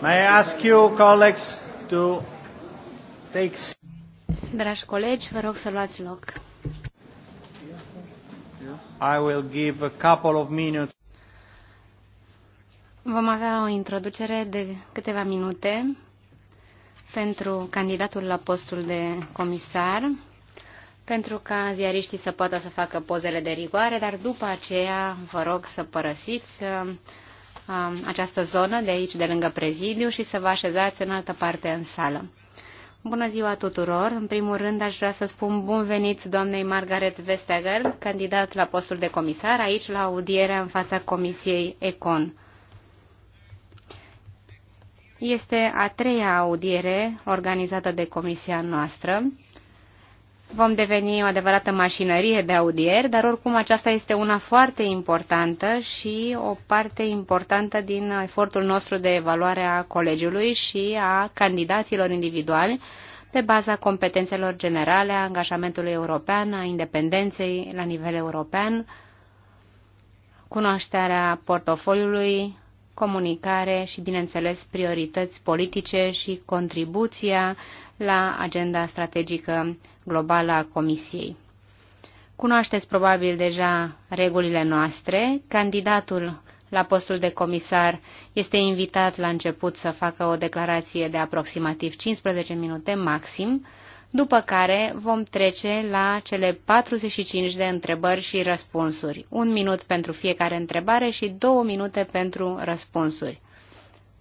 May I ask you, colleagues, to take... Dragi colegi, vă rog să luați loc. I will give a couple of minutes. Vom avea o introducere de câteva minute pentru candidatul la postul de comisar, pentru ca ziariștii să poată să facă pozele de rigoare, dar după aceea vă rog să părăsiți această zonă de aici, de lângă prezidiu și să vă așezați în altă parte în sală. Bună ziua tuturor! În primul rând aș vrea să spun bun venit doamnei Margaret Vestager, candidat la postul de comisar, aici la audierea în fața Comisiei ECON. Este a treia audiere organizată de comisia noastră vom deveni o adevărată mașinărie de audieri, dar oricum aceasta este una foarte importantă și o parte importantă din efortul nostru de evaluare a colegiului și a candidaților individuali pe baza competențelor generale, a angajamentului european, a independenței la nivel european, cunoașterea portofoliului comunicare și, bineînțeles, priorități politice și contribuția la agenda strategică globală a Comisiei. Cunoașteți probabil deja regulile noastre. Candidatul la postul de comisar este invitat la început să facă o declarație de aproximativ 15 minute maxim, după care vom trece la cele 45 de întrebări și răspunsuri. Un minut pentru fiecare întrebare și două minute pentru răspunsuri.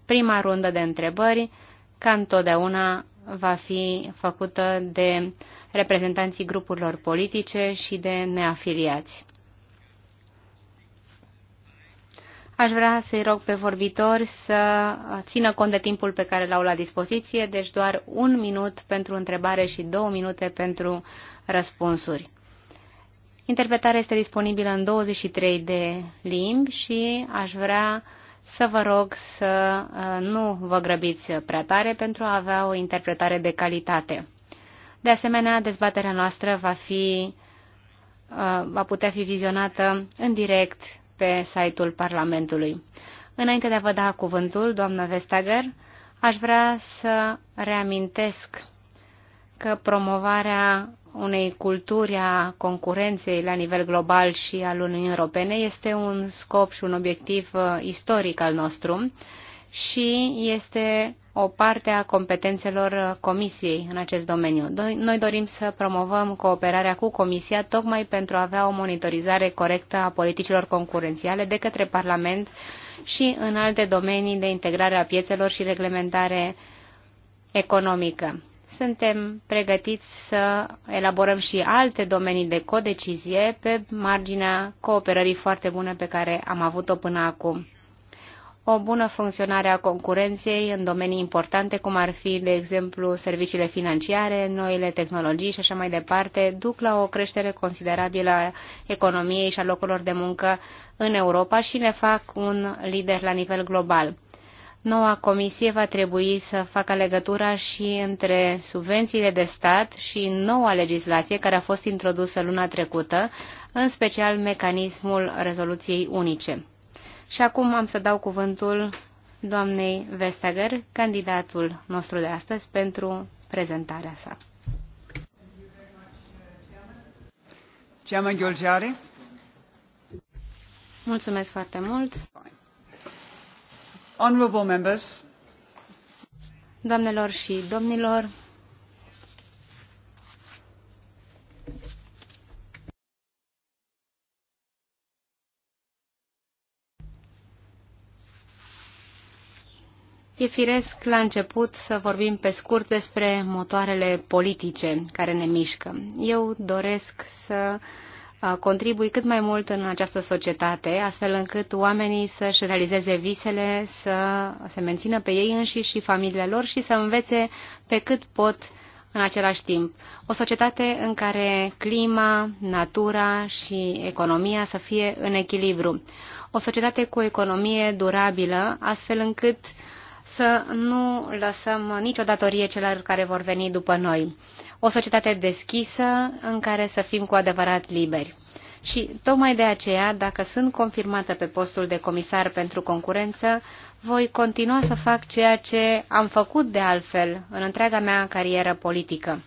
Prima rundă de întrebări, ca întotdeauna, va fi făcută de reprezentanții grupurilor politice și de neafiliați. Aș vrea să-i rog pe vorbitori să țină cont de timpul pe care l-au la dispoziție, deci doar un minut pentru întrebare și două minute pentru răspunsuri. Interpretarea este disponibilă în 23 de limbi și aș vrea să vă rog să uh, nu vă grăbiți prea tare pentru a avea o interpretare de calitate. De asemenea, dezbaterea noastră va fi uh, va putea fi vizionată în direct pe site-ul Parlamentului. Înainte de a vă da cuvântul, doamna Vestager, aș vrea să reamintesc că promovarea unei culturi a concurenței la nivel global și al Uniunii Europene este un scop și un obiectiv uh, istoric al nostru și este o parte a competențelor Comisiei în acest domeniu. Noi dorim să promovăm cooperarea cu Comisia tocmai pentru a avea o monitorizare corectă a politicilor concurențiale de către Parlament și în alte domenii de integrare a piețelor și reglementare economică. Suntem pregătiți să elaborăm și alte domenii de codecizie pe marginea cooperării foarte bune pe care am avut-o până acum o bună funcționare a concurenței în domenii importante, cum ar fi, de exemplu, serviciile financiare, noile tehnologii și așa mai departe, duc la o creștere considerabilă a economiei și a locurilor de muncă în Europa și ne fac un lider la nivel global. Noua comisie va trebui să facă legătura și între subvențiile de stat și noua legislație care a fost introdusă luna trecută, în special mecanismul rezoluției unice. Și acum am să dau cuvântul doamnei Vestager, candidatul nostru de astăzi, pentru prezentarea sa. Mulțumesc foarte mult. Honorable members. Doamnelor și domnilor, E firesc la început să vorbim pe scurt despre motoarele politice care ne mișcă. Eu doresc să contribui cât mai mult în această societate, astfel încât oamenii să-și realizeze visele, să se mențină pe ei înșiși și familiile lor și să învețe pe cât pot în același timp. O societate în care clima, natura și economia să fie în echilibru. O societate cu o economie durabilă, astfel încât uh, să nu lăsăm nicio datorie celor care vor veni după noi. O societate deschisă în care să fim cu adevărat liberi. Și tocmai de aceea, dacă sunt confirmată pe postul de comisar pentru concurență, voi continua să fac ceea ce am făcut de altfel în întreaga mea carieră politică.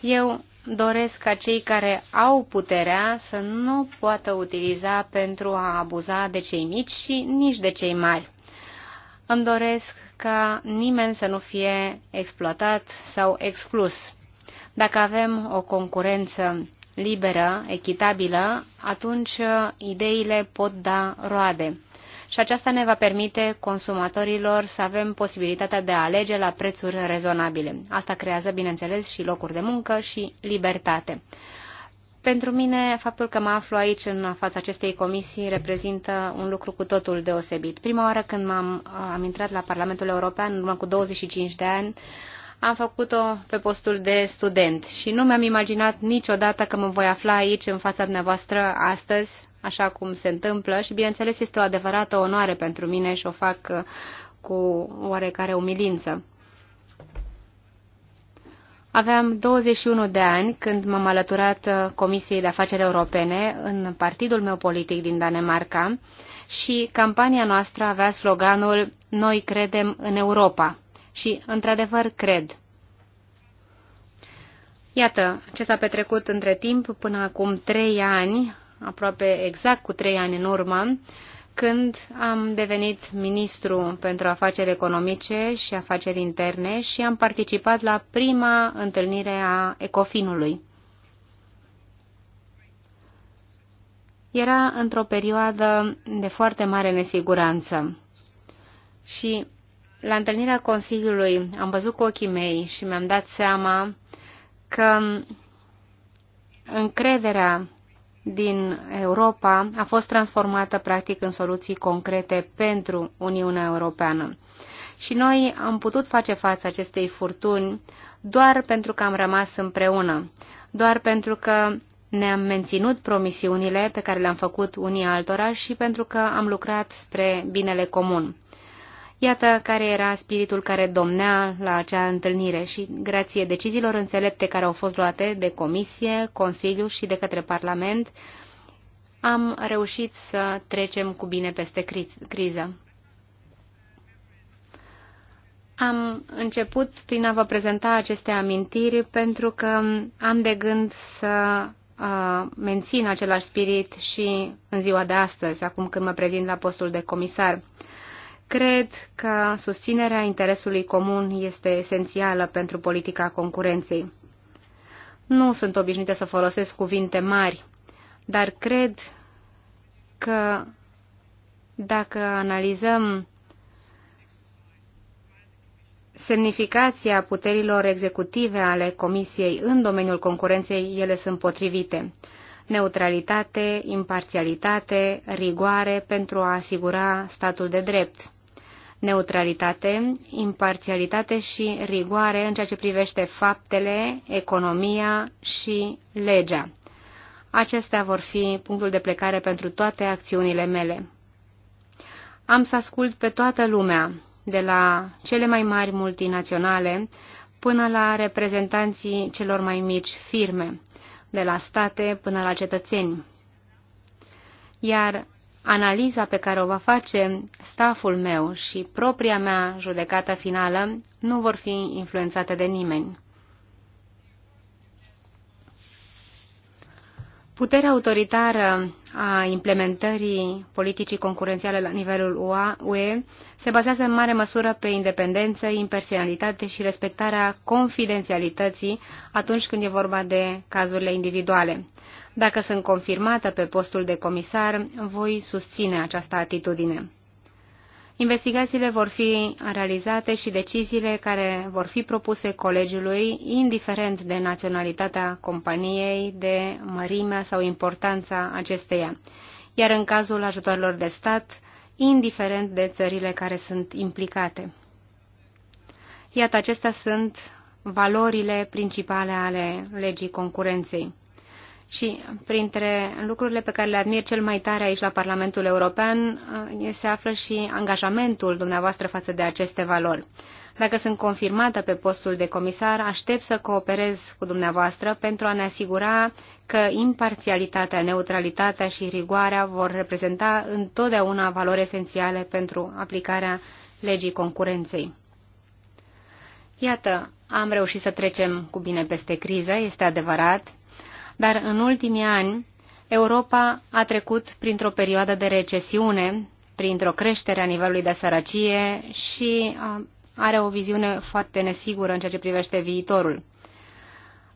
Eu doresc ca cei care au puterea să nu poată utiliza pentru a abuza de cei mici și nici de cei mari. Îmi doresc ca nimeni să nu fie exploatat sau exclus. Dacă avem o concurență liberă, echitabilă, atunci uh, ideile pot da roade. Și aceasta ne va permite consumatorilor să avem posibilitatea de a alege la prețuri rezonabile. Asta creează, bineînțeles, și locuri de muncă și libertate. Pentru mine, faptul că mă aflu aici, în fața acestei comisii, reprezintă un lucru cu totul deosebit. Prima oară când m-am, uh, am intrat la Parlamentul European, în urmă cu 25 de ani, am făcut-o pe postul de student și nu mi-am imaginat niciodată că mă voi afla aici, în fața dumneavoastră, astăzi, așa cum se întâmplă și, bineînțeles, este o adevărată onoare pentru mine și o fac uh, cu oarecare umilință. Aveam 21 de ani când m-am alăturat uh, Comisiei de Afaceri Europene în partidul meu politic din Danemarca și campania noastră avea sloganul Noi credem în Europa. Și, într-adevăr, cred. Iată ce s-a petrecut între timp până acum trei ani, aproape exact cu trei ani în urmă, când am devenit ministru pentru afaceri economice și afaceri interne și am participat la prima întâlnire a Ecofinului. Era într-o perioadă de foarte mare nesiguranță și la întâlnirea Consiliului am văzut cu ochii mei și mi-am dat seama că încrederea din Europa a fost transformată practic în soluții concrete pentru Uniunea Europeană. Și noi am putut face față acestei furtuni doar pentru că am rămas împreună, doar pentru că ne-am menținut promisiunile pe care le-am făcut unii altora și pentru că am lucrat spre binele comun. Iată care era spiritul care domnea la acea întâlnire și, grație deciziilor înțelepte care au fost luate de Comisie, Consiliu și de către Parlament, am reușit să trecem cu bine peste cri criză. Am început prin a vă prezenta aceste amintiri pentru că am de gând să uh, mențin același spirit și în ziua de astăzi, acum când mă prezint la postul de comisar. Uh, Cred că susținerea interesului comun este esențială pentru politica concurenței. Nu sunt obișnuită să folosesc cuvinte mari, dar cred că dacă analizăm semnificația puterilor executive ale Comisiei în domeniul concurenței, ele sunt potrivite. Neutralitate, imparțialitate, rigoare pentru a asigura statul de drept neutralitate, imparțialitate și rigoare în ceea ce privește faptele, economia și legea. Acestea vor fi punctul de plecare pentru toate acțiunile mele. Am să ascult pe toată lumea, de la cele mai mari multinaționale până la reprezentanții celor mai mici firme, de la state până la cetățeni. Iar analiza pe care o va face staful meu și propria mea judecată finală nu vor fi influențate de nimeni. Puterea autoritară a implementării politicii concurențiale la nivelul UE se bazează în mare măsură pe independență, impersonalitate și respectarea confidențialității atunci când e vorba de cazurile individuale. Dacă sunt confirmată pe postul de comisar, voi susține această atitudine. Investigațiile vor fi realizate și deciziile care vor fi propuse colegiului, indiferent de naționalitatea companiei, de mărimea sau importanța acesteia, iar în cazul ajutoarelor de stat, indiferent de țările care sunt implicate. Iată, acestea sunt valorile principale ale legii concurenței. Și printre lucrurile pe care le admir cel mai tare aici la Parlamentul European eh, se află și angajamentul dumneavoastră față de aceste valori. Dacă sunt confirmată pe postul de comisar, aștept să cooperez cu dumneavoastră pentru a ne asigura că imparțialitatea, neutralitatea și rigoarea vor reprezenta întotdeauna valori esențiale pentru aplicarea legii concurenței. Iată, am reușit să trecem cu bine peste criză, este adevărat, dar în ultimii ani Europa a trecut printr-o perioadă de recesiune, printr-o creștere a nivelului de sărăcie și are o viziune foarte nesigură în ceea ce privește viitorul.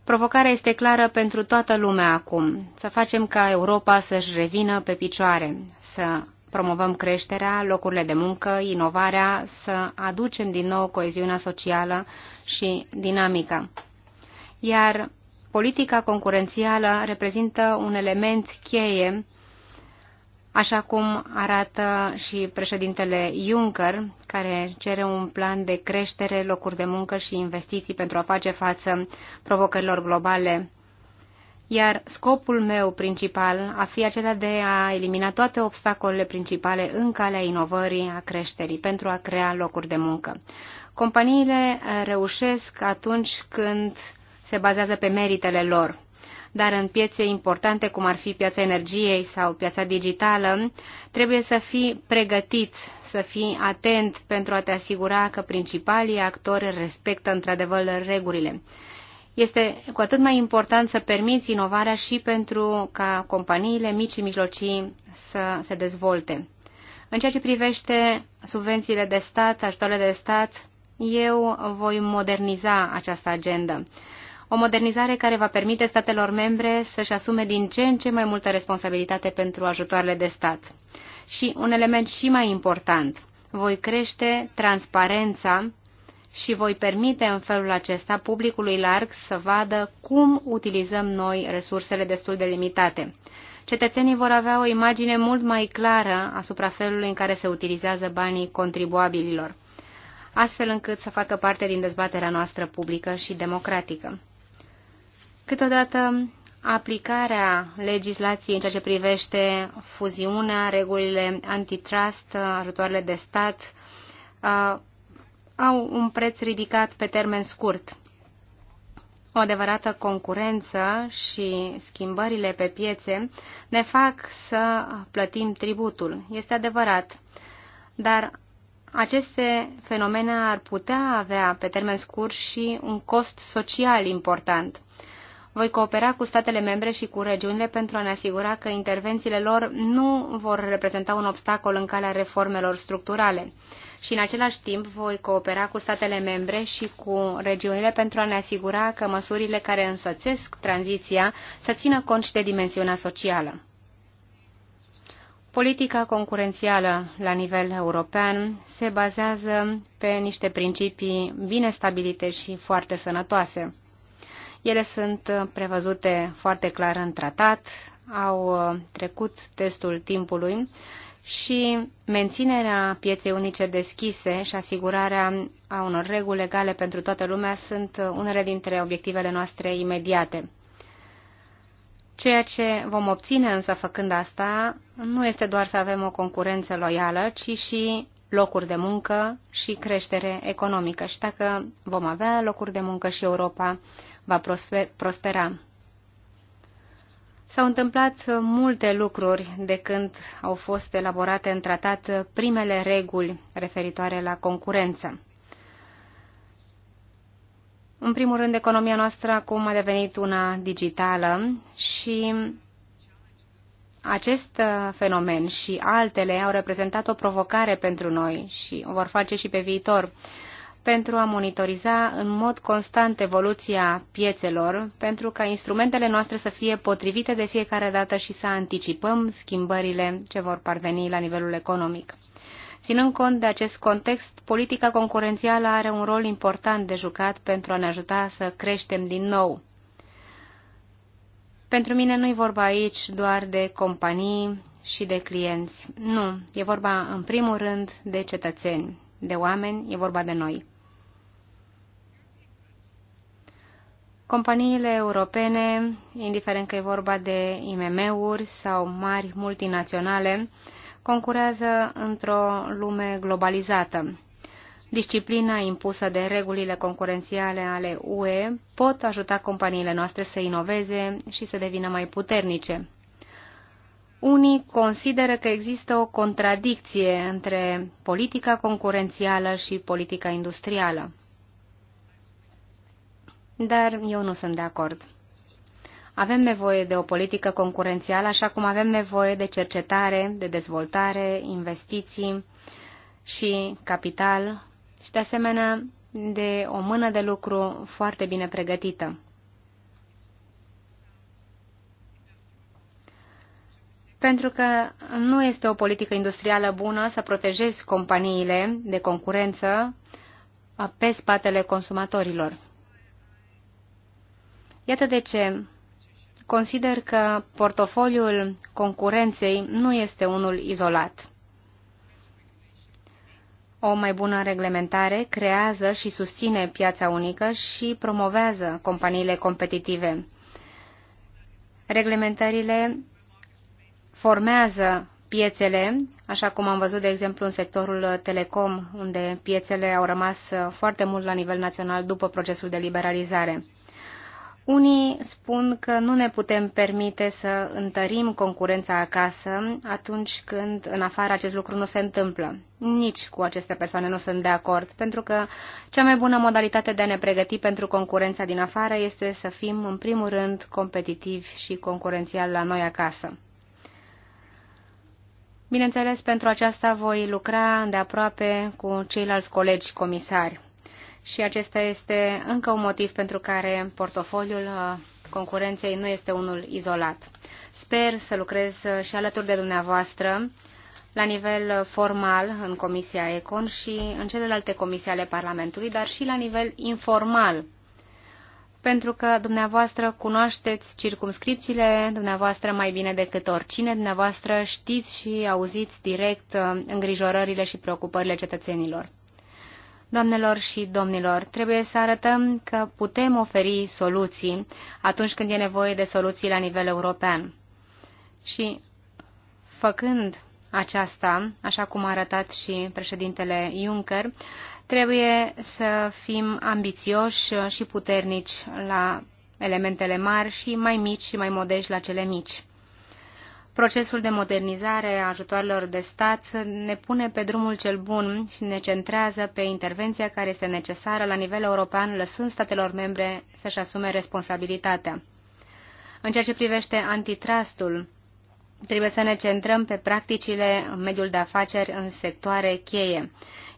Provocarea este clară pentru toată lumea acum. Să facem ca Europa să-și revină pe picioare, să promovăm creșterea, locurile de muncă, inovarea, să aducem din nou coeziunea socială și dinamică. Iar politica concurențială reprezintă un element cheie, așa cum arată și președintele Juncker, care cere un plan de creștere, locuri de muncă și investiții pentru a face față provocărilor globale iar scopul meu principal a fi acela de a elimina toate obstacolele principale în calea inovării, a creșterii, pentru a crea locuri de muncă. Companiile reușesc atunci când se bazează pe meritele lor. Dar în piețe importante, cum ar fi piața energiei sau piața digitală, trebuie să fii pregătit, să fii atent pentru a te asigura că principalii actori respectă într-adevăr regulile. Este cu atât mai important să permiți inovarea și pentru ca companiile mici și mijlocii să se dezvolte. În ceea ce privește subvențiile de stat, ajutoarele de stat, eu voi moderniza această agendă o modernizare care va permite statelor membre să-și asume din ce în ce mai multă responsabilitate pentru ajutoarele de stat. Și un element și mai important, voi crește transparența și voi permite în felul acesta publicului larg să vadă cum utilizăm noi resursele destul de limitate. Cetățenii vor avea o imagine mult mai clară asupra felului în care se utilizează banii contribuabililor, astfel încât să facă parte din dezbaterea noastră publică și democratică. Câteodată aplicarea legislației în ceea ce privește fuziunea, regulile antitrust, ajutoarele de stat, uh, au un preț ridicat pe termen scurt. O adevărată concurență și schimbările pe piețe ne fac să plătim tributul. Este adevărat, dar aceste fenomene ar putea avea pe termen scurt și un cost social important. Voi coopera cu statele membre și cu regiunile pentru a ne asigura că intervențiile lor nu vor reprezenta un obstacol în calea reformelor structurale. Și în același timp voi coopera cu statele membre și cu regiunile pentru a ne asigura că măsurile care însățesc tranziția să țină cont și de dimensiunea socială. Politica concurențială la nivel european se bazează pe niște principii bine stabilite și foarte sănătoase. Ele sunt uh, prevăzute foarte clar în tratat, au uh, trecut testul timpului și menținerea pieței unice deschise și asigurarea a unor reguli legale pentru toată lumea sunt uh, unele dintre obiectivele noastre imediate. Ceea ce vom obține însă făcând asta nu este doar să avem o concurență loială, ci și locuri de muncă și creștere economică. Și dacă vom avea locuri de muncă și Europa va prospera. S-au întâmplat multe lucruri de când au fost elaborate în tratat primele reguli referitoare la concurență. În primul rând, economia noastră acum a devenit una digitală și acest uh, fenomen și altele au reprezentat o provocare pentru noi și o vor face și pe viitor pentru a monitoriza în mod constant evoluția piețelor, pentru ca instrumentele noastre să fie potrivite de fiecare dată și să anticipăm schimbările ce vor parveni la nivelul economic. Ținând cont de acest context, politica concurențială are un rol important de jucat pentru a ne ajuta să creștem din nou. Pentru mine nu e vorba aici doar de companii și de clienți. Nu, e vorba în primul rând de cetățeni, de oameni, e vorba de noi. Companiile europene, indiferent că e vorba de IMM-uri sau mari multinaționale, concurează într-o lume globalizată disciplina impusă de regulile concurențiale ale UE pot ajuta companiile noastre să inoveze și să devină mai puternice. Unii consideră că există o contradicție între politica concurențială și politica industrială. Dar eu nu sunt de acord. Avem nevoie de o politică concurențială, așa cum avem nevoie de cercetare, de dezvoltare, investiții și capital și, de asemenea, de o mână de lucru foarte bine pregătită. Pentru că nu este o politică industrială bună să protejezi companiile de concurență pe spatele consumatorilor. Iată de ce consider că portofoliul concurenței nu este unul izolat. O mai bună reglementare creează și susține piața unică și promovează companiile competitive. Reglementările formează piețele, așa cum am văzut, de exemplu, în sectorul telecom, unde piețele au rămas foarte mult la nivel național după procesul de liberalizare. Unii spun că nu ne putem permite să întărim concurența acasă atunci când în afară acest lucru nu se întâmplă. Nici cu aceste persoane nu sunt de acord, pentru că cea mai bună modalitate de a ne pregăti pentru concurența din afară este să fim, în primul rând, competitivi și concurențiali la noi acasă. Bineînțeles, pentru aceasta voi lucra de aproape cu ceilalți colegi comisari și acesta este încă un motiv pentru care portofoliul uh, concurenței nu este unul izolat. Sper să lucrez uh, și alături de dumneavoastră la nivel uh, formal în Comisia Econ și în celelalte comisii ale Parlamentului, dar și la nivel informal pentru că dumneavoastră cunoașteți circumscripțiile dumneavoastră mai bine decât oricine, dumneavoastră știți și auziți direct îngrijorările și preocupările cetățenilor. Doamnelor și domnilor, trebuie să arătăm că putem oferi soluții atunci când e nevoie de soluții la nivel european. Și făcând aceasta, așa cum a arătat și președintele Juncker, trebuie să fim ambițioși și puternici la elementele mari și mai mici și mai modești la cele mici. Procesul de modernizare a ajutoarelor de stat ne pune pe drumul cel bun și ne centrează pe intervenția care este necesară la nivel european, lăsând statelor membre să-și asume responsabilitatea. În ceea ce privește antitrustul, trebuie să ne centrăm pe practicile în mediul de afaceri în sectoare cheie.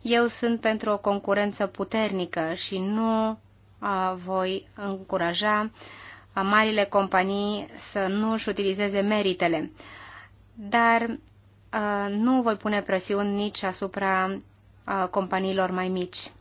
Eu sunt pentru o concurență puternică și nu voi încuraja uh, a marile companii să nu își utilizeze meritele. Dar uh, nu voi pune presiuni nici asupra uh, companiilor mai mici.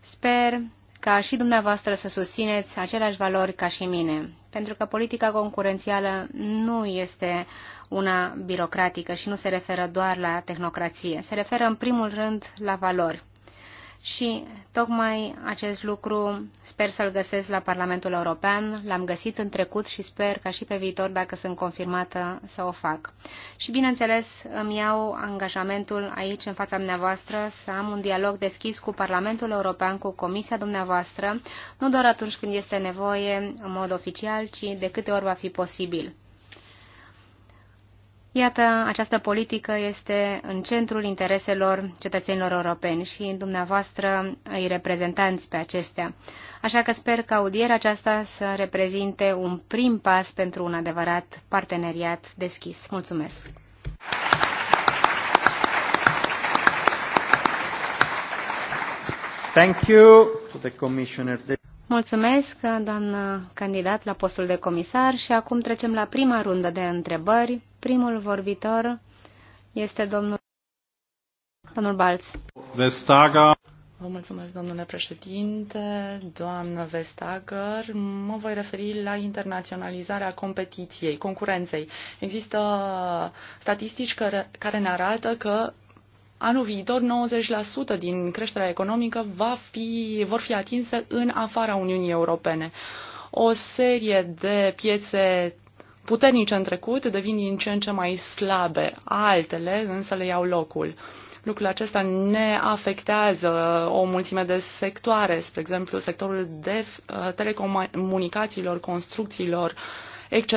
Sper ca și dumneavoastră să susțineți aceleași valori ca și mine, pentru că politica concurențială nu este una birocratică și nu se referă doar la tehnocrație, se referă în primul rând la valori și tocmai acest lucru sper să-l găsesc la Parlamentul European. L-am găsit în trecut și sper ca și pe viitor, dacă sunt confirmată, să o fac. Și bineînțeles, îmi iau angajamentul aici, în fața dumneavoastră, să am un dialog deschis cu Parlamentul European, cu Comisia dumneavoastră, nu doar atunci când este nevoie, în mod oficial, ci de câte ori va fi posibil. Iată, această politică este în centrul intereselor cetățenilor europeni și dumneavoastră îi reprezentanți pe acestea. Așa că sper că audierea aceasta să reprezinte un prim pas pentru un adevărat parteneriat deschis. Mulțumesc! Thank you to the commissioner. Mulțumesc, doamnă candidat la postul de comisar și acum trecem la prima rundă de întrebări. Primul vorbitor este domnul, domnul Balț. Vestager. Vă mulțumesc, domnule președinte, doamnă Vestager. Mă voi referi la internaționalizarea competiției, concurenței. Există statistici care, care ne arată că anul viitor 90% din creșterea economică va fi, vor fi atinse în afara Uniunii Europene. O serie de piețe puternice în trecut devin din ce în ce mai slabe, altele însă le iau locul. Lucrul acesta ne afectează o mulțime de sectoare, spre exemplu sectorul de uh, telecomunicațiilor, construcțiilor, etc.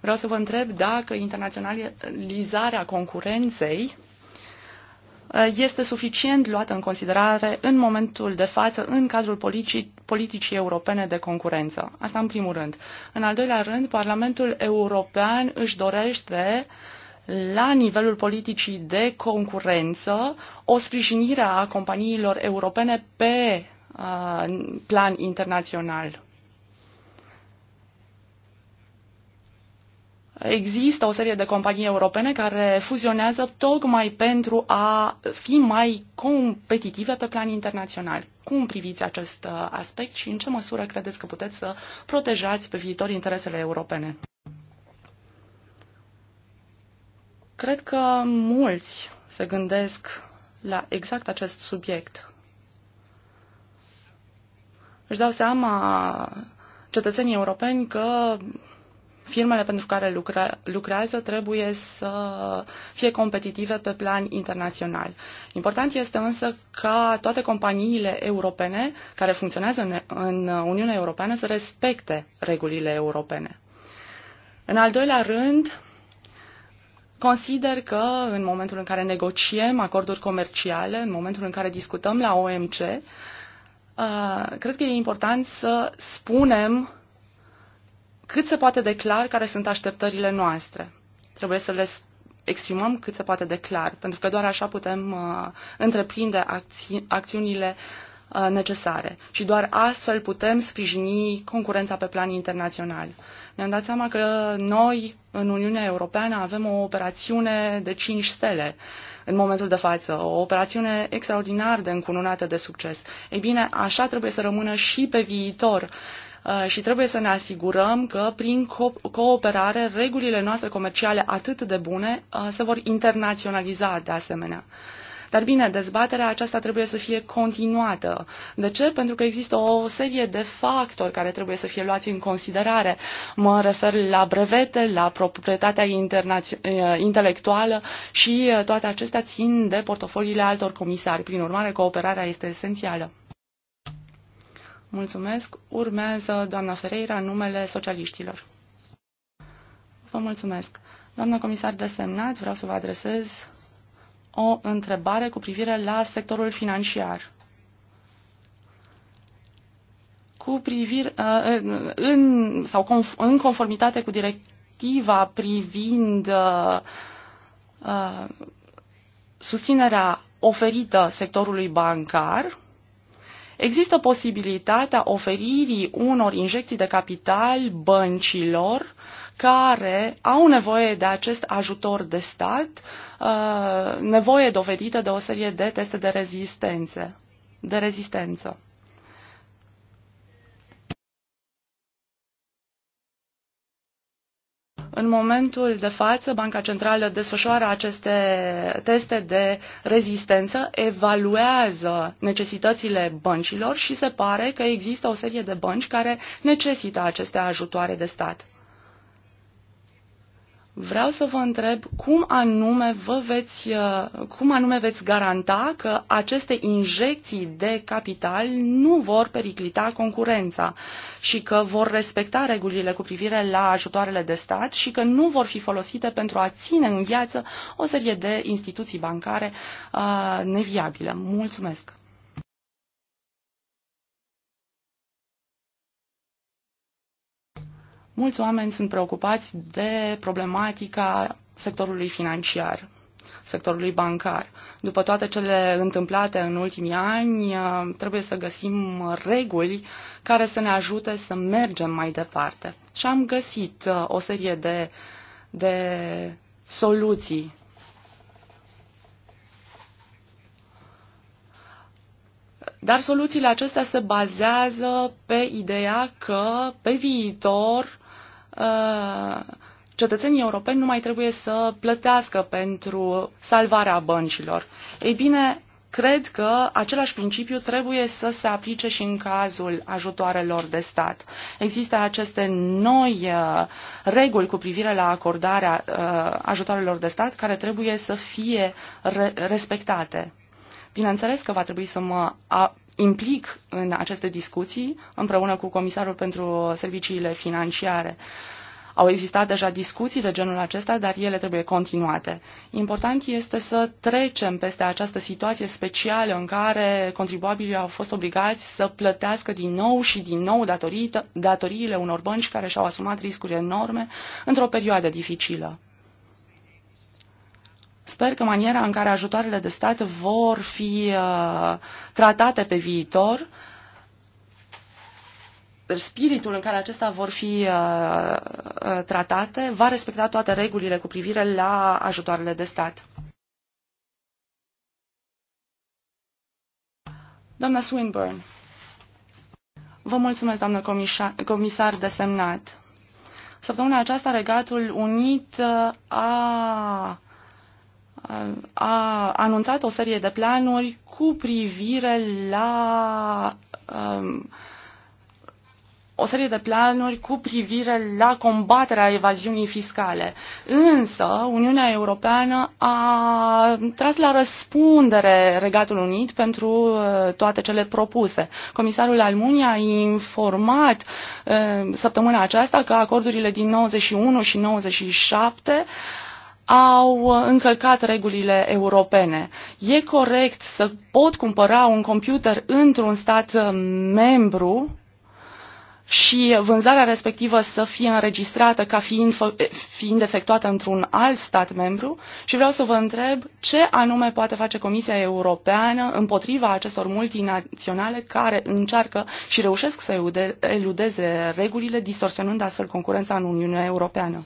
Vreau să vă întreb dacă internaționalizarea concurenței Eh, este suficient luată în considerare în momentul de față în cadrul politicii, politicii europene de concurență. Asta în primul rând. În al doilea rând, Parlamentul European își dorește la nivelul politicii de concurență o sprijinire a companiilor europene pe uh, plan internațional. Există o serie de companii europene care fuzionează tocmai pentru a fi mai competitive pe plan internațional. Cum priviți acest uh, aspect și în ce măsură credeți că puteți să protejați pe viitor interesele europene? Cred că mulți se gândesc la exact acest subiect. Își dau seama cetățenii europeni că Firmele pentru care lucre, lucrează trebuie să fie competitive pe plan internațional. Important este însă ca toate companiile europene care funcționează în, în Uniunea Europeană să respecte regulile europene. În al doilea rând, Consider că în momentul în care negociem acorduri comerciale, în momentul în care discutăm la OMC, uh, cred că e important să spunem cât se poate de clar care sunt așteptările noastre. Trebuie să le exprimăm cât se poate de clar, pentru că doar așa putem uh, întreprinde acți- acțiunile uh, necesare și doar astfel putem sprijini concurența pe plan internațional. Ne-am dat seama că noi, în Uniunea Europeană, avem o operațiune de 5 stele în momentul de față, o operațiune extraordinar de încununată de succes. Ei bine, așa trebuie să rămână și pe viitor. Uh, Uh, și trebuie să ne asigurăm că prin cooperare regulile noastre comerciale atât de bune uh, se vor internaționaliza de asemenea. Dar bine, dezbaterea aceasta trebuie să fie continuată. De ce? Pentru că există o serie de factori care trebuie să fie luați în considerare. Mă refer la brevete, la proprietatea uh, intelectuală și toate acestea țin de portofoliile altor comisari. Prin urmare, cooperarea este esențială. Mulțumesc. Urmează doamna Ferreira în numele socialiștilor. Vă mulțumesc. Doamna comisar desemnat, vreau să vă adresez o întrebare cu privire la sectorul financiar. Cu privire, uh, în, sau în conformitate cu directiva privind uh, uh, susținerea oferită sectorului bancar, Există posibilitatea oferirii unor injecții de capital băncilor care au nevoie de acest ajutor de stat, uh, nevoie dovedită de o serie de teste de rezistență. De rezistență. În momentul de față, Banca Centrală desfășoară aceste teste de rezistență, evaluează necesitățile băncilor și se pare că există o serie de bănci care necesită aceste ajutoare de stat. Vreau să vă întreb cum anume, vă veți, uh, cum anume veți garanta că aceste injecții de capital nu vor periclita concurența și că vor respecta regulile cu privire la ajutoarele de stat și că nu vor fi folosite pentru a ține în viață o serie de instituții bancare uh, neviabile. Mulțumesc! Mulți oameni sunt preocupați de problematica sectorului financiar, sectorului bancar. După toate cele întâmplate în ultimii ani, uh, trebuie să găsim reguli care să ne ajute să mergem mai departe. Și am găsit uh, o serie de, de soluții Dar soluțiile acestea se bazează pe ideea că pe viitor Uh, cetățenii europeni nu mai trebuie să plătească pentru salvarea băncilor. Ei bine, cred că același principiu trebuie să se aplice și în cazul ajutoarelor de stat. Există aceste noi uh, reguli cu privire la acordarea uh, ajutoarelor de stat care trebuie să fie respectate. Bineînțeles că va trebui să mă implic în aceste discuții împreună cu Comisarul pentru Serviciile Financiare. Au existat deja discuții de genul acesta, dar ele trebuie continuate. Important este să trecem peste această situație specială în care contribuabilii au fost obligați să plătească din nou și din nou datoriile unor bănci care și-au asumat riscuri enorme într-o perioadă dificilă. Sper că maniera în care ajutoarele de stat vor fi uh, tratate pe viitor, spiritul în care acestea vor fi uh, uh tratate, va respecta toate regulile cu privire la ajutoarele de stat. Doamna Swinburne, vă mulțumesc, doamnă comisar, comisar desemnat. Săptămâna aceasta, Regatul Unit uh, a a anunțat o serie de planuri cu privire la um, o serie de planuri cu privire la combaterea evaziunii fiscale. Însă, Uniunea Europeană a tras la răspundere Regatul Unit pentru uh, toate cele propuse. Comisarul Almunia a informat uh, săptămâna aceasta că acordurile din 91 și 97 au uh, încălcat regulile europene. E corect să pot cumpăra un computer într-un stat uh, membru și vânzarea respectivă să fie înregistrată ca fiind, fiind efectuată într-un alt stat membru și vreau să vă întreb ce anume poate face Comisia Europeană împotriva acestor multinaționale care încearcă și reușesc să eludeze regulile, distorsionând astfel concurența în Uniunea Europeană.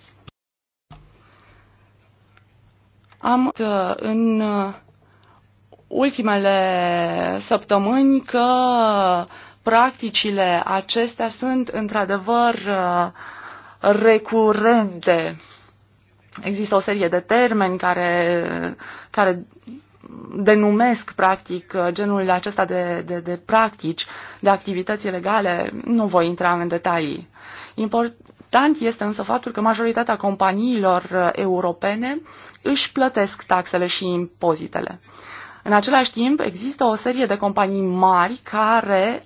Am uh, în uh, ultimele săptămâni că practicile acestea sunt într-adevăr uh, recurente. Există o serie de termeni care, care denumesc practic genul acesta de, de, de practici, de activități legale. Nu voi intra în detalii. Import, Important este însă faptul că majoritatea companiilor uh, europene își plătesc taxele și impozitele. În același timp, există o serie de companii mari care,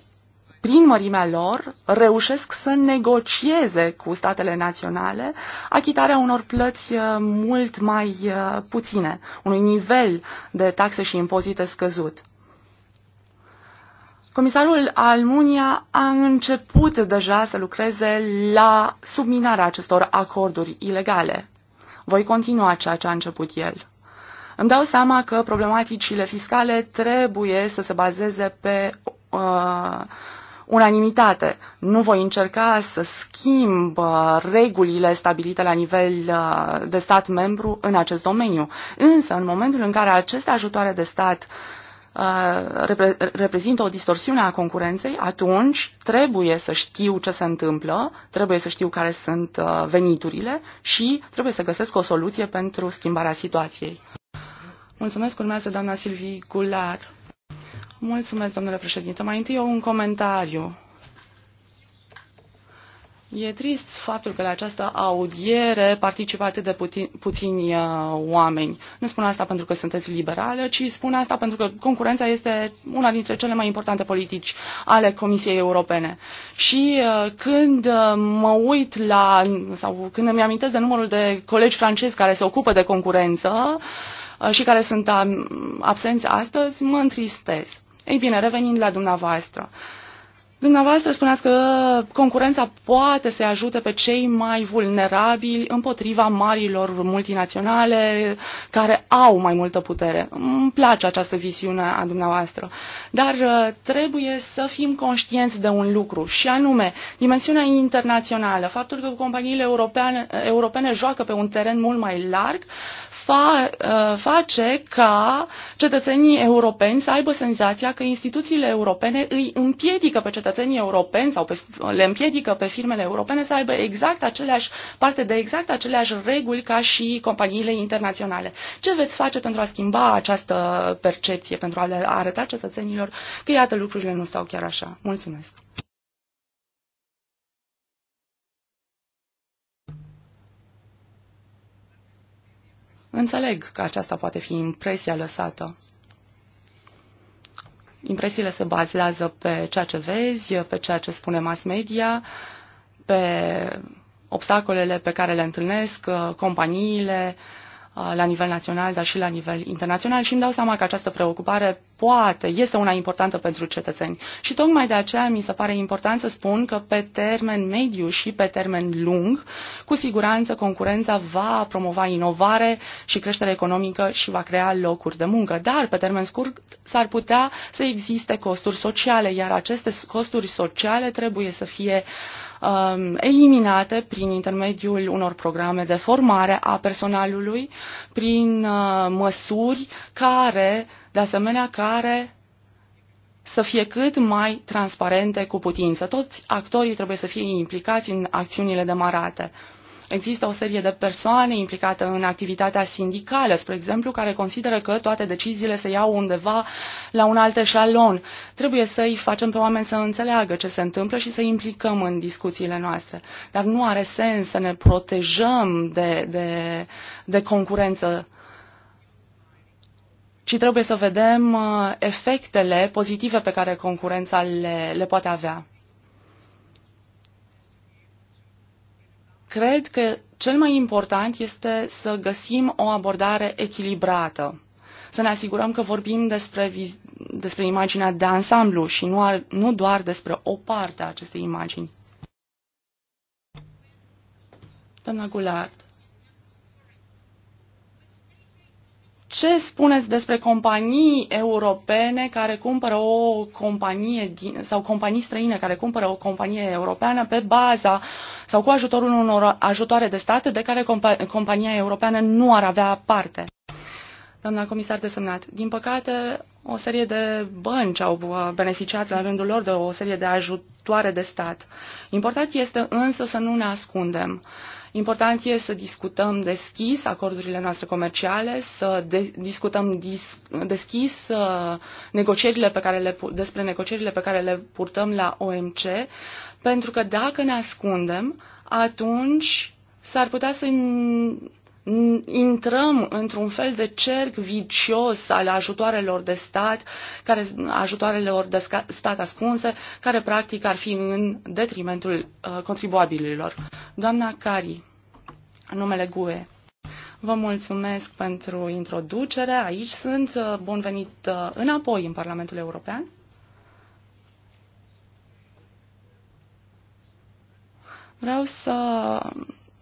prin mărimea lor, reușesc să negocieze cu statele naționale achitarea unor plăți uh, mult mai uh, puține, unui nivel de taxe și impozite scăzut. Comisarul Almunia a început deja să lucreze la subminarea acestor acorduri ilegale. Voi continua ceea ce a început el. Îmi dau seama că problematicile fiscale trebuie să se bazeze pe uh, unanimitate. Nu voi încerca să schimb uh, regulile stabilite la nivel uh, de stat membru în acest domeniu. Însă, în momentul în care aceste ajutoare de stat uh, Uh, reprezintă o distorsiune a concurenței, atunci trebuie să știu ce se întâmplă, trebuie să știu care sunt uh, veniturile și trebuie să găsesc o soluție pentru schimbarea situației. Mulțumesc, urmează doamna Silvii Gular. Mulțumesc, domnule președinte. Mai întâi eu un comentariu. E trist faptul că la această audiere participă atât de puțin, puțini uh, oameni. Nu spun asta pentru că sunteți liberală, ci spun asta pentru că concurența este una dintre cele mai importante politici ale Comisiei Europene. Și uh, când uh, mă uit la, sau când îmi amintesc de numărul de colegi francezi care se ocupă de concurență și care sunt um, absenți astăzi, mă întristez. Ei bine, revenind la dumneavoastră. Uh, Dumneavoastră spuneați că concurența poate să ajute pe cei mai vulnerabili împotriva marilor multinaționale care au mai multă putere. Îmi place această viziune a dumneavoastră. Dar uh, trebuie să fim conștienți de un lucru și anume dimensiunea internațională, faptul că companiile europene, europene joacă pe un teren mult mai larg fa, uh, face ca cetățenii europeni să aibă senzația că instituțiile europene îi împiedică pe cetățenii cetățenii europeni sau pe, le împiedică pe firmele europene să aibă exact aceleași parte de exact aceleași reguli ca și companiile internaționale. Ce veți face pentru a schimba această percepție, pentru a le arăta cetățenilor că, iată, lucrurile nu stau chiar așa? Mulțumesc! Înțeleg că aceasta poate fi impresia lăsată. Impresiile se bazează pe ceea ce vezi, pe ceea ce spune mass media, pe obstacolele pe care le întâlnesc companiile, uh, Uh, la nivel național, dar și la nivel internațional și îmi dau seama că această preocupare poate, este una importantă pentru cetățeni. Și tocmai de aceea mi se pare important să spun că pe termen mediu și pe termen lung, cu siguranță concurența va promova inovare și creștere economică și va crea locuri de muncă. Dar pe termen scurt s-ar putea să existe costuri sociale, iar aceste costuri sociale trebuie să fie uh, Um, eliminate prin intermediul unor programe de formare a personalului, prin uh, măsuri care, de asemenea, care să fie cât mai transparente cu putință. Toți actorii trebuie să fie implicați în acțiunile demarate. Există o serie de persoane implicate în activitatea sindicală, spre exemplu, care consideră că toate deciziile se iau undeva la un alt eșalon. Trebuie să-i facem pe oameni să înțeleagă ce se întâmplă și să implicăm în discuțiile noastre. Dar nu are sens să ne protejăm de, de, de concurență ci trebuie să vedem uh, efectele pozitive pe care concurența le, le poate avea. Cred că cel mai important este să găsim o abordare echilibrată, să ne asigurăm că vorbim despre, despre imaginea de ansamblu și nu, ar, nu doar despre o parte a acestei imagini. Doamna Gulard. Ce spuneți despre companii europene care cumpără o companie din, sau companii străine care cumpără o companie europeană pe baza sau cu ajutorul unor ajutoare de stat de care compa, compania europeană nu ar avea parte? Doamna comisar desemnat, din păcate o serie de bănci au beneficiat la rândul lor de o serie de ajutoare de stat. Important este însă să nu ne ascundem. Uh, Important este să discutăm deschis acordurile noastre comerciale, să de- discutăm dis- deschis uh, negocierile pe care le, despre negocierile pe care le purtăm la OMC, pentru că dacă ne ascundem, atunci s-ar putea să intrăm într-un fel de cerc vicios al ajutoarelor de stat, care, ajutoarelor de stat ascunse, care practic ar fi în detrimentul uh, contribuabililor. Doamna Cari, numele GUE. Vă mulțumesc pentru introducere. Aici sunt. Uh, bun venit uh, înapoi în Parlamentul European. Vreau să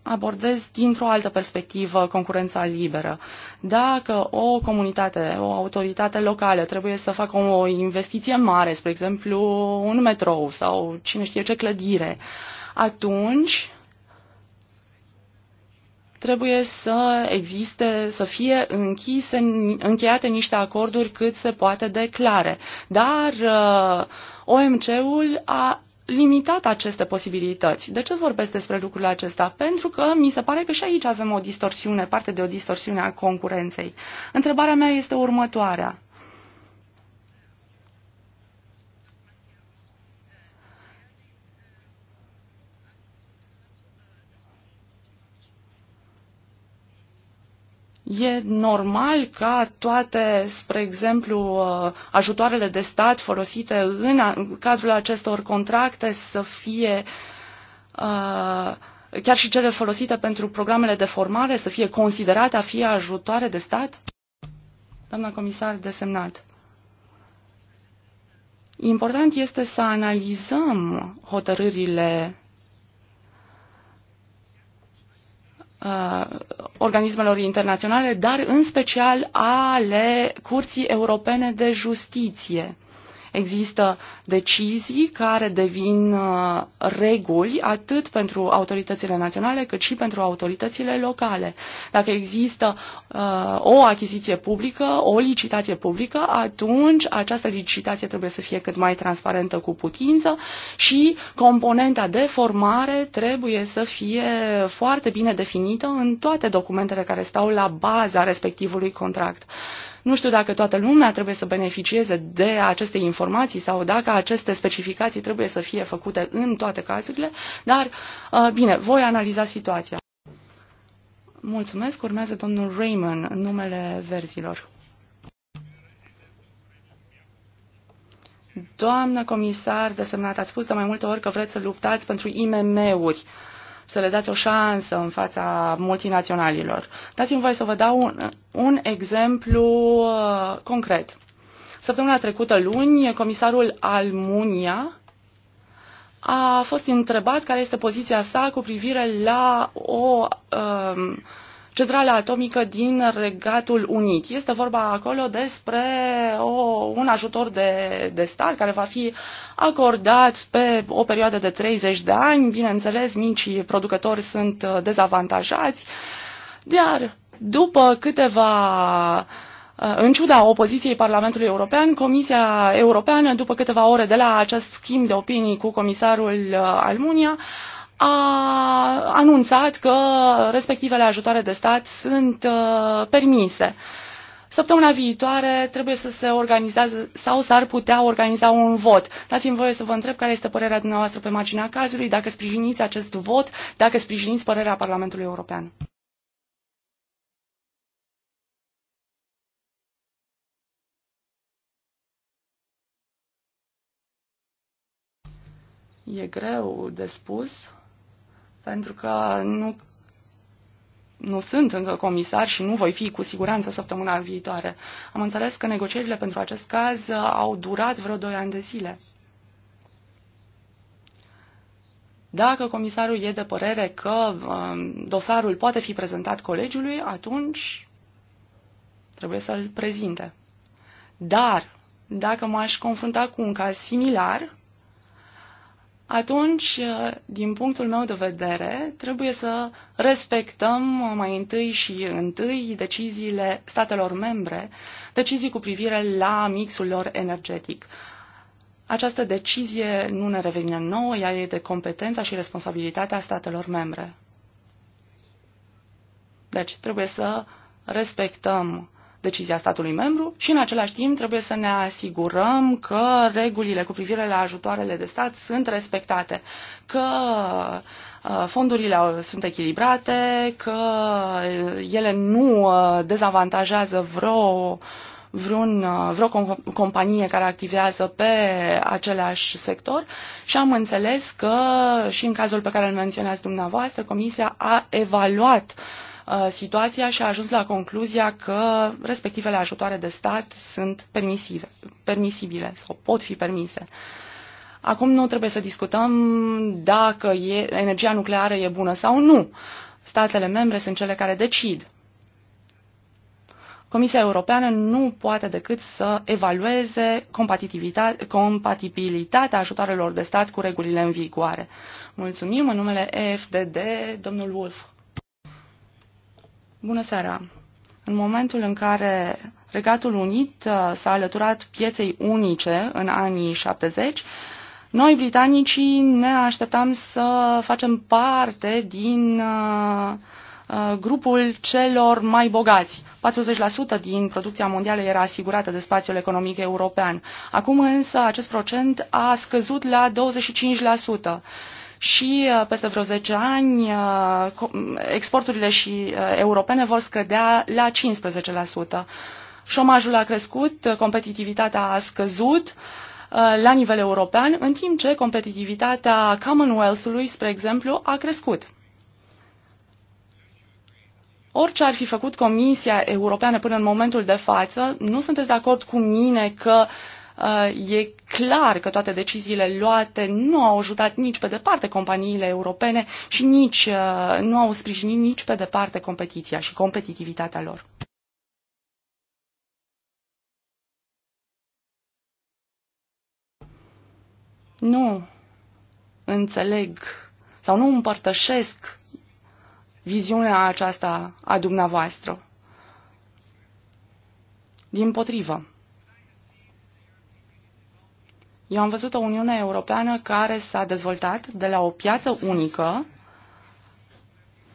abordez dintr-o altă perspectivă concurența liberă. Dacă o comunitate, o autoritate locală trebuie să facă o investiție mare, spre exemplu un metrou sau cine știe ce clădire, atunci trebuie să existe, să fie închise, încheiate niște acorduri cât se poate de clare. Dar uh, OMC-ul a limitat aceste posibilități. De ce vorbesc despre lucrul acesta? Pentru că mi se pare că și aici avem o distorsiune, parte de o distorsiune a concurenței. Întrebarea mea este următoarea. E normal ca toate, spre exemplu, uh, ajutoarele de stat folosite în cadrul acestor contracte să fie uh, chiar și cele folosite pentru programele de formare să fie considerate a fi ajutoare de stat? Doamna comisar desemnat. Important este să analizăm hotărârile Uh, organismelor internaționale, dar în special ale Curții Europene de Justiție. Există decizii care devin uh, reguli atât pentru autoritățile naționale cât și pentru autoritățile locale. Dacă există uh, o achiziție publică, o licitație publică, atunci această licitație trebuie să fie cât mai transparentă cu putință și componenta de formare trebuie să fie foarte bine definită în toate documentele care stau la baza respectivului contract. Nu știu dacă toată lumea trebuie să beneficieze de aceste informații sau dacă aceste specificații trebuie să fie făcute în toate cazurile, dar uh, bine, voi analiza situația. Mulțumesc. Urmează domnul Raymond în numele verzilor. Doamnă comisar desemnat, ați spus de mai multe ori că vreți să luptați pentru IMM-uri. Uh, să le dați o șansă în fața multinaționalilor. Dați-mi voi să vă dau un, un exemplu uh, concret. Săptămâna trecută, luni, comisarul Almunia a fost întrebat care este poziția sa cu privire la o Uh, centrală atomică din Regatul Unit. Este vorba acolo despre o, un ajutor de, de stat care va fi acordat pe o perioadă de 30 de ani. Bineînțeles, micii producători sunt uh, dezavantajați, dar după câteva uh, în ciuda opoziției Parlamentului European, Comisia Europeană, după câteva ore de la acest schimb de opinii cu comisarul uh, Almunia, a anunțat că respectivele ajutoare de stat sunt uh, permise. Săptămâna viitoare trebuie să se organizeze sau s-ar putea organiza un vot. Dați-mi voie să vă întreb care este părerea dumneavoastră pe marginea cazului, dacă sprijiniți acest vot, dacă sprijiniți părerea Parlamentului European. E greu de spus pentru că nu, nu sunt încă comisar și nu voi fi cu siguranță săptămâna viitoare. Am înțeles că negocierile pentru acest caz au durat vreo 2 ani de zile. Dacă comisarul e de părere că um, dosarul poate fi prezentat colegiului, atunci trebuie să-l prezinte. Dar dacă m-aș confrunta cu un caz similar, atunci, uh, din punctul meu de vedere, trebuie să respectăm uh, mai întâi și întâi deciziile statelor membre, decizii cu privire la mixul lor energetic. Această decizie nu ne revine nouă, ea e de competența și responsabilitatea statelor membre. Deci, trebuie să respectăm decizia statului membru și în același timp trebuie să ne asigurăm că regulile cu privire la ajutoarele de stat sunt respectate, că uh, fondurile sunt echilibrate, că ele nu uh, dezavantajează vreo vreun, uh, vreo companie care activează pe același sector și am înțeles că și în cazul pe care îl menționați dumneavoastră, Comisia a evaluat uh, Uh, situația și a ajuns la concluzia că respectivele ajutoare de stat sunt permisive, permisibile sau pot fi permise. Acum nu trebuie să discutăm dacă e, energia nucleară e bună sau nu. Statele membre sunt cele care decid. Comisia Europeană nu poate decât să evalueze compatibilitatea ajutoarelor de stat cu regulile în vigoare. Mulțumim în numele EFDD, domnul Wolf. Bună seara! În momentul în care Regatul Unit uh, s-a alăturat pieței unice în anii 70, noi, britanicii, ne așteptam să facem parte din uh, uh, grupul celor mai bogați. 40% din producția mondială era asigurată de spațiul economic european. Acum însă acest procent a scăzut la 25% și uh, peste vreo 10 ani uh, exporturile și uh, europene vor scădea la 15%. Șomajul a crescut, competitivitatea a scăzut la nivel european, în timp ce competitivitatea Commonwealth-ului, spre exemplu, a crescut. Orice ar fi făcut Comisia Europeană până în momentul de față, nu sunteți de acord cu mine că uh, Uh, e clar că toate deciziile luate nu au ajutat nici pe departe companiile europene și nici uh, nu au sprijinit nici pe departe competiția și competitivitatea lor. Nu înțeleg sau nu împărtășesc viziunea aceasta a dumneavoastră. Din potrivă. Eu am văzut o Uniune Europeană care s-a dezvoltat de la o piață unică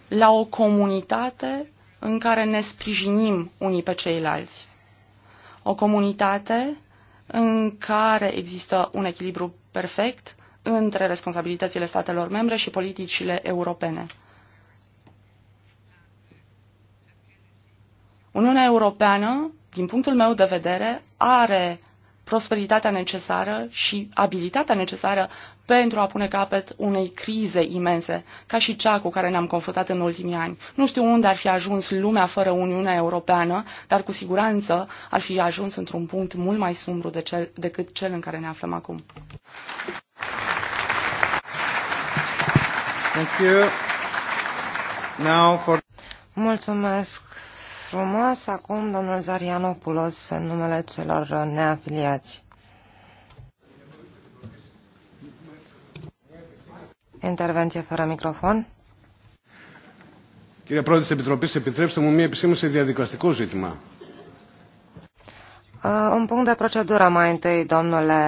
la o comunitate în care ne sprijinim unii pe ceilalți. O comunitate în care există un echilibru perfect între responsabilitățile statelor membre și politicile europene. Uniunea Europeană, din punctul meu de vedere, are prosperitatea necesară și abilitatea necesară pentru a pune capăt unei crize imense, ca și cea cu care ne-am confruntat în ultimii ani. Nu știu unde ar fi ajuns lumea fără Uniunea Europeană, dar cu siguranță ar fi ajuns într-un punct mult mai sumbru de cel, decât cel în care ne aflăm acum. Thank you. Now for... Mulțumesc frumos. Acum domnul Zarianopoulos în numele celor neafiliați. Intervenție fără microfon. Κύριε Πρόεδρε της Επιτροπής, επιτρέψτε μου μία επισήμωση σε διαδικαστικό ζήτημα. Un punct de procedură mai întâi, domnule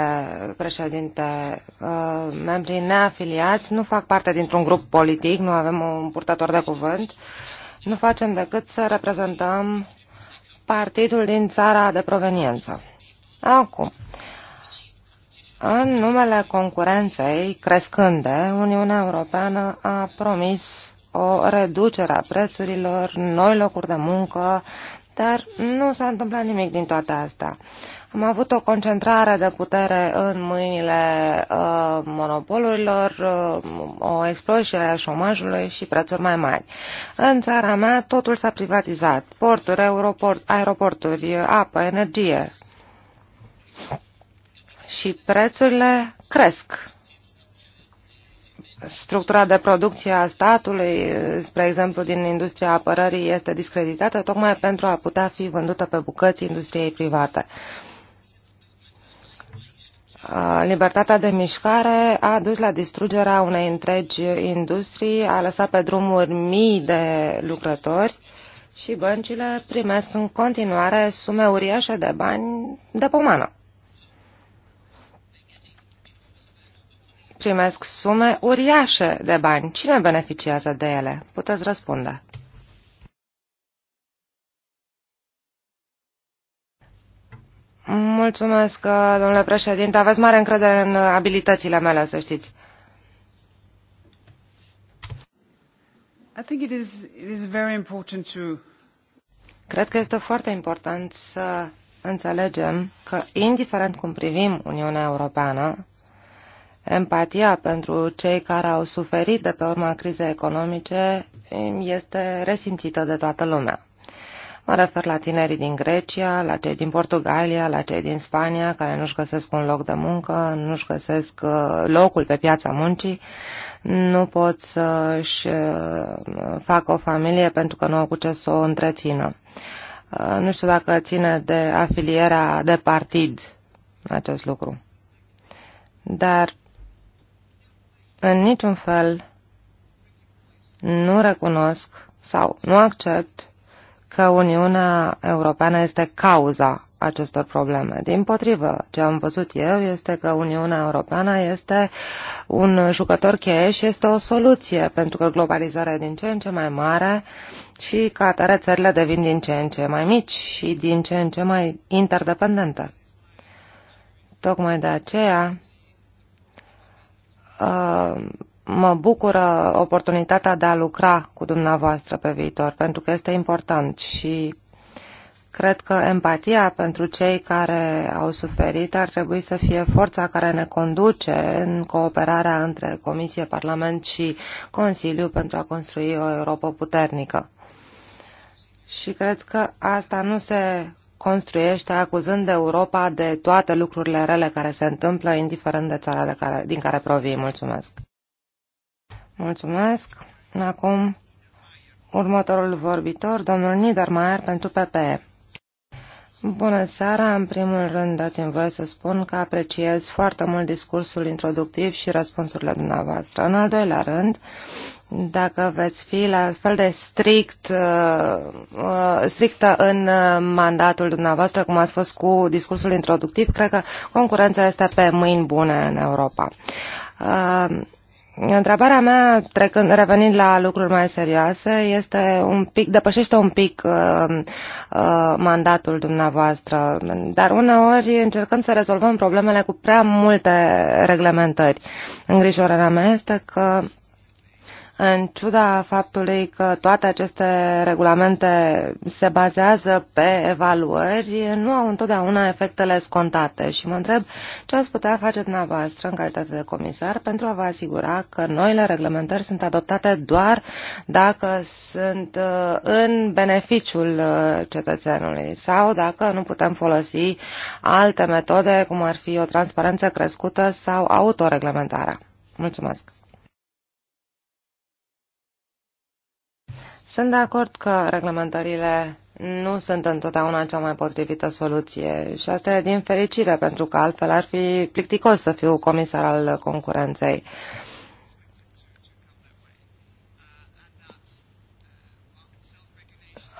președinte. Membrii neafiliați nu fac parte dintr-un grup politic, nu avem un purtător de cuvânt nu facem decât să reprezentăm partidul din țara de proveniență. Acum, în numele concurenței crescânde, Uniunea Europeană a promis o reducere a prețurilor, noi locuri de muncă, dar nu s-a întâmplat nimic din toate astea. Am avut o concentrare de putere în mâinile uh, monopolurilor, uh, o explozie a șomajului și prețuri mai mari. În țara mea totul s-a privatizat. Porturi, aeroport, aeroporturi, apă, energie. Și prețurile cresc structura de producție a statului, spre exemplu din industria apărării, este discreditată tocmai pentru a putea fi vândută pe bucăți industriei private libertatea de mișcare a dus la distrugerea unei întregi industrii, a lăsat pe drumuri mii de lucrători și băncile primesc în continuare sume uriașe de bani de pomană. Primesc sume uriașe de bani. Cine beneficiază de ele? Puteți răspunde. Mulțumesc, domnule președinte. Aveți mare încredere în abilitățile mele, să știți. I think it is, it is very important to... Cred că este foarte important să înțelegem că, indiferent cum privim Uniunea Europeană, empatia pentru cei care au suferit de pe urma crizei economice este resimțită de toată lumea. Mă refer la tinerii din Grecia, la cei din Portugalia, la cei din Spania, care nu-și găsesc un loc de muncă, nu-și găsesc uh, locul pe piața muncii, nu pot să-și uh, facă o familie pentru că nu au cu ce să o întrețină. Uh, nu știu dacă ține de afilierea de partid acest lucru. Dar în niciun fel nu recunosc sau nu accept că Uniunea Europeană este cauza acestor probleme. Din potrivă, ce am văzut eu este că Uniunea Europeană este un jucător cheie și este o soluție, pentru că globalizarea e din ce în ce mai mare și ca atare țările devin din ce în ce mai mici și din ce în ce mai interdependente. Tocmai de aceea, uh, mă bucură oportunitatea de a lucra cu dumneavoastră pe viitor, pentru că este important și cred că empatia pentru cei care au suferit ar trebui să fie forța care ne conduce în cooperarea între Comisie, Parlament și Consiliu pentru a construi o Europa puternică. Și cred că asta nu se construiește acuzând Europa de toate lucrurile rele care se întâmplă, indiferent de țara de care, din care provii. Mulțumesc! Mulțumesc. Acum, următorul vorbitor, domnul Niedermayer pentru PPE. Bună seara! În primul rând, dați-mi voie să spun că apreciez foarte mult discursul introductiv și răspunsurile dumneavoastră. În al doilea rând, dacă veți fi la fel de strict, uh, uh, strictă în uh, mandatul dumneavoastră, cum ați fost cu discursul introductiv, cred că concurența este pe mâini bune în Europa. Întrebarea mea, trecând, revenind la lucruri mai serioase, este un pic, depășește un pic uh, uh, mandatul dumneavoastră, dar uneori încercăm să rezolvăm problemele cu prea multe reglementări. Îngrijorarea mea este că în ciuda faptului că toate aceste regulamente se bazează pe evaluări, nu au întotdeauna efectele scontate și mă întreb ce ați putea face dumneavoastră în calitate de comisar pentru a vă asigura că noile reglementări sunt adoptate doar dacă sunt uh, în beneficiul uh, cetățenului sau dacă nu putem folosi alte metode, cum ar fi o transparență crescută sau autoreglementarea. Mulțumesc! Sunt de acord că reglementările nu sunt întotdeauna cea mai potrivită soluție și asta e din fericire, pentru că altfel ar fi plicticos să fiu comisar al concurenței.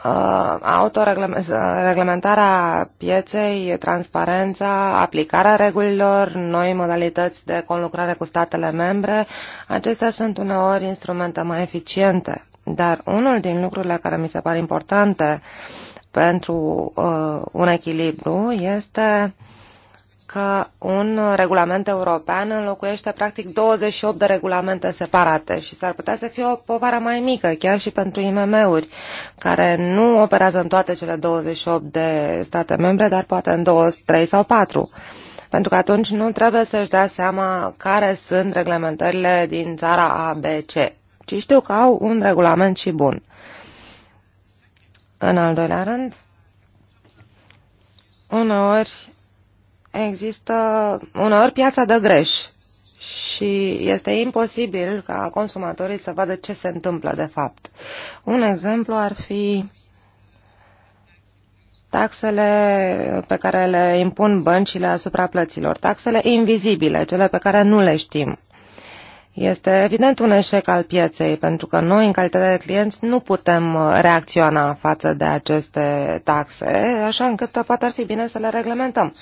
Uh, autoreglementarea pieței, transparența, aplicarea regulilor, noi modalități de conlucrare cu statele membre, acestea sunt uneori instrumente mai eficiente. Dar unul din lucrurile care mi se pare importante pentru uh, un echilibru este că un regulament european înlocuiește practic 28 de regulamente separate și s-ar putea să fie o povară mai mică, chiar și pentru IMM-uri, care nu operează în toate cele 28 de state membre, dar poate în 2, 3 sau 4 pentru că atunci nu trebuie să-și dea seama care sunt reglementările din țara A, B, C ci știu că au un regulament și bun. În al doilea rând, uneori există, uneori piața dă greș și este imposibil ca consumatorii să vadă ce se întâmplă de fapt. Un exemplu ar fi taxele pe care le impun băncile asupra plăților, taxele invizibile, cele pe care nu le știm. Este evident un eșec al pieței, pentru că noi, în calitate de clienți, nu putem uh, reacționa față de aceste taxe, așa încât uh, poate ar fi bine să le reglementăm.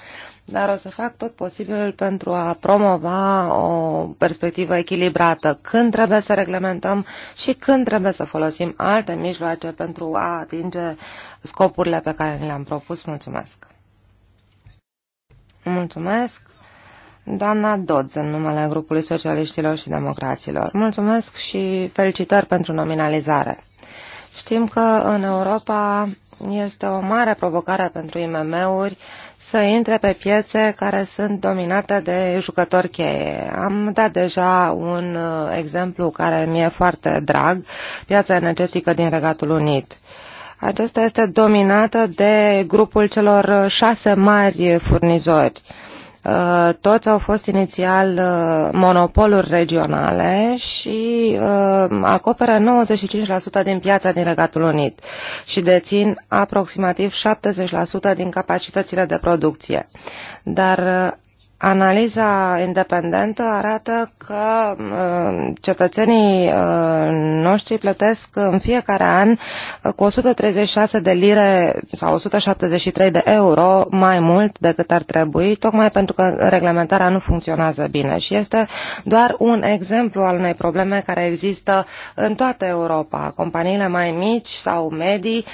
Dar o să fac tot posibilul pentru a promova o perspectivă echilibrată, când trebuie să reglementăm și când trebuie să folosim alte mijloace pentru a atinge scopurile pe care le-am propus. Mulțumesc! Mulțumesc! Doamna Dodds, în numele grupului socialiștilor și democraților. Mulțumesc și felicitări pentru nominalizare. Știm că în Europa este o mare provocare pentru IMM-uri să intre pe piețe care sunt dominate de jucători cheie. Am dat deja un uh, exemplu care mi-e foarte drag, piața energetică din Regatul Unit. Aceasta este dominată de grupul celor șase mari furnizori Uh, toți au fost inițial uh, monopoluri regionale și uh, acoperă 95% din piața din Regatul Unit și dețin aproximativ 70% din capacitățile de producție. Dar Analiza independentă arată că uh, cetățenii uh, noștri plătesc în fiecare an uh, cu 136 de lire sau 173 de euro mai mult decât ar trebui, tocmai pentru că reglementarea nu funcționează bine și este doar un exemplu al unei probleme care există în toată Europa. Companiile mai mici sau medii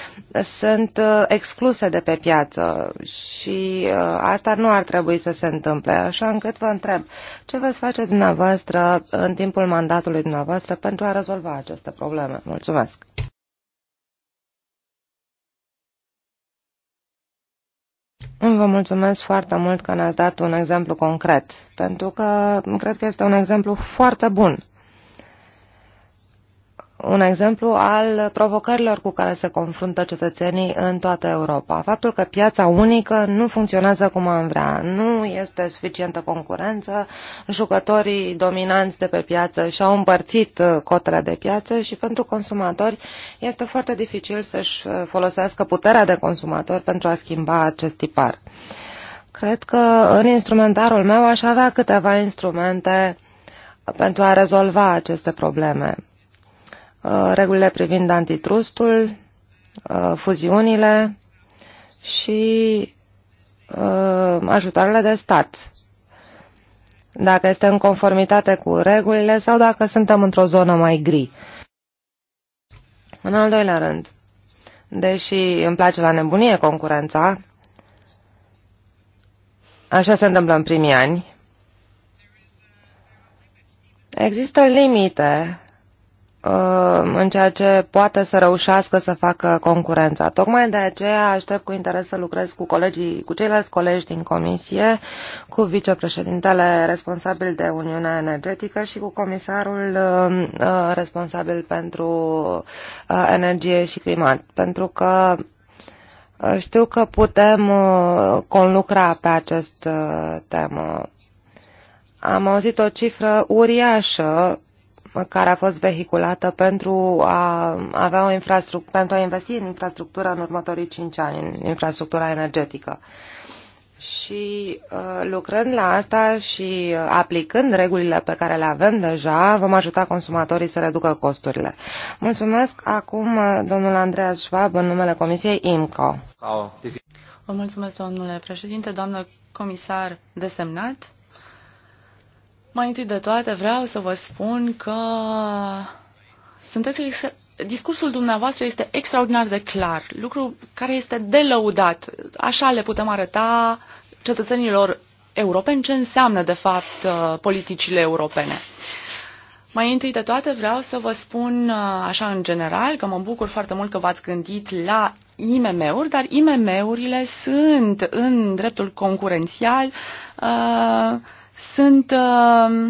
sunt excluse de pe piață și asta nu ar trebui să se întâmple așa încât vă întreb ce veți face dumneavoastră în timpul mandatului dumneavoastră pentru a rezolva aceste probleme. Mulțumesc! Vă mulțumesc foarte mult că ne-ați dat un exemplu concret, pentru că cred că este un exemplu foarte bun un exemplu al provocărilor cu care se confruntă cetățenii în toată Europa. Faptul că piața unică nu funcționează cum am vrea, nu este suficientă concurență, jucătorii dominanți de pe piață și-au împărțit uh, cotele de piață și pentru consumatori este foarte dificil să-și uh, folosească puterea de consumator pentru a schimba acest tipar. Cred că în instrumentarul meu aș avea câteva instrumente pentru a rezolva aceste probleme Uh, regulile privind antitrustul, uh, fuziunile și uh, ajutoarele de stat. Dacă este în conformitate cu regulile sau dacă suntem într-o zonă mai gri. În al doilea rând, deși îmi place la nebunie concurența, așa se întâmplă în primii ani, există limite Uh, în ceea ce poate să reușească să facă concurența. Tocmai de aceea aștept cu interes să lucrez cu, colegii, cu ceilalți colegi din comisie, cu vicepreședintele responsabil de Uniunea Energetică și cu comisarul uh, uh, responsabil pentru energie și climat. Pentru că știu că putem conlucra pe acest temă. Am auzit o cifră uriașă care a fost vehiculată pentru a avea o infrastructură, pentru a investi în infrastructura în următorii 5 ani, în infrastructura energetică. Și uh, lucrând la asta și uh, aplicând regulile pe care le avem deja, vom ajuta consumatorii să reducă costurile. Mulțumesc acum uh, domnul Andreas Schwab în numele Comisiei IMCO. Vă mulțumesc, domnule președinte, doamnă comisar desemnat. Mai întâi de toate vreau să vă spun că sunteți discursul dumneavoastră este extraordinar de clar, lucru care este delăudat. Așa le putem arăta cetățenilor europeni ce înseamnă, de fapt, uh, politicile europene. Mai întâi de toate vreau să vă spun uh, așa în general că mă bucur foarte mult că v-ați gândit la IMM-uri, dar IMM-urile sunt în dreptul concurențial uh, sunt uh,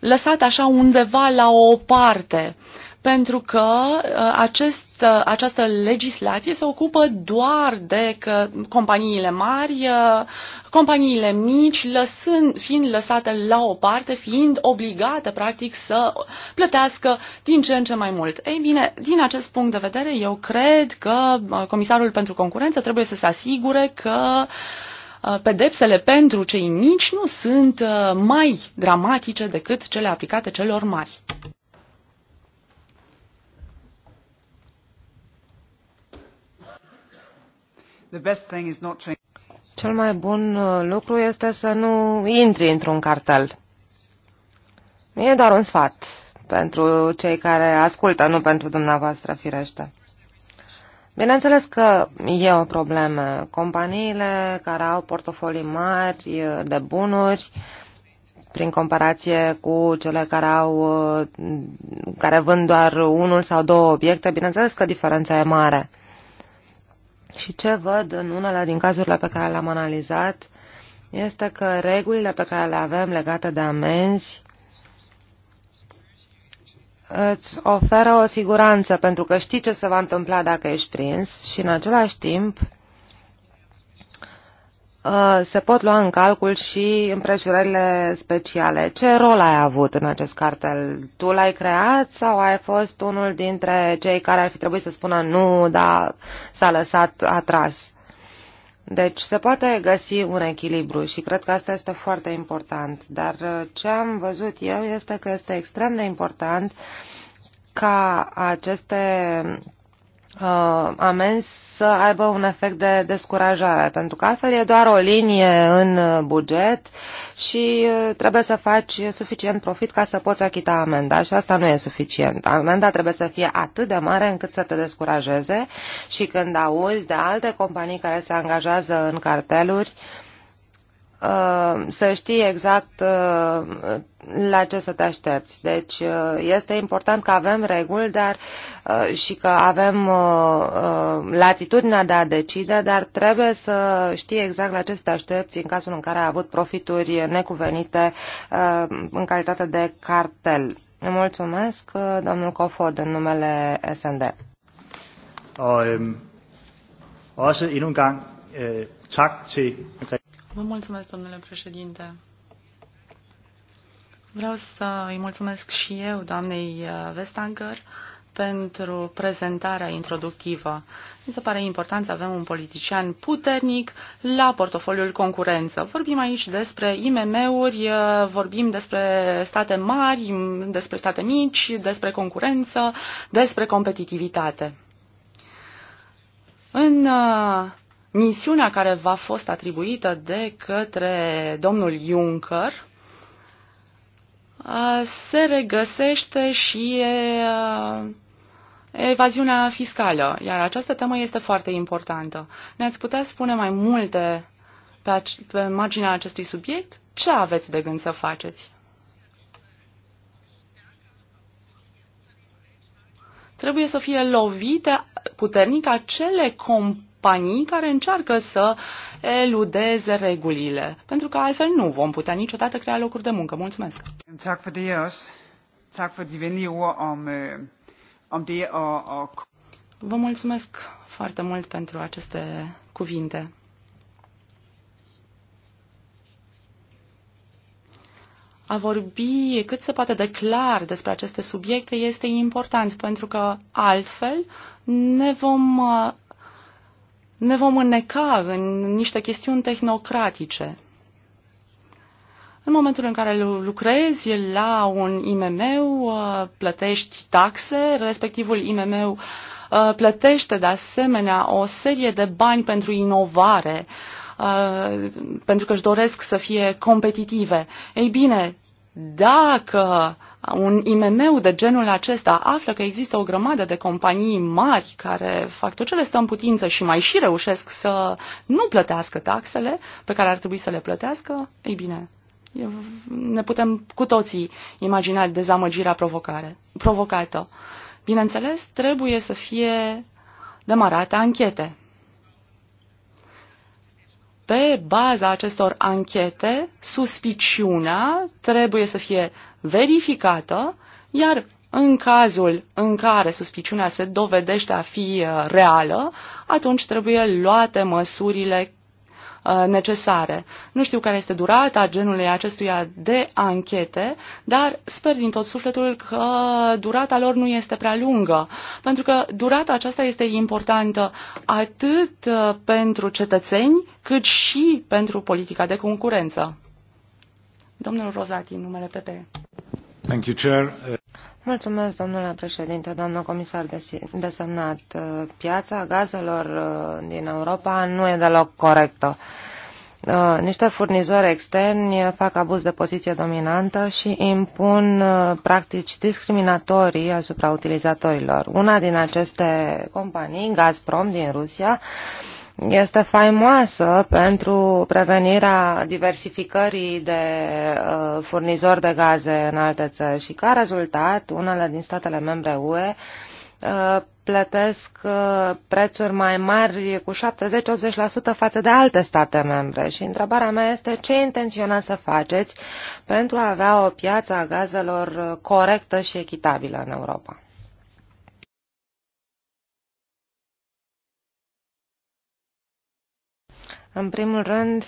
lăsate așa undeva la o parte, pentru că uh, acest, uh, această legislație se ocupă doar de că companiile mari, uh, companiile mici, lăsând, fiind lăsate la o parte, fiind obligate, practic, să plătească din ce în ce mai mult. Ei bine, din acest punct de vedere, eu cred că uh, Comisarul pentru Concurență trebuie să se asigure că uh, Uh, pedepsele pentru cei mici nu sunt uh, mai dramatice decât cele aplicate celor mari. The best thing is not Cel mai bun uh, lucru este să nu intri într-un cartel. E doar un sfat pentru cei care ascultă, nu pentru dumneavoastră, firește. Bineînțeles că e o problemă. Companiile care au portofolii mari de bunuri, prin comparație cu cele care, au, care vând doar unul sau două obiecte, bineînțeles că diferența e mare. Și ce văd în unele din cazurile pe care le-am analizat este că regulile pe care le avem legate de amenzi îți oferă o siguranță pentru că știi ce se va întâmpla dacă ești prins și în același timp uh, se pot lua în calcul și împrejurările speciale. Ce rol ai avut în acest cartel? Tu l-ai creat sau ai fost unul dintre cei care ar fi trebuit să spună nu, dar s-a lăsat atras? Deci se poate găsi un echilibru și cred că asta este foarte important. Dar uh, ce am văzut eu este că este extrem de important ca aceste uh, amenzi să aibă un efect de descurajare, pentru că altfel e doar o linie în uh, buget și uh, trebuie să faci suficient profit ca să poți achita amenda și asta nu e suficient. Amenda trebuie să fie atât de mare încât să te descurajeze și când auzi de alte companii care se angajează în carteluri, uh, Uh, să știi exact uh, la ce să te aștepți. Deci uh, este important că avem reguli dar și că avem latitudinea de a decide, dar trebuie să știi exact la ce să te aștepți în cazul în care ai avut profituri necuvenite în calitate de cartel. Mulțumesc, domnul Cofod, în numele SND. Og, øhm, også endnu en gang øh, Vă mulțumesc, domnule președinte. Vreau să îi mulțumesc și eu, doamnei uh, Vestager, pentru prezentarea introductivă. Mi se pare important să avem un politician puternic la portofoliul concurență. Vorbim aici despre IMM-uri, uh, vorbim despre state mari, despre state mici, despre concurență, despre competitivitate. În uh, misiunea care v-a fost atribuită de către domnul Juncker se regăsește și evaziunea fiscală, iar această temă este foarte importantă. Ne-ați putea spune mai multe pe, pe marginea acestui subiect? Ce aveți de gând să faceți? Trebuie să fie lovite puternic acele companii companii care încearcă să eludeze regulile, pentru că altfel nu vom putea niciodată crea locuri de muncă. Mulțumesc! Øh, Vă mulțumesc foarte mult pentru aceste cuvinte. A vorbi cât se poate de clar despre aceste subiecte este important, pentru că altfel ne vom ne vom înneca în niște chestiuni tehnocratice. În momentul în care lucrezi la un IMM, uh, plătești taxe, respectivul IMM uh, plătește de asemenea o serie de bani pentru inovare, uh, pentru că își doresc să fie competitive. Ei bine, dacă un IMM de genul acesta află că există o grămadă de companii mari care fac tot ce le stă în putință și mai și reușesc să nu plătească taxele pe care ar trebui să le plătească, ei bine, ne putem cu toții imagina dezamăgirea provocare, provocată. Bineînțeles, trebuie să fie demarate anchete pe baza acestor anchete, suspiciunea trebuie să fie verificată, iar în cazul în care suspiciunea se dovedește a fi uh, reală, atunci trebuie luate măsurile Uh, necesare. Nu știu care este durata genului acestuia de anchete, dar sper din tot sufletul că durata lor nu este prea lungă, pentru că durata aceasta este importantă atât uh, pentru cetățeni, cât și pentru politica de concurență. Domnul Rozati, numele PP. Mulțumesc, domnule președinte, doamnă comisar desemnat. Uh, piața gazelor uh, din Europa nu e deloc corectă. Uh, niște furnizori externi fac abuz de poziție dominantă și impun practici discriminatorii asupra utilizatorilor. Una din aceste companii, Gazprom din Rusia, este faimoasă pentru prevenirea diversificării de uh, furnizori de gaze în alte țări și ca rezultat unele din statele membre UE uh, plătesc uh, prețuri mai mari cu 70-80% față de alte state membre. Și întrebarea mea este ce intenționați să faceți pentru a avea o piață a gazelor corectă și echitabilă în Europa? În primul rând,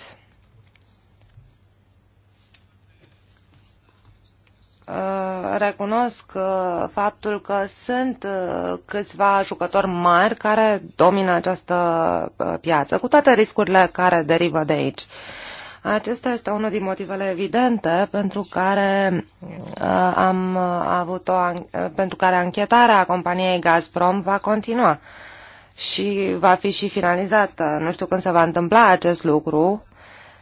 uh, recunosc uh, faptul că sunt uh, câțiva jucători mari care domină această piață, cu toate riscurile care derivă de aici. Acesta este unul din motivele evidente pentru care am avut o, pentru care anchetarea companiei Gazprom va continua și va fi și finalizată. Nu știu când se va întâmpla acest lucru,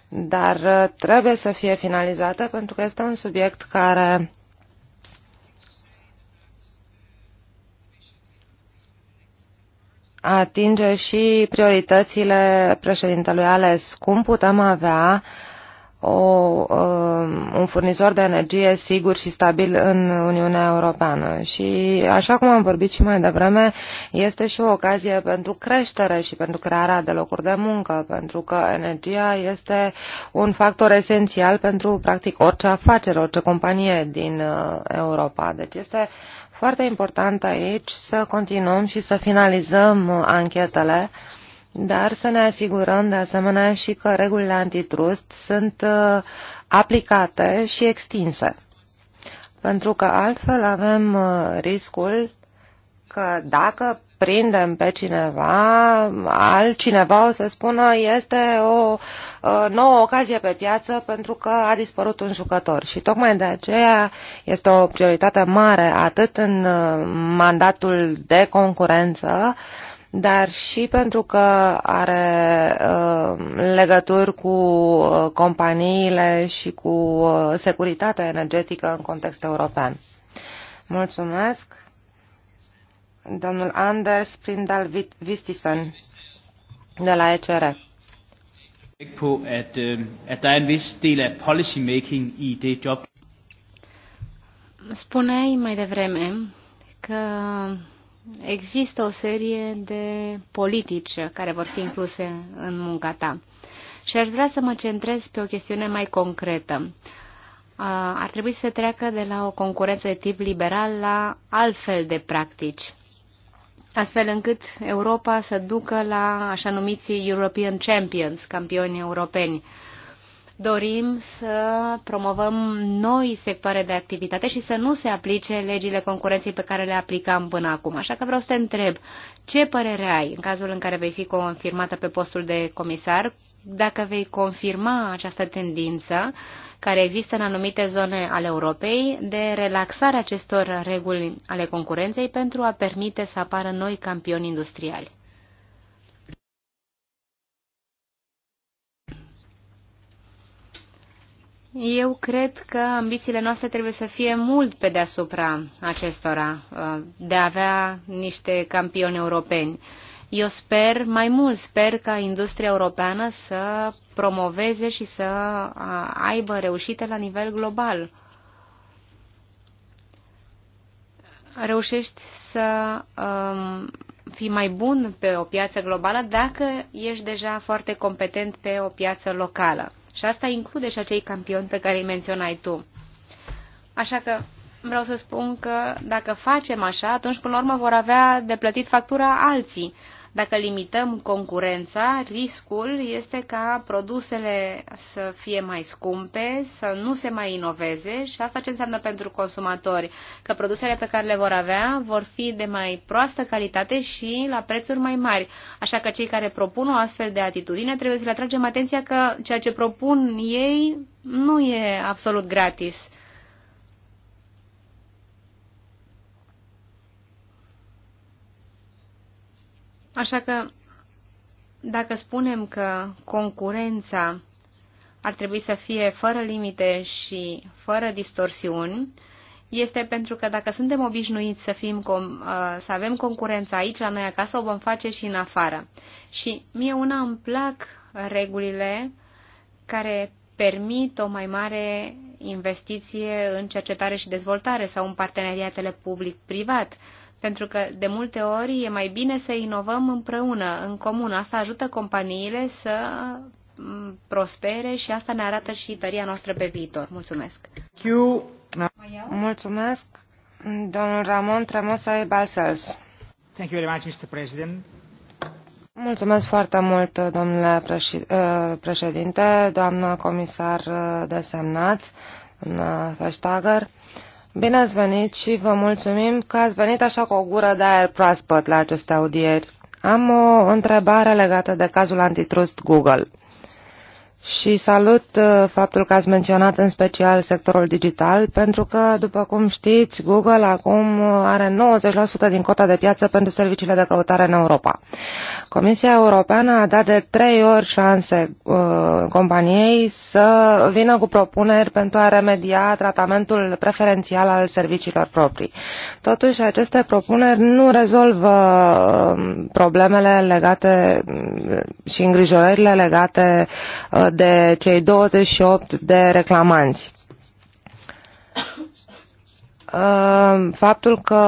dar uh, trebuie să fie finalizată pentru că este un subiect care atinge și prioritățile președintelui ales. Cum putem avea uh, o, um, un furnizor de energie sigur și stabil în Uniunea Europeană. Și, așa cum am vorbit și mai devreme, este și o ocazie pentru creștere și pentru crearea de locuri de muncă, pentru că energia este un factor esențial pentru, practic, orice afacere, orice companie din uh, Europa. Deci este foarte important aici să continuăm și să finalizăm uh, anchetele dar să ne asigurăm de asemenea și că regulile antitrust sunt uh, aplicate și extinse. Pentru că altfel avem uh, riscul că dacă prindem pe cineva, altcineva o să spună este o uh, nouă ocazie pe piață pentru că a dispărut un jucător. Și tocmai de aceea este o prioritate mare atât în mandatul de concurență, dar și pentru că are uh, legături cu uh, companiile și cu uh, securitatea energetică în context european. Mulțumesc. Domnul Anders Prindal Vistison de la ECR. Øh, er Spuneai mai devreme că există o serie de politici care vor fi incluse în munca ta. Și aș vrea să mă centrez pe o chestiune mai concretă. Ar trebui să treacă de la o concurență de tip liberal la altfel de practici, astfel încât Europa să ducă la așa numiții European Champions, campioni europeni, dorim să promovăm noi sectoare de activitate și să nu se aplice legile concurenței pe care le aplicam până acum. Așa că vreau să te întreb, ce părere ai în cazul în care vei fi confirmată pe postul de comisar, dacă vei confirma această tendință care există în anumite zone ale Europei de relaxarea acestor reguli ale concurenței pentru a permite să apară noi campioni industriali? Eu cred că ambițiile noastre trebuie să fie mult pe deasupra acestora, uh, de a avea niște campioni europeni. Eu sper, mai mult sper ca industria europeană să promoveze și să aibă reușite la nivel global. Reușești să um, fii mai bun pe o piață globală dacă ești deja foarte competent pe o piață locală. Și asta include și acei campioni pe care îi menționai tu. Așa că vreau să spun că dacă facem așa, atunci până la urmă vor avea de plătit factura alții. Dacă limităm concurența, riscul este ca produsele să fie mai scumpe, să nu se mai inoveze și asta ce înseamnă pentru consumatori? Că produsele pe care le vor avea vor fi de mai proastă calitate și la prețuri mai mari. Așa că cei care propun o astfel de atitudine trebuie să le atragem atenția că ceea ce propun ei nu e absolut gratis Așa că dacă spunem că concurența ar trebui să fie fără limite și fără distorsiuni, este pentru că dacă suntem obișnuiți să, fim, uh, să avem concurența aici la noi acasă, o vom face și în afară. Și mie una îmi plac regulile care permit o mai mare investiție în cercetare și dezvoltare sau în parteneriatele public-privat pentru că de multe ori e mai bine să inovăm împreună, în comun. Asta ajută companiile să mm, prospere și asta ne arată și tăria noastră pe viitor. Mulțumesc! Mulțumesc, domnul Ramon Tremosa Balsels. Thank you very much, Mr. President. Mulțumesc foarte mult, domnule uh, președinte, doamnă comisar uh, desemnat, doamnă Feștagăr. Bine ați venit și vă mulțumim că ați venit așa cu o gură de aer proaspăt la aceste audieri. Am o întrebare legată de cazul antitrust Google și salut uh, faptul că ați menționat în special sectorul digital, pentru că, după cum știți, Google acum uh, are 90% din cota de piață pentru serviciile de căutare în Europa. Comisia Europeană a dat de trei ori șanse uh, companiei să vină cu propuneri pentru a remedia tratamentul preferențial al serviciilor proprii. Totuși, aceste propuneri nu rezolvă uh, problemele legate mm, și îngrijorările legate de cei 28 de reclamanți. Ehm, faptul că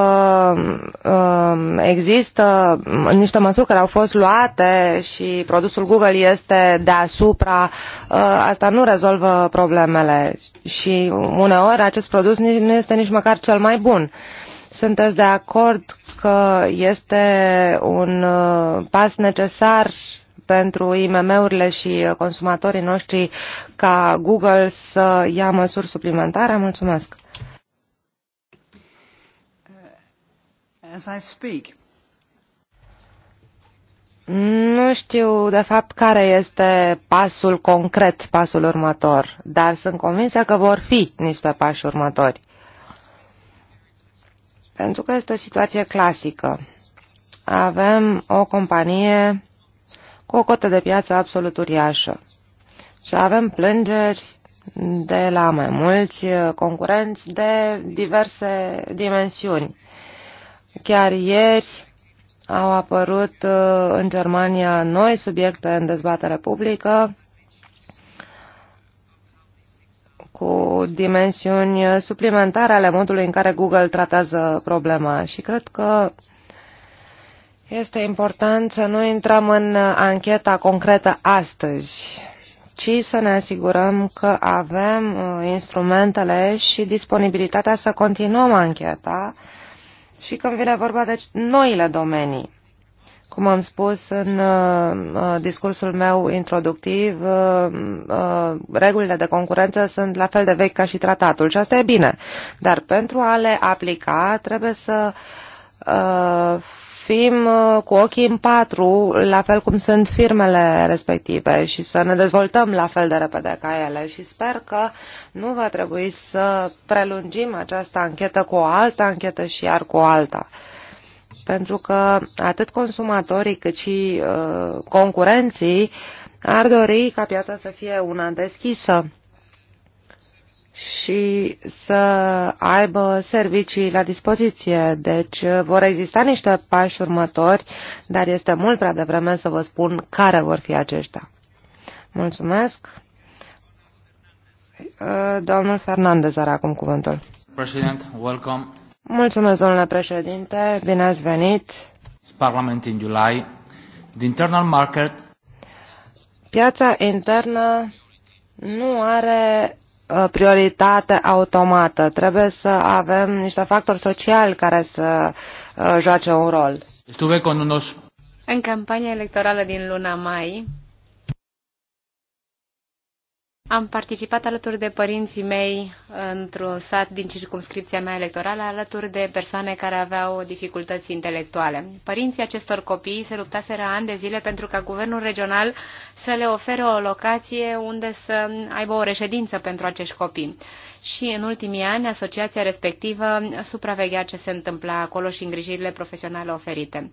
ehm, există niște măsuri care au fost luate și produsul Google este deasupra, ehm, asta nu rezolvă problemele și uneori acest produs nu este nici măcar cel mai bun. Sunteți de acord că este un pas necesar pentru IMM-urile și consumatorii noștri ca Google să ia măsuri suplimentare? Mulțumesc! Uh, as I speak, nu știu, de fapt, care este pasul concret, pasul următor, dar sunt convinsă că vor fi niște pași următori. Pentru că este o situație clasică. Avem o companie cu o cotă de piață absolut uriașă. Și avem plângeri de la mai mulți concurenți de diverse dimensiuni. Chiar ieri au apărut uh, în Germania noi subiecte în dezbatere publică cu dimensiuni suplimentare ale modului în care Google tratează problema și cred că este important să nu intrăm în ancheta concretă astăzi, ci să ne asigurăm că avem uh, instrumentele și disponibilitatea să continuăm ancheta și când vine vorba de noile domenii. Cum am spus în uh, uh, discursul meu introductiv, regulile de concurență sunt la fel de vechi ca și tratatul și asta e bine. Dar pentru a le aplica trebuie să fim uh, cu ochii în patru, la fel cum sunt firmele respective și să ne dezvoltăm la fel de repede ca ele și sper că nu va trebui să prelungim această anchetă cu o altă anchetă și iar cu o alta. Pentru că atât consumatorii cât și uh, concurenții ar dori ca piața să fie una deschisă și să aibă servicii la dispoziție. Deci uh, vor exista niște pași următori, dar este mult prea devreme să vă spun care vor fi aceștia. Mulțumesc. Uh, domnul Fernandez are acum cuvântul. President, welcome. Mulțumesc, domnule președinte. Bine ați venit. Parlament in July. The internal market. Piața internă nu are Uh, prioritate automată. Trebuie să avem niște factori sociali care să uh, joace un rol. În campania electorală din luna mai, am participat alături de părinții mei într-un sat din circunscripția mea electorală, alături de persoane care aveau dificultăți intelectuale. Părinții acestor copii se luptaseră ani de zile pentru ca guvernul regional să le ofere o locație unde să aibă o reședință pentru acești copii. Și în ultimii ani, asociația respectivă supraveghea ce se întâmpla acolo și îngrijirile profesionale oferite.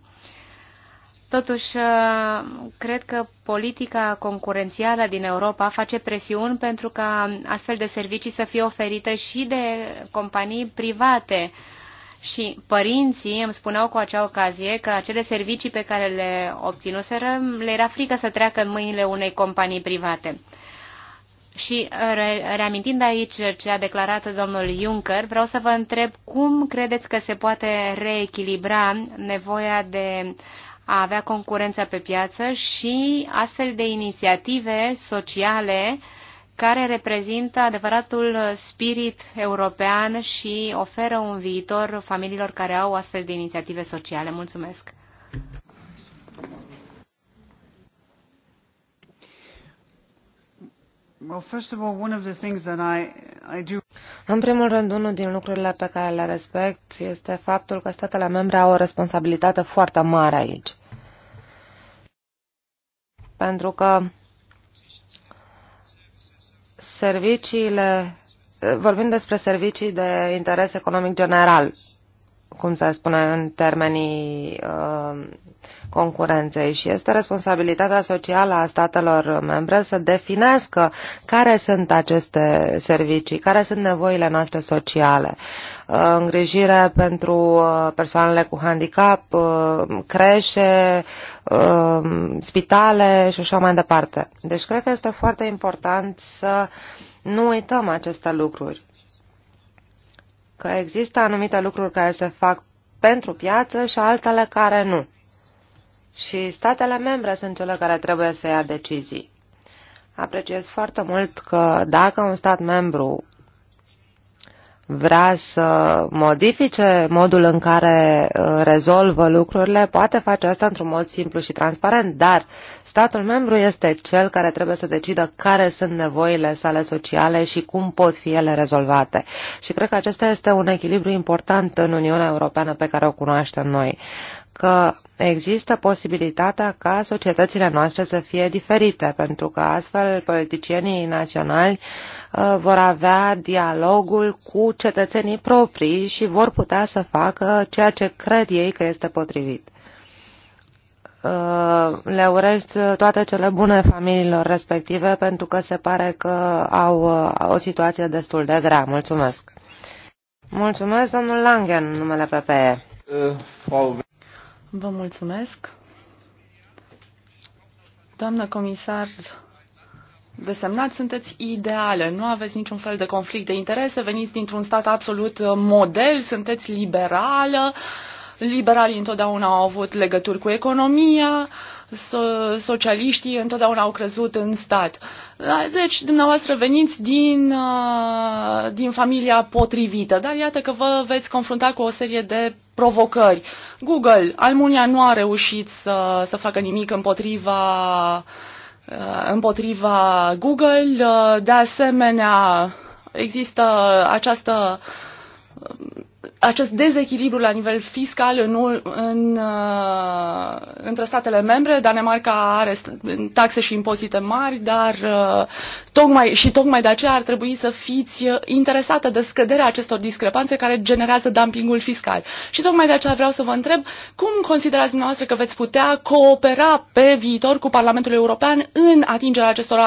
Totuși, uh, cred că politica concurențială din Europa face presiuni pentru ca astfel de servicii să fie oferite și de companii private. Și părinții îmi spuneau cu acea ocazie că acele servicii pe care le obținuseră le era frică să treacă în mâinile unei companii private. Și uh, re reamintind aici ce a declarat domnul Juncker, vreau să vă întreb cum credeți că se poate reechilibra nevoia de a avea concurența pe piață și astfel de inițiative sociale care reprezintă adevăratul spirit european și oferă un viitor familiilor care au astfel de inițiative sociale. Mulțumesc! Well, first of all, one of the things that I în primul rând, unul din lucrurile pe care le respect este faptul că statele membre au o responsabilitate foarte mare aici. Pentru că serviciile, vorbim despre servicii de interes economic general, cum să spune, în termenii uh, concurenței și este responsabilitatea socială a statelor membre să definească care sunt aceste servicii, care sunt nevoile noastre sociale. Uh, îngrijire pentru uh, persoanele cu handicap, uh, creșe, uh, spitale și așa mai departe. Deci cred că este foarte important să nu uităm aceste lucruri că există anumite lucruri care se fac pentru piață și altele care nu. Și statele membre sunt cele care trebuie să ia decizii. Apreciez foarte mult că dacă un stat membru vrea să modifice modul în care uh, rezolvă lucrurile, poate face asta într-un mod simplu și transparent, dar statul membru este cel care trebuie să decidă care sunt nevoile sale sociale și cum pot fi ele rezolvate. Și cred că acesta este un echilibru important în Uniunea Europeană pe care o cunoaștem noi că există posibilitatea ca societățile noastre să fie diferite, pentru că astfel politicienii naționali uh, vor avea dialogul cu cetățenii proprii și vor putea să facă ceea ce cred ei că este potrivit. Uh, le urez toate cele bune familiilor respective pentru că se pare că au uh, o situație destul de grea. Mulțumesc! Mulțumesc, domnul Langen, numele PPE. Uh, Vă mulțumesc. Doamnă comisar desemnat, sunteți ideală, nu aveți niciun fel de conflict de interese, veniți dintr-un stat absolut uh, model, sunteți liberală, liberalii întotdeauna au avut legături cu economia, uh, so- socialiștii întotdeauna au crezut în stat. Deci, dumneavoastră veniți din, uh, din familia potrivită, dar iată că vă veți confrunta cu o serie de provocări. Google, Almunia nu a reușit să, să facă nimic împotriva uh, împotriva Google. Uh, de asemenea, există această acest dezechilibru la nivel fiscal în, în, uh, între statele membre. Danemarca are taxe și impozite mari, dar uh, tocmai, și tocmai de aceea ar trebui să fiți interesată de scăderea acestor discrepanțe care generează dumpingul fiscal. Și tocmai de aceea vreau să vă întreb cum considerați dumneavoastră că veți putea coopera pe viitor cu Parlamentul European în atingerea acestor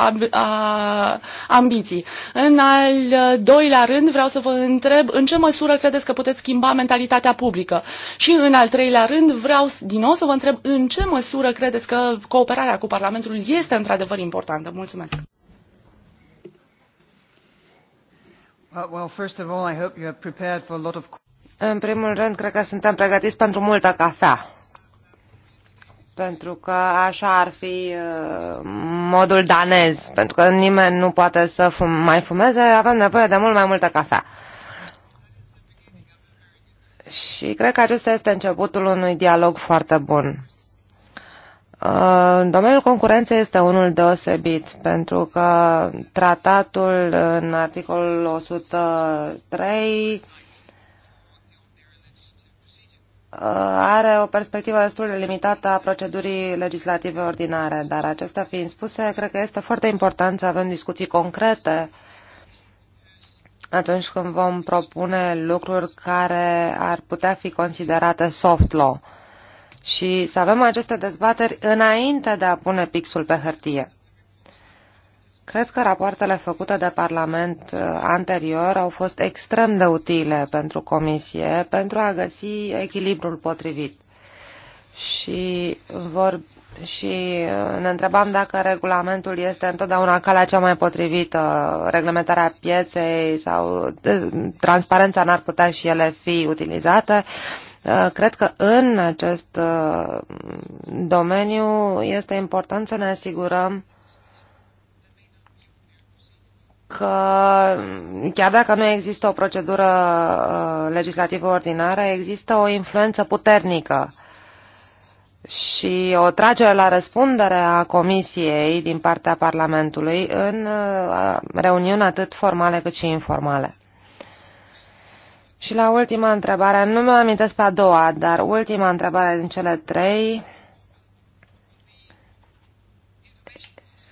ambiții. În al doilea rând vreau să vă întreb în ce măsură credeți că puteți puteți schimba mentalitatea publică? Și în al treilea rând vreau din nou să vă întreb în ce măsură credeți că cooperarea cu Parlamentul este într-adevăr importantă? Mulțumesc! În primul rând, cred că suntem pregătiți pentru multă cafea. Pentru că așa ar fi uh, modul danez. Pentru că nimeni nu poate să fum, mai fumeze, avem nevoie de mult mai multă cafea. Și cred că acesta este începutul unui dialog foarte bun. Uh, domeniul concurenței este unul deosebit, pentru că tratatul în articolul 103 uh, are o perspectivă destul de limitată a procedurii legislative ordinare, dar acestea fiind spuse, cred că este foarte important să avem discuții concrete uh, atunci când vom propune lucruri care ar putea fi considerate soft law și să avem aceste dezbateri înainte de a pune pixul pe hârtie. Cred că rapoartele făcute de Parlament uh, anterior au fost extrem de utile pentru Comisie pentru a găsi echilibrul potrivit și, vor, și uh, ne întrebam dacă regulamentul este întotdeauna calea cea mai potrivită, reglementarea pieței sau uh, transparența n-ar putea și ele fi utilizate. Uh, cred că în acest domeniu este important să ne asigurăm că chiar dacă nu există o procedură legislativă ordinară, există o influență puternică uh, și o tragere la răspundere a Comisiei din partea Parlamentului în uh, reuniuni atât formale cât și informale. Și la ultima întrebare, nu mă amintesc pe a doua, dar ultima întrebare din cele trei,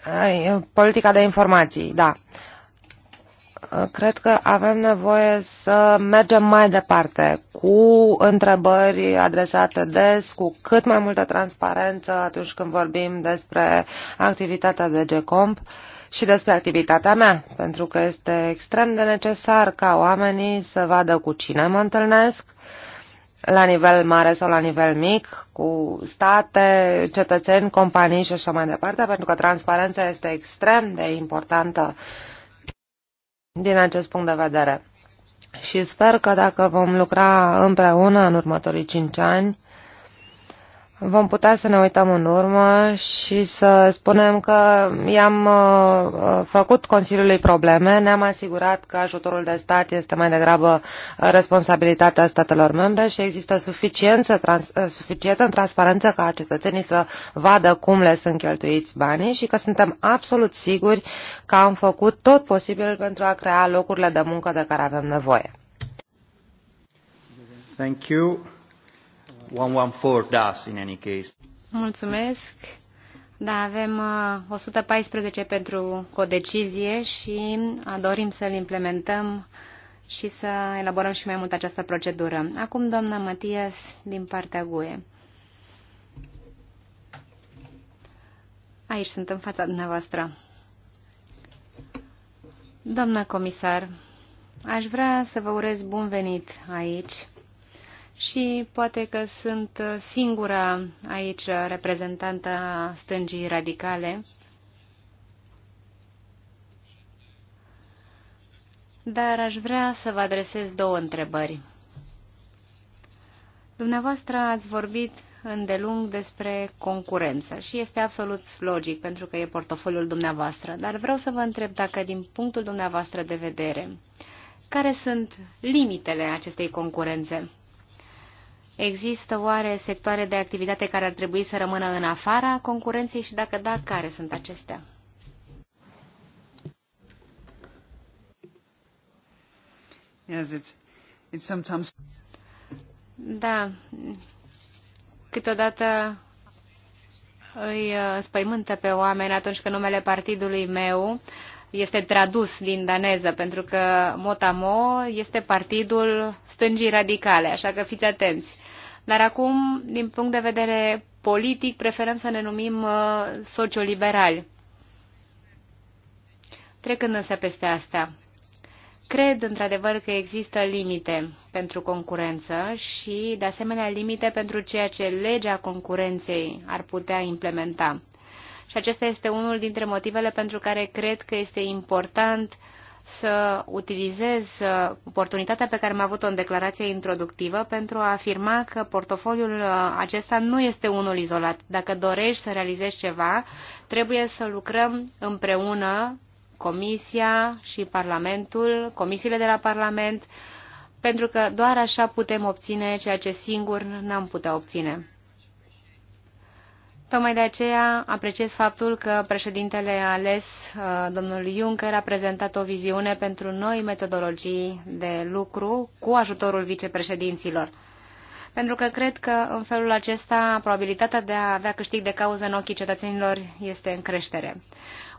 uh, politica de informații, da cred că avem nevoie să mergem mai departe cu întrebări adresate des, cu cât mai multă transparență atunci când vorbim despre activitatea de GECOMP și despre activitatea mea, pentru că este extrem de necesar ca oamenii să vadă cu cine mă întâlnesc, la nivel mare sau la nivel mic, cu state, cetățeni, companii și așa mai departe, pentru că transparența este extrem de importantă uh, din acest punct de vedere. Și sper că dacă vom lucra împreună în următorii cinci ani, vom putea să ne uităm în urmă și să spunem că i-am uh, uh, făcut Consiliului probleme, ne-am asigurat că ajutorul de stat este mai degrabă uh, responsabilitatea statelor membre și există suficiență, trans, suficientă transparență ca cetățenii să vadă cum le sunt cheltuiți banii și că suntem absolut siguri că am făcut tot posibil pentru a crea locurile de muncă de care avem nevoie. Thank you. 114 does in any case. Mulțumesc. Da, avem 114 uh, pentru codecizie și uh, dorim să-l implementăm și să elaborăm și mai mult această procedură. Acum, doamna Matias, din partea GUE. Aici sunt, în fața dumneavoastră. Doamna comisar, aș vrea să vă urez bun venit aici și poate că sunt singura aici reprezentanta stângii radicale. Dar aș vrea să vă adresez două întrebări. Dumneavoastră ați vorbit îndelung despre concurență și este absolut logic pentru că e portofoliul dumneavoastră, dar vreau să vă întreb dacă din punctul dumneavoastră de vedere, care sunt limitele acestei concurențe? Există oare sectoare de activitate care ar trebui să rămână în afara concurenței și dacă da, care sunt acestea? Yes, it's, it's sometimes... Da, câteodată îi uh, spăimântă pe oameni atunci când numele partidului meu este tradus din daneză, pentru că Motamo este partidul stângii radicale, așa că fiți atenți. Dar acum, din punct de vedere politic, preferăm să ne numim uh, socioliberali. Trecând însă peste asta, Cred într-adevăr că există limite pentru concurență și, de asemenea, limite pentru ceea ce legea concurenței ar putea implementa. Și acesta este unul dintre motivele pentru care cred că este important uh, să utilizez uh, oportunitatea pe care am avut-o în declarația introductivă pentru a afirma că portofoliul uh, acesta nu este unul izolat. Dacă dorești să realizezi ceva, trebuie să lucrăm împreună Comisia și Parlamentul, comisiile de la Parlament, pentru că doar așa putem obține ceea ce singur n-am putea obține. Tocmai de aceea apreciez faptul că președintele ales, uh, domnul Juncker, a prezentat o viziune pentru noi metodologii de lucru cu ajutorul vicepreședinților. Pentru că cred că în felul acesta probabilitatea de a avea câștig de cauză în ochii cetățenilor este în creștere.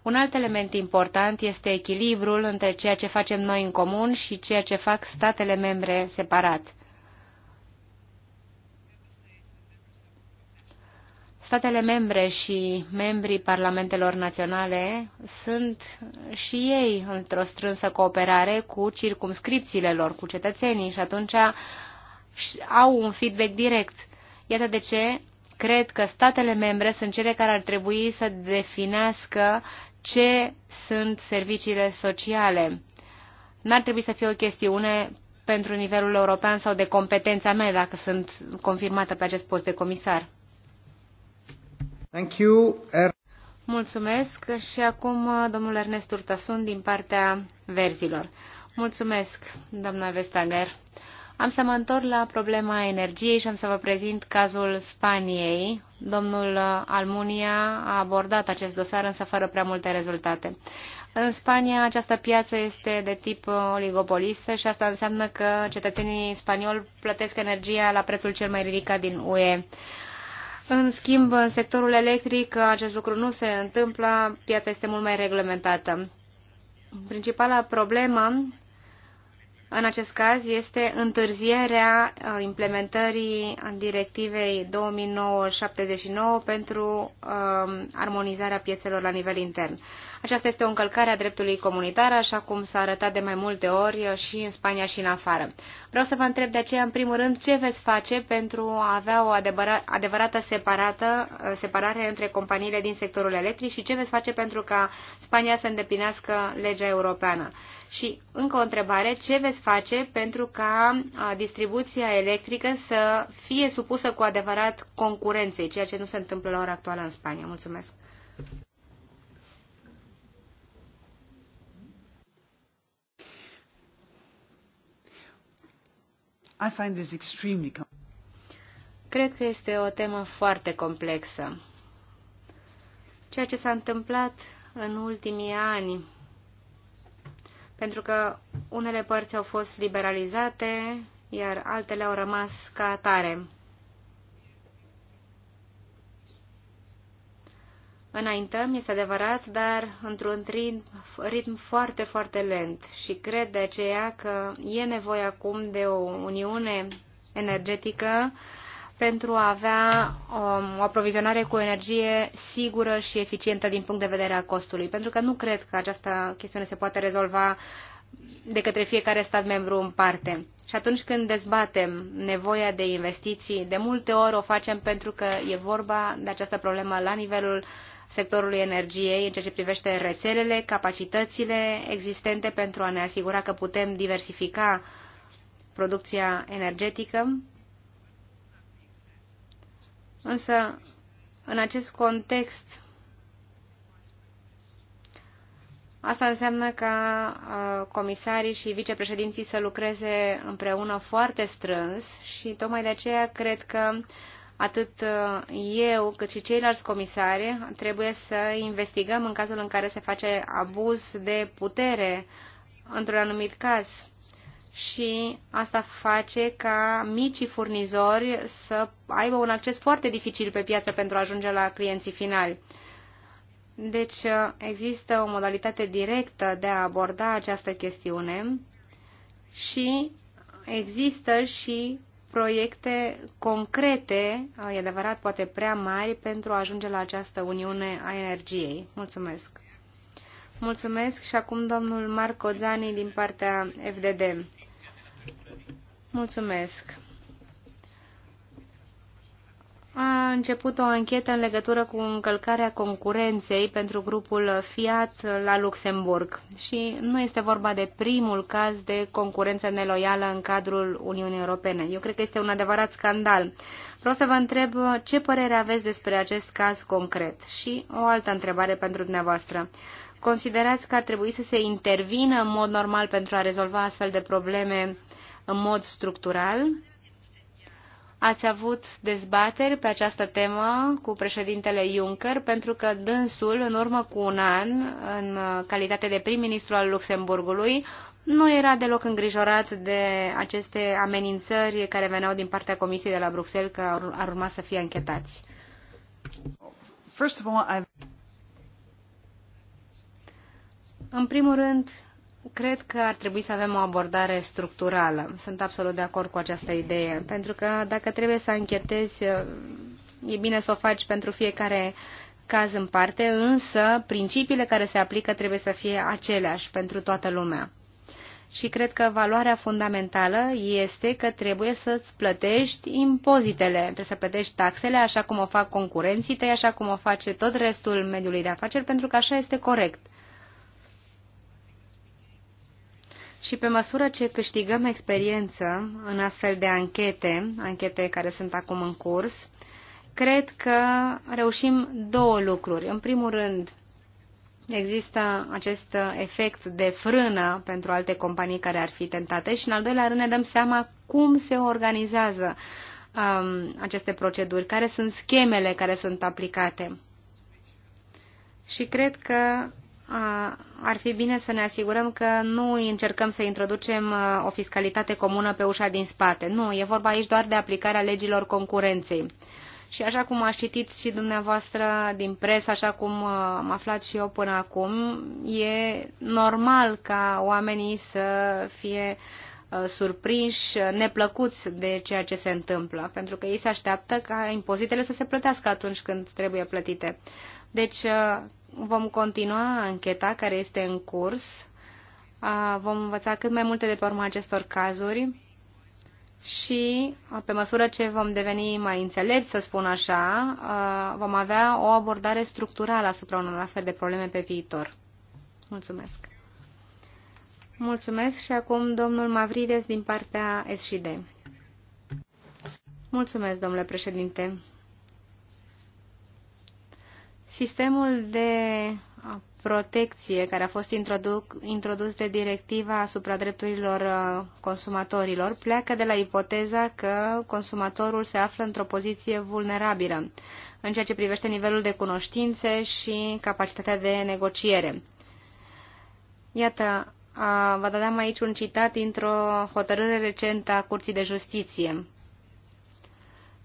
Un alt element important este echilibrul între ceea ce facem noi în comun și ceea ce fac statele membre separat. Statele membre și membrii parlamentelor naționale sunt și ei într-o strânsă cooperare cu circumscripțiile lor, cu cetățenii și atunci au un feedback direct. Iată de ce cred că statele membre sunt cele care ar trebui să definească ce sunt serviciile sociale. N-ar trebui să fie o chestiune pentru nivelul european sau de competența mea, dacă sunt confirmată pe acest post de comisar. Thank you. Er Mulțumesc și acum uh, domnul Ernest Urtasun din partea verzilor. Mulțumesc, doamna Vestager. Am să mă întorc la problema energiei și am să vă prezint cazul Spaniei. Domnul uh, Almunia a abordat acest dosar, însă fără prea multe rezultate. În Spania această piață este de tip uh, oligopolistă și asta înseamnă că cetățenii spanioli plătesc energia la prețul cel mai ridicat din UE. În schimb, în sectorul electric acest lucru nu se întâmplă, piața este mult mai reglementată. Principala problemă în acest caz este întârzierea uh, implementării directivei 2009-79 pentru um, armonizarea piețelor la nivel intern. Aceasta este o încălcare a dreptului comunitar, așa cum s-a arătat de mai multe ori și în Spania și în afară. Vreau să vă întreb de aceea, în primul rând, ce veți face pentru a avea o adevărată separată, separare între companiile din sectorul electric și ce veți face pentru ca Spania să îndeplinească legea europeană. Și încă o întrebare, ce veți face pentru ca distribuția electrică să fie supusă cu adevărat concurenței, ceea ce nu se întâmplă la ora actuală în Spania? Mulțumesc! I find this extremely Cred că este o temă foarte complexă. Ceea ce s-a întâmplat în ultimii ani, pentru că unele părți au fost liberalizate, iar altele au rămas ca atare. înaintăm, este adevărat, dar într-un ritm, foarte, foarte lent și cred de aceea că e nevoie acum de o uniune energetică pentru a avea o, um, o aprovizionare cu energie sigură și eficientă din punct de vedere al costului, pentru că nu cred că această chestiune se poate rezolva de către fiecare stat membru în parte. Și atunci când dezbatem nevoia de investiții, de multe ori o facem pentru că e vorba de această problemă la nivelul sectorului energiei în ceea ce privește rețelele, capacitățile existente pentru a ne asigura că putem diversifica producția energetică. Însă, în acest context, Asta înseamnă ca uh, comisarii și vicepreședinții să lucreze împreună foarte strâns și tocmai de aceea cred că atât uh, eu cât și ceilalți comisari trebuie să investigăm în cazul în care se face abuz de putere într-un anumit caz. Și asta face ca micii furnizori să aibă un acces foarte dificil pe piață pentru a ajunge la clienții finali. Deci uh, există o modalitate directă de a aborda această chestiune și există și proiecte concrete, e adevărat, poate prea mari, pentru a ajunge la această uniune a energiei. Mulțumesc! Mulțumesc și acum domnul Marco Zani din partea FDD. Mulțumesc! a început o anchetă în legătură cu încălcarea concurenței pentru grupul Fiat la Luxemburg și nu este vorba de primul caz de concurență neloială în cadrul Uniunii Europene. Eu cred că este un adevărat scandal. Vreau să vă întreb ce părere aveți despre acest caz concret și o altă întrebare pentru dumneavoastră. Considerați că ar trebui să se intervină în mod normal pentru a rezolva astfel de probleme în mod structural Ați avut dezbateri pe această temă cu președintele Juncker, pentru că dânsul, în urmă cu un an, în calitate de prim-ministru al Luxemburgului, nu era deloc îngrijorat de aceste amenințări care veneau din partea Comisiei de la Bruxelles că ar urma să fie închetați. First of all, I've... În primul rând, cred că ar trebui să avem o abordare structurală. Sunt absolut de acord cu această idee, pentru că dacă trebuie să închetezi, e bine să o faci pentru fiecare caz în parte, însă principiile care se aplică trebuie să fie aceleași pentru toată lumea. Și cred că valoarea fundamentală este că trebuie să-ți plătești impozitele, trebuie să plătești taxele așa cum o fac concurenții tăi, așa cum o face tot restul mediului de afaceri, pentru că așa este corect. Și pe măsură ce câștigăm experiență în astfel de anchete, anchete care sunt acum în curs, cred că reușim două lucruri. În primul rând, există acest efect de frână pentru alte companii care ar fi tentate și, în al doilea rând, ne dăm seama cum se organizează um, aceste proceduri, care sunt schemele care sunt aplicate. Și cred că ar fi bine să ne asigurăm că nu încercăm să introducem uh, o fiscalitate comună pe ușa din spate. Nu, e vorba aici doar de aplicarea legilor concurenței. Și așa cum a citit și dumneavoastră din presă, așa cum uh, am aflat și eu până acum, e normal ca oamenii să fie uh, surprinși, neplăcuți de ceea ce se întâmplă, pentru că ei se așteaptă ca impozitele să se plătească atunci când trebuie plătite. Deci uh, vom continua ancheta care este în curs. Uh, vom învăța cât mai multe de pe urma acestor cazuri și, uh, pe măsură ce vom deveni mai înțelepți, să spun așa, vom avea o abordare structurală asupra unor astfel de probleme pe viitor. Mulțumesc! Mulțumesc și acum domnul Mavrides din partea SD. Mulțumesc, domnule președinte. Sistemul de protecție care a fost introdus de directiva asupra drepturilor uh, consumatorilor pleacă de la ipoteza că consumatorul se află într-o poziție vulnerabilă în ceea ce privește nivelul de cunoștințe și capacitatea de negociere. Iată, vă dădeam da aici un citat dintr-o hotărâre recentă a Curții de Justiție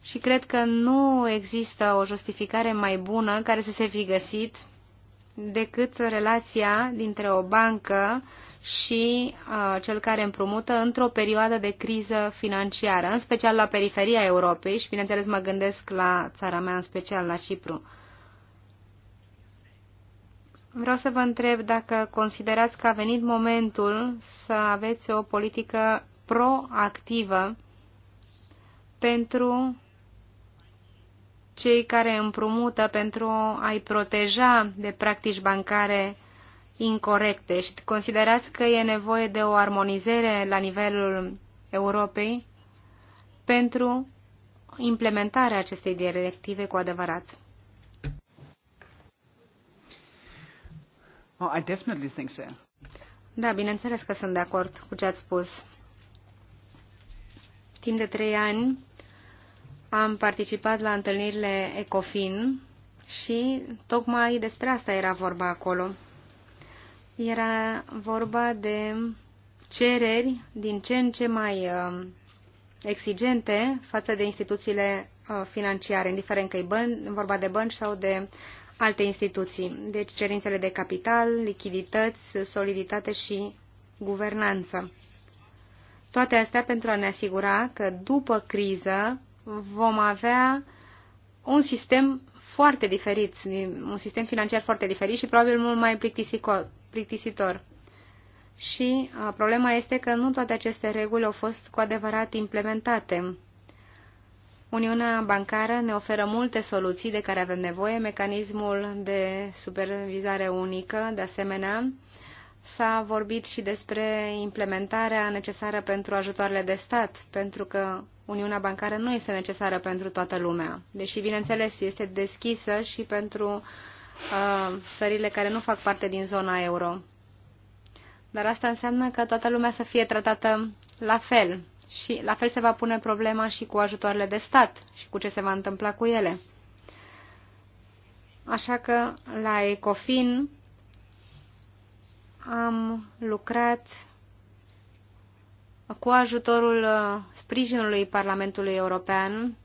și cred că nu există o justificare mai bună care să se fi găsit decât relația dintre o bancă și uh, cel care împrumută într-o perioadă de criză financiară, în special la periferia Europei și, bineînțeles, mă gândesc la țara mea, în special la Cipru. Vreau să vă întreb dacă considerați că a venit momentul să aveți o politică proactivă pentru cei care împrumută pentru a-i proteja de practici bancare incorrecte și considerați că e nevoie de o armonizare la nivelul Europei pentru implementarea acestei directive cu adevărat. Oh, I definitely think so. Da, bineînțeles că sunt de acord cu ce ați spus. Timp de trei ani am participat la întâlnirile ECOFIN și tocmai despre asta era vorba acolo. Era vorba de cereri din ce în ce mai uh, exigente față de instituțiile uh, financiare, indiferent că e vorba de bănci sau de alte instituții. Deci cerințele de capital, lichidități, soliditate și guvernanță. Toate astea pentru a ne asigura că după criză vom avea un sistem foarte diferit, un sistem financiar foarte diferit și probabil mult mai plictisitor. Și uh, problema este că nu toate aceste reguli au fost cu adevărat implementate. Uniunea bancară ne oferă multe soluții de care avem nevoie, mecanismul de supervizare unică, de asemenea, S-a vorbit și despre implementarea necesară pentru ajutoarele de stat, pentru că Uniunea bancară nu este necesară pentru toată lumea, deși, bineînțeles, este deschisă și pentru uh, țările care nu fac parte din zona euro. Dar asta înseamnă că toată lumea să fie tratată la fel și la fel se va pune problema și cu ajutoarele de stat și cu ce se va întâmpla cu ele. Așa că la ECOFIN am lucrat cu ajutorul uh, sprijinului Parlamentului European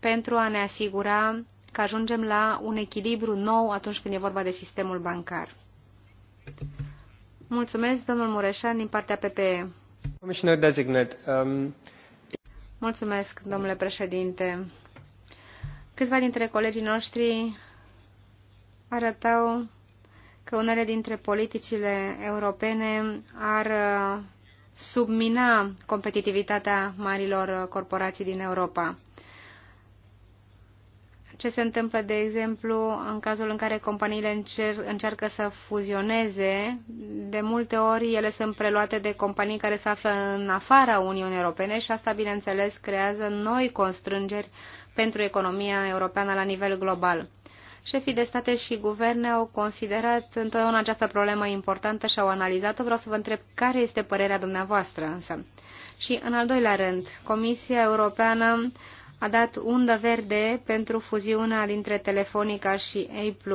pentru a ne asigura că ajungem la un echilibru nou atunci când e vorba de sistemul bancar. Mulțumesc, domnul Mureșan, din partea PPE. Commissioner designate. Um... Mulțumesc, domnule președinte. Câțiva dintre colegii noștri arătau că unele dintre politicile europene ar uh, submina competitivitatea marilor corporații din Europa. Ce se întâmplă, de exemplu, în cazul în care companiile încer încearcă să fuzioneze, de multe ori ele sunt preluate de companii care se află în afara Uniunii Europene și asta, bineînțeles, creează noi constrângeri pentru economia europeană la nivel global. Șefii de state și guverne au considerat întotdeauna această problemă importantă și au analizat-o. Vreau să vă întreb care este părerea dumneavoastră însă. Și în al doilea rând, Comisia Europeană a dat undă verde pentru fuziunea dintre Telefonica și A+,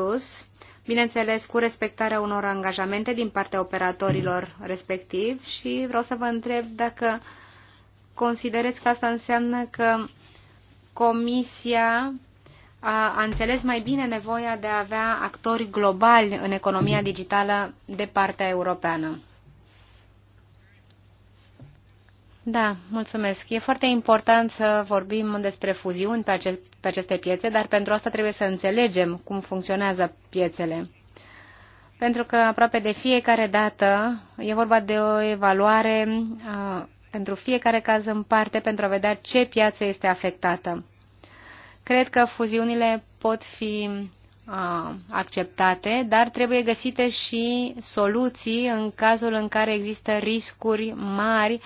bineînțeles cu respectarea unor angajamente din partea operatorilor respectiv și vreau să vă întreb dacă considerați că asta înseamnă că Comisia a înțeles mai bine nevoia de a avea actori globali în economia digitală de partea europeană. Da, mulțumesc. E foarte important să vorbim despre fuziuni pe, acest, pe aceste piețe, dar pentru asta trebuie să înțelegem cum funcționează piețele. Pentru că aproape de fiecare dată e vorba de o evaluare a, pentru fiecare caz în parte pentru a vedea ce piață este afectată. Cred că fuziunile pot fi acceptate, dar trebuie găsite și soluții în cazul în care există riscuri mari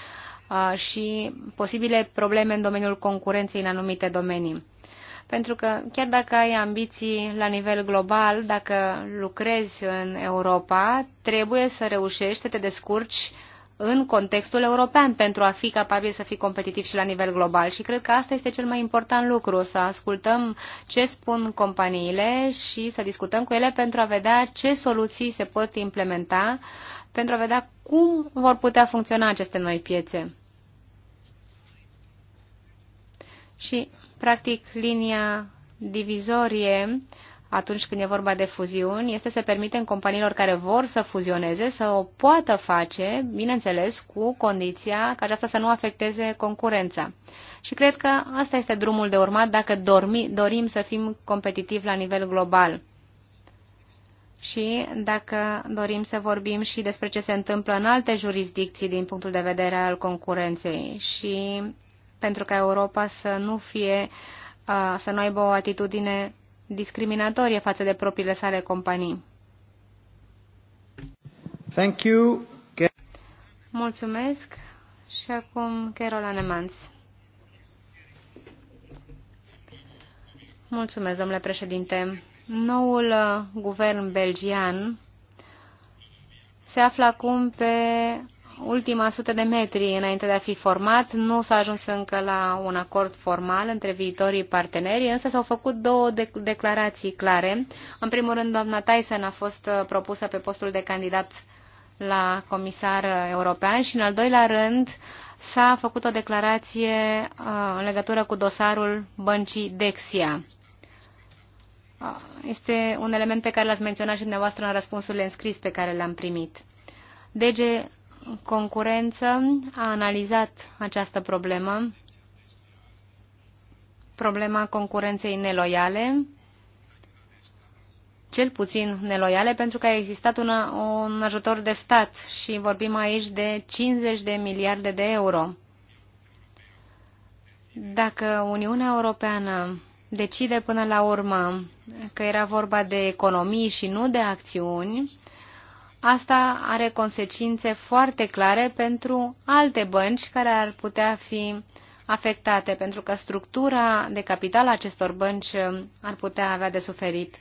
și posibile probleme în domeniul concurenței în anumite domenii. Pentru că chiar dacă ai ambiții la nivel global, dacă lucrezi în Europa, trebuie să reușești să te descurci în contextul european pentru a fi capabil să fii competitiv și la nivel global. Și cred că asta este cel mai important lucru, să ascultăm ce spun companiile și să discutăm cu ele pentru a vedea ce soluții se pot implementa, pentru a vedea cum vor putea funcționa aceste noi piețe. Și, practic, linia divizorie atunci când e vorba de fuziuni este să permitem companiilor care vor să fuzioneze să o poată face, bineînțeles, cu condiția ca aceasta să nu afecteze concurența. Și cred că asta este drumul de urmat dacă dormi, dorim să fim competitivi la nivel global. Și dacă dorim să vorbim și despre ce se întâmplă în alte jurisdicții din punctul de vedere al concurenței și pentru ca Europa să nu fie uh, să nu aibă o atitudine discriminatorie față de propriile sale companii. Thank you. Mulțumesc și acum Carol Anemans. Mulțumesc, domnule președinte. Noul uh, guvern belgian se află acum pe ultima sută de metri înainte de a fi format. Nu s-a ajuns încă la un acord formal între viitorii parteneri, însă s-au făcut două de- declarații clare. În primul rând, doamna Tyson a fost uh, propusă pe postul de candidat la comisar european și, în al doilea rând, s-a făcut o declarație uh, în legătură cu dosarul băncii Dexia. Uh, este un element pe care l-ați menționat și dumneavoastră în răspunsurile înscris pe care le-am primit. DG concurență a analizat această problemă, problema concurenței neloiale, cel puțin neloiale, pentru că a existat un, un ajutor de stat și vorbim aici de 50 de miliarde de euro. Dacă Uniunea Europeană decide până la urmă că era vorba de economii și nu de acțiuni, Asta are consecințe foarte clare pentru alte bănci care ar putea fi afectate, pentru că structura de capital a acestor bănci um, ar putea avea de suferit.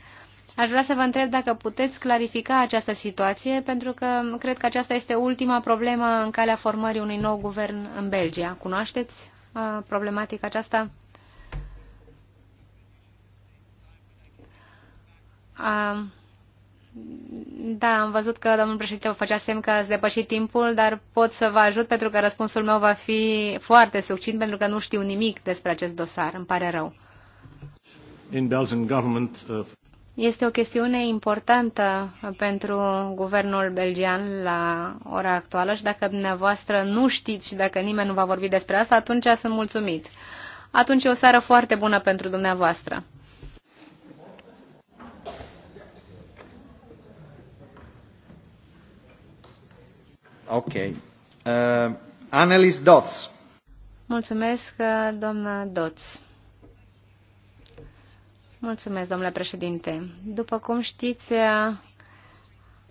Aș vrea să vă întreb dacă puteți clarifica această situație, pentru că cred că aceasta este ultima problemă în calea formării unui nou guvern în Belgia. Cunoașteți uh, problematica aceasta? Uh, da, am văzut că domnul președinte vă făcea semn că ați depășit timpul, dar pot să vă ajut pentru că răspunsul meu va fi foarte succint pentru că nu știu nimic despre acest dosar. Îmi pare rău. In Belgian government, uh... Este o chestiune importantă pentru guvernul belgian la ora actuală și dacă dumneavoastră nu știți și dacă nimeni nu va vorbi despre asta, atunci sunt mulțumit. Atunci e o seară foarte bună pentru dumneavoastră. Ok. Uh, Annelies Dots. Mulțumesc, uh, doamna Dots. Mulțumesc, domnule președinte. După cum știți, uh,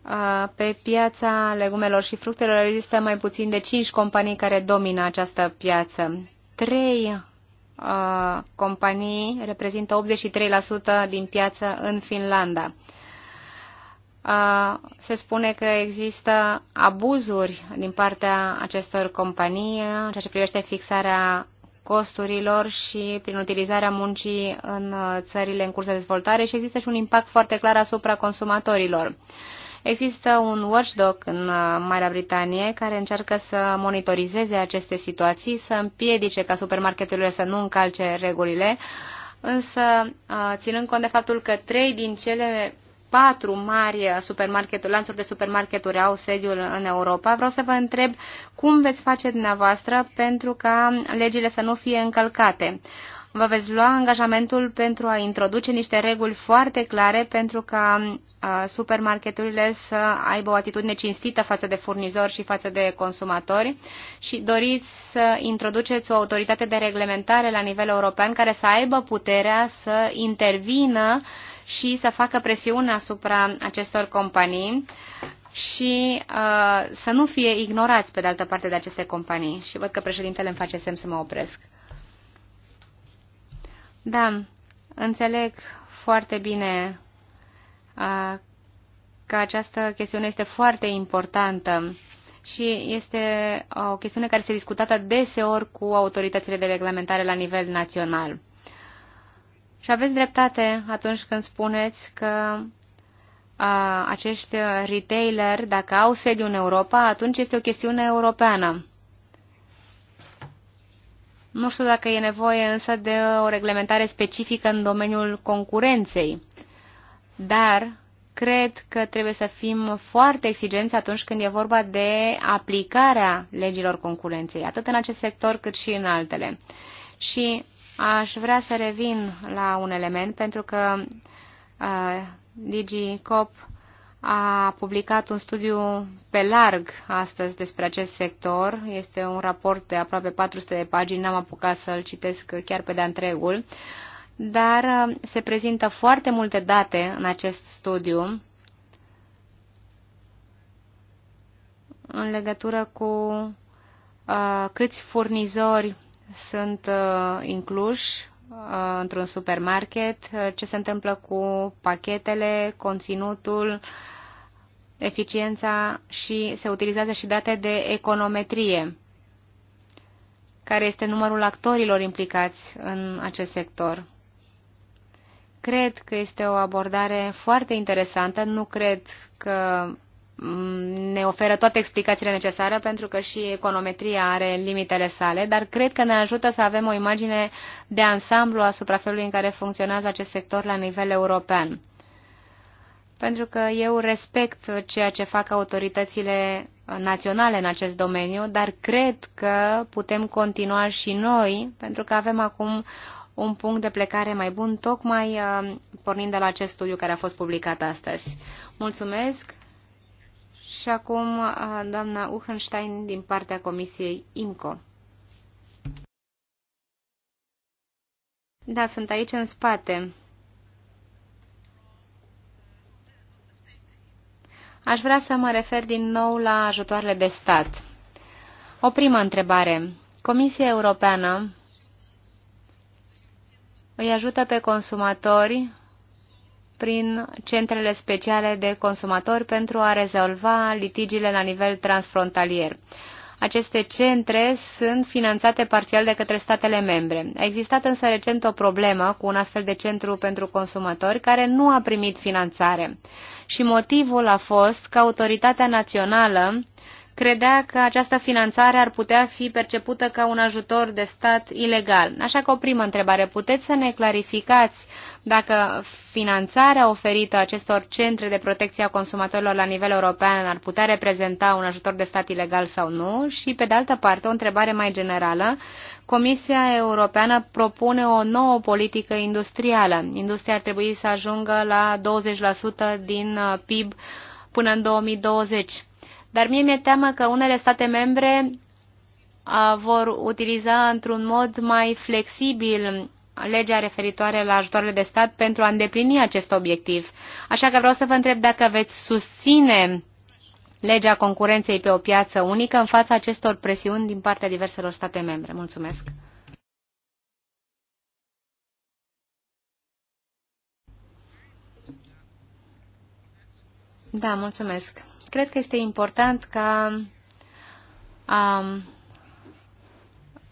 uh, pe piața legumelor și fructelor există mai puțin de 5 companii care domină această piață. 3 companii reprezintă 83% din piață în Finlanda se spune că există abuzuri din partea acestor companii în ceea ce privește fixarea costurilor și prin utilizarea muncii în uh, țările în curs de dezvoltare și există și un impact foarte clar asupra consumatorilor. Există un watchdog în uh, Marea Britanie care încearcă să monitorizeze aceste situații, să împiedice ca supermarketurile să nu încalce regulile, însă uh, ținând cont de faptul că trei din cele patru mari supermarketuri, lanțuri de supermarketuri au sediul în Europa. Vreau să vă întreb cum veți face dumneavoastră pentru ca legile să nu fie încălcate. Vă veți lua angajamentul pentru a introduce niște reguli foarte clare pentru ca supermarketurile să aibă o atitudine cinstită față de furnizori și față de consumatori și doriți să introduceți o autoritate de reglementare la nivel european care să aibă puterea să intervină uh, și să facă presiune asupra acestor companii și uh, să nu fie ignorați, pe de altă parte, de aceste companii. Și văd că președintele îmi face semn să mă opresc. Da, înțeleg foarte bine uh, că această chestiune este foarte importantă și este uh, o chestiune care este discutată deseori cu autoritățile de reglementare la nivel național. Și aveți dreptate atunci când spuneți că a, acești retailer, dacă au sediu în Europa, atunci este o chestiune europeană. Nu știu dacă e nevoie însă de o reglementare specifică în domeniul concurenței, dar cred că trebuie să fim foarte exigenți atunci când e vorba de aplicarea legilor concurenței, atât în acest sector cât și în altele. Și Aș vrea să revin la un element, pentru că uh, DigiCop a publicat un studiu pe larg astăzi despre acest sector. Este un raport de aproape 400 de pagini, n-am apucat să-l citesc chiar pe de-a întregul, dar se prezintă foarte multe date în acest studiu în legătură cu uh, câți furnizori sunt uh, incluși uh, într-un supermarket, uh, ce se întâmplă cu pachetele, conținutul, eficiența și se utilizează și date de econometrie, care este numărul actorilor implicați în acest sector. Cred că este o abordare foarte interesantă, nu cred că Mm, ne oferă toate explicațiile necesare pentru că și econometria are limitele sale, dar cred că ne ajută să avem o imagine de ansamblu asupra felului în care funcționează acest sector la nivel european. Pentru că eu respect ceea ce fac autoritățile naționale în acest domeniu, dar cred că putem continua și noi, pentru că avem acum un punct de plecare mai bun, tocmai uh, pornind de la acest studiu care a fost publicat astăzi. Mulțumesc! Și acum doamna Uhenstein din partea Comisiei IMCO. Da, sunt aici în spate. Aș vrea să mă refer din nou la ajutoarele de stat. O primă întrebare. Comisia Europeană îi ajută pe consumatori prin centrele speciale de consumatori pentru a rezolva litigiile la nivel transfrontalier. Aceste centre sunt finanțate parțial de către statele membre. A existat însă recent o problemă cu un astfel de centru pentru consumatori care nu a primit finanțare. Și motivul a fost că autoritatea națională credea că această finanțare ar putea fi percepută ca un ajutor de stat ilegal. Așa că o primă întrebare. Puteți să ne clarificați dacă finanțarea oferită acestor centre de protecție a consumatorilor la nivel european ar putea reprezenta un ajutor de stat ilegal sau nu? Și, pe de altă parte, o întrebare mai generală. Comisia Europeană propune o nouă politică industrială. Industria ar trebui să ajungă la 20% din uh, PIB până în 2020 dar mie mi-e teamă că unele state membre vor utiliza într-un mod mai flexibil legea referitoare la ajutoarele de stat pentru a îndeplini acest obiectiv. Așa că vreau să vă întreb dacă veți susține legea concurenței pe o piață unică în fața acestor presiuni din partea diverselor state membre. Mulțumesc! Da, mulțumesc cred că este important ca um,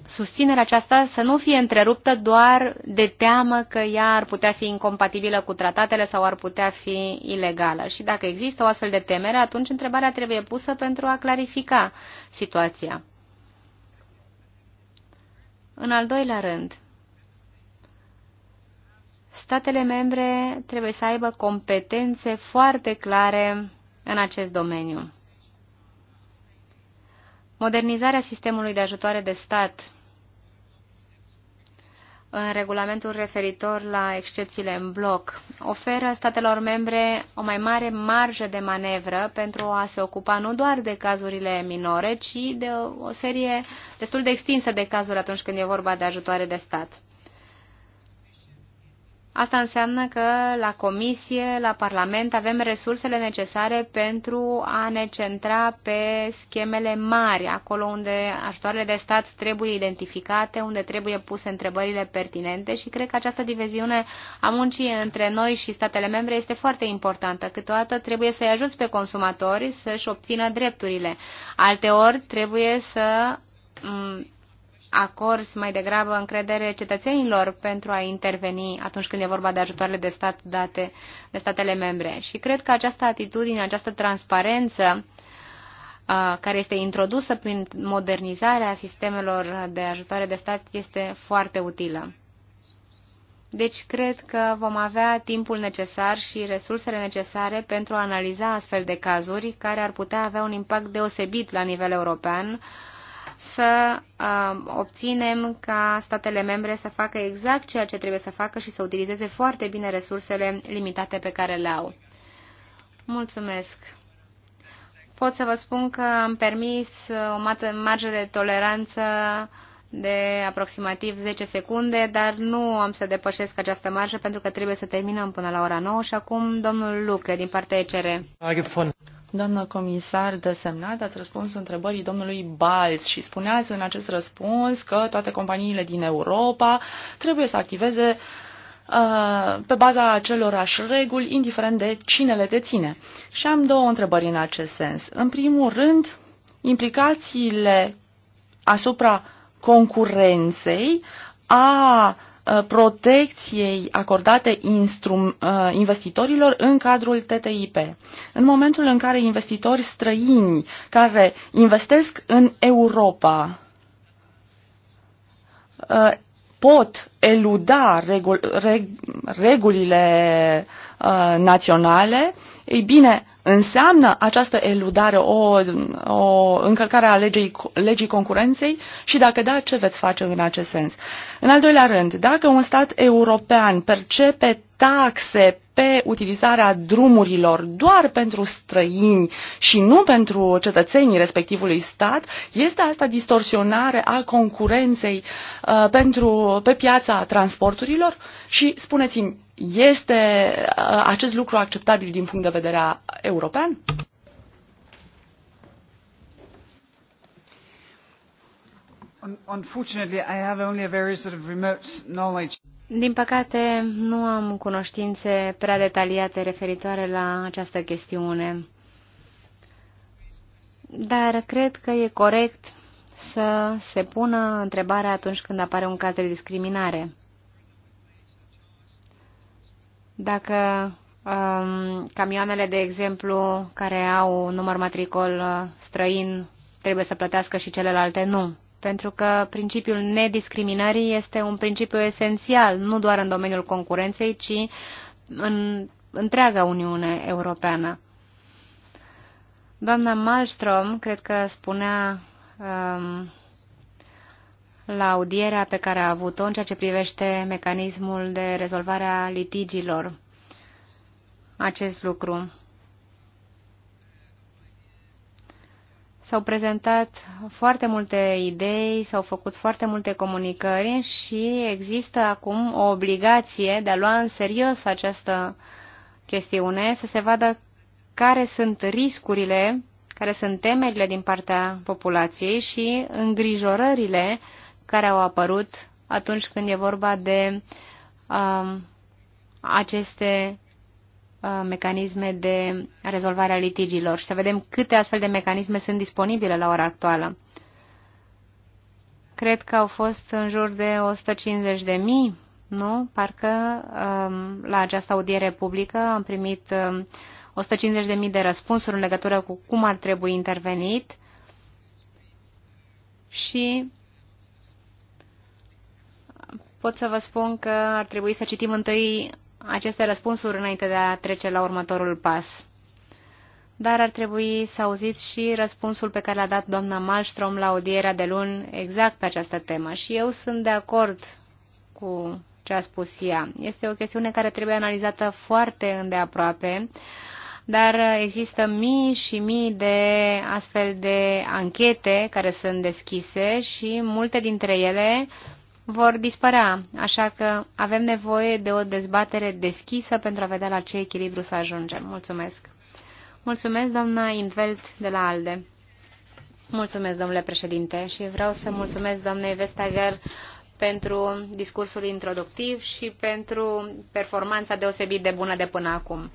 susținerea aceasta să nu fie întreruptă doar de teamă că ea ar putea fi incompatibilă cu tratatele sau ar putea fi ilegală. Și dacă există o astfel de temere, atunci întrebarea trebuie pusă pentru a clarifica situația. În al doilea rând, statele membre trebuie să aibă competențe foarte clare în acest domeniu. Modernizarea sistemului de ajutoare de stat în regulamentul referitor la excepțiile în bloc oferă statelor membre o mai mare marjă de manevră pentru a se ocupa nu doar de cazurile minore, ci de o serie destul de extinsă de cazuri atunci când e vorba de ajutoare de stat. Asta înseamnă că la Comisie, la Parlament avem resursele necesare pentru a ne centra pe schemele mari, acolo unde ajutoarele de stat trebuie identificate, unde trebuie puse întrebările pertinente și cred că această diviziune a muncii între noi și statele membre este foarte importantă. Câteodată trebuie să-i ajuți pe consumatori să-și obțină drepturile. Alteori trebuie să acorzi mai degrabă încredere cetățenilor pentru a interveni atunci când e vorba de ajutoarele de stat date de statele membre. Și cred că această atitudine, această transparență uh, care este introdusă prin modernizarea sistemelor de ajutoare de stat este foarte utilă. Deci cred că vom avea timpul necesar și resursele necesare pentru a analiza astfel de cazuri care ar putea avea un impact deosebit la nivel european, să uh, obținem ca statele membre să facă exact ceea ce trebuie să facă și să utilizeze foarte bine resursele limitate pe care le au. Mulțumesc! Pot să vă spun că am permis uh, o marge de toleranță de aproximativ 10 secunde, dar nu am să depășesc această marjă pentru că trebuie să terminăm până la ora 9 și acum domnul Luc din partea ECR. Doamnă comisar desemnat, ați răspuns întrebării domnului Balz și spuneați în acest răspuns că toate companiile din Europa trebuie să activeze uh, pe baza acelorași reguli, indiferent de cine le deține. Și am două întrebări în acest sens. În primul rând, implicațiile asupra concurenței a uh, Uh, protecției acordate uh, investitorilor în cadrul TTIP. În momentul în care investitori străini care investesc în Europa uh, pot eluda regul, reg, regulile naționale, ei bine, Înseamnă această eludare o, o încălcare a legei, legii concurenței și dacă da, ce veți face în acest sens? În al doilea rând, dacă un stat european percepe taxe pe utilizarea drumurilor doar pentru străini și nu pentru cetățenii respectivului stat, este asta distorsionare a concurenței uh, pentru, pe piața transporturilor? Și spuneți-mi, este uh, acest lucru acceptabil din punct de vedere european? Unfortunately, I have only a very sort of remote knowledge. Din păcate, nu am cunoștințe prea detaliate referitoare la această chestiune, dar cred că e corect să se pună întrebarea atunci când apare un caz de discriminare. Dacă um, camioanele, de exemplu, care au număr matricol uh, străin, trebuie să plătească și celelalte nu pentru că principiul nediscriminării este un principiu esențial, nu doar în domeniul concurenței, ci în întreaga Uniune Europeană. Doamna Malmström, cred că spunea um, la audierea pe care a avut-o în ceea ce privește mecanismul de rezolvare a litigilor acest lucru. S-au prezentat foarte multe idei, s-au făcut foarte multe comunicări și există acum o obligație de a lua în serios această chestiune, să se vadă care sunt riscurile, care sunt temerile din partea populației și îngrijorările care au apărut atunci când e vorba de um, aceste Uh, mecanisme de rezolvare a litigilor și să vedem câte astfel de mecanisme sunt disponibile la ora actuală. Cred că au fost în jur de 150 de mii, nu? Parcă um, la această audiere publică am primit 150 um, de mii de răspunsuri în legătură cu cum ar trebui intervenit și pot să vă spun că ar trebui să citim întâi aceste răspunsuri înainte de a trece la următorul pas. Dar ar trebui să auziți și răspunsul pe care l-a dat doamna Malmström la audierea de luni exact pe această temă. Și eu sunt de acord cu ce a spus ea. Este o chestiune care trebuie analizată foarte îndeaproape, dar există mii și mii de astfel de anchete care sunt deschise și multe dintre ele uh, vor dispărea, așa că avem nevoie de o dezbatere deschisă pentru a vedea la ce echilibru să ajungem. Mulțumesc! Mulțumesc, doamna Invelt de la ALDE. Mulțumesc, domnule președinte, și vreau să mulțumesc doamnei Vestager pentru discursul introductiv și pentru performanța deosebit de bună de până acum.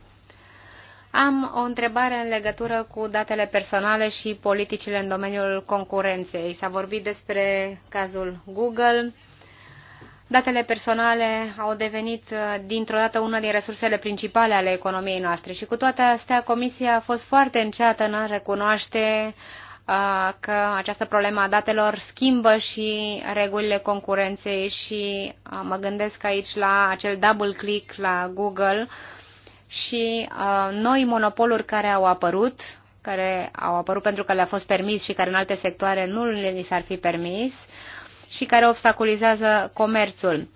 Am o întrebare în legătură cu datele personale și politicile în domeniul concurenței. S-a vorbit despre cazul Google Datele personale au devenit uh, dintr-o dată una din resursele principale ale economiei noastre și cu toate astea Comisia a fost foarte înceată în a recunoaște uh, că această problemă a datelor schimbă și regulile concurenței și uh, mă gândesc aici la acel double click la Google și noi monopoluri care au apărut, care au apărut pentru că le-a fost permis și care în alte sectoare nu li s-ar fi permis, și care obstaculizează comerțul.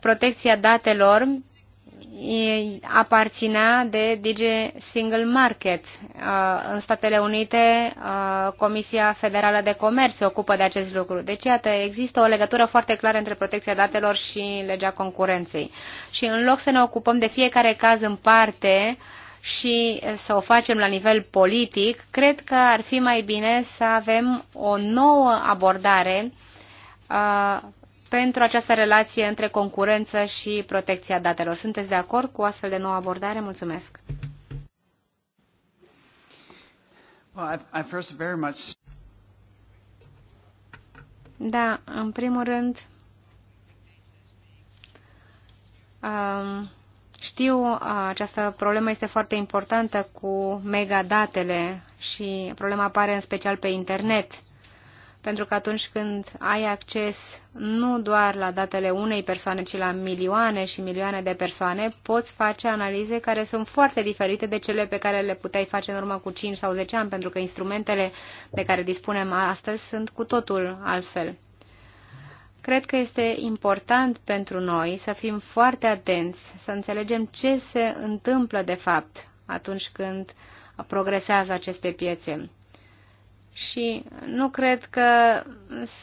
Protecția datelor aparținea de DG Single Market. Uh, în Statele Unite, uh, Comisia Federală de Comerț se ocupă de acest lucru. Deci, iată, există o legătură foarte clară între protecția datelor și legea concurenței. Și în loc să ne ocupăm de fiecare caz în parte și să o facem la nivel politic, cred că ar fi mai bine să avem o nouă abordare uh, pentru această relație între concurență și protecția datelor. Sunteți de acord cu astfel de nouă abordare? Mulțumesc! Da, în primul rând, știu, această problemă este foarte importantă cu megadatele și problema apare în special pe internet pentru că atunci când ai acces nu doar la datele unei persoane, ci la milioane și milioane de persoane, poți face analize care sunt foarte diferite de cele pe care le puteai face în urmă cu 5 sau 10 ani, pentru că instrumentele de care dispunem astăzi sunt cu totul altfel. Cred că este important pentru noi să fim foarte atenți, să înțelegem ce se întâmplă de fapt atunci când progresează aceste piețe și nu cred că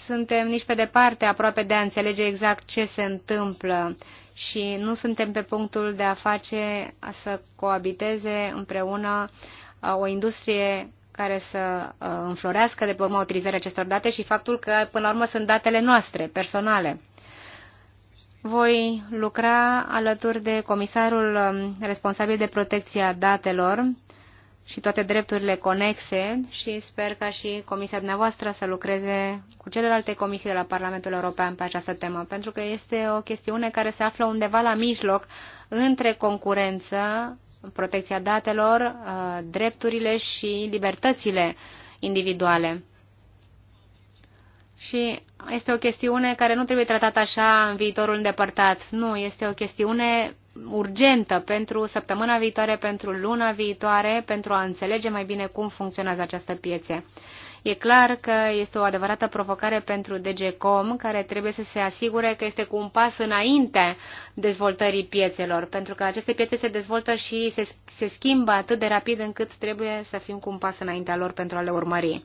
suntem nici pe departe aproape de a înțelege exact ce se întâmplă și nu suntem pe punctul de a face să coabiteze împreună o industrie care să înflorească de pe urma utilizării acestor date și faptul că până la urmă sunt datele noastre, personale. Voi lucra alături de comisarul responsabil de protecția datelor și toate drepturile conexe și sper ca și comisia dumneavoastră să lucreze cu celelalte comisii de la Parlamentul European pe această temă, pentru că este o chestiune care se află undeva la mijloc între concurență, protecția datelor, uh, drepturile și libertățile individuale. Și este o chestiune care nu trebuie tratată așa în viitorul îndepărtat. Nu, este o chestiune urgentă pentru săptămâna viitoare, pentru luna viitoare, pentru a înțelege mai bine cum funcționează această piețe. E clar că este o adevărată provocare pentru DGCOM, care trebuie să se asigure că este cu un pas înainte dezvoltării piețelor, pentru că aceste piețe se dezvoltă și se, se schimbă atât de rapid încât trebuie să fim cu un pas înaintea lor pentru a le urmări.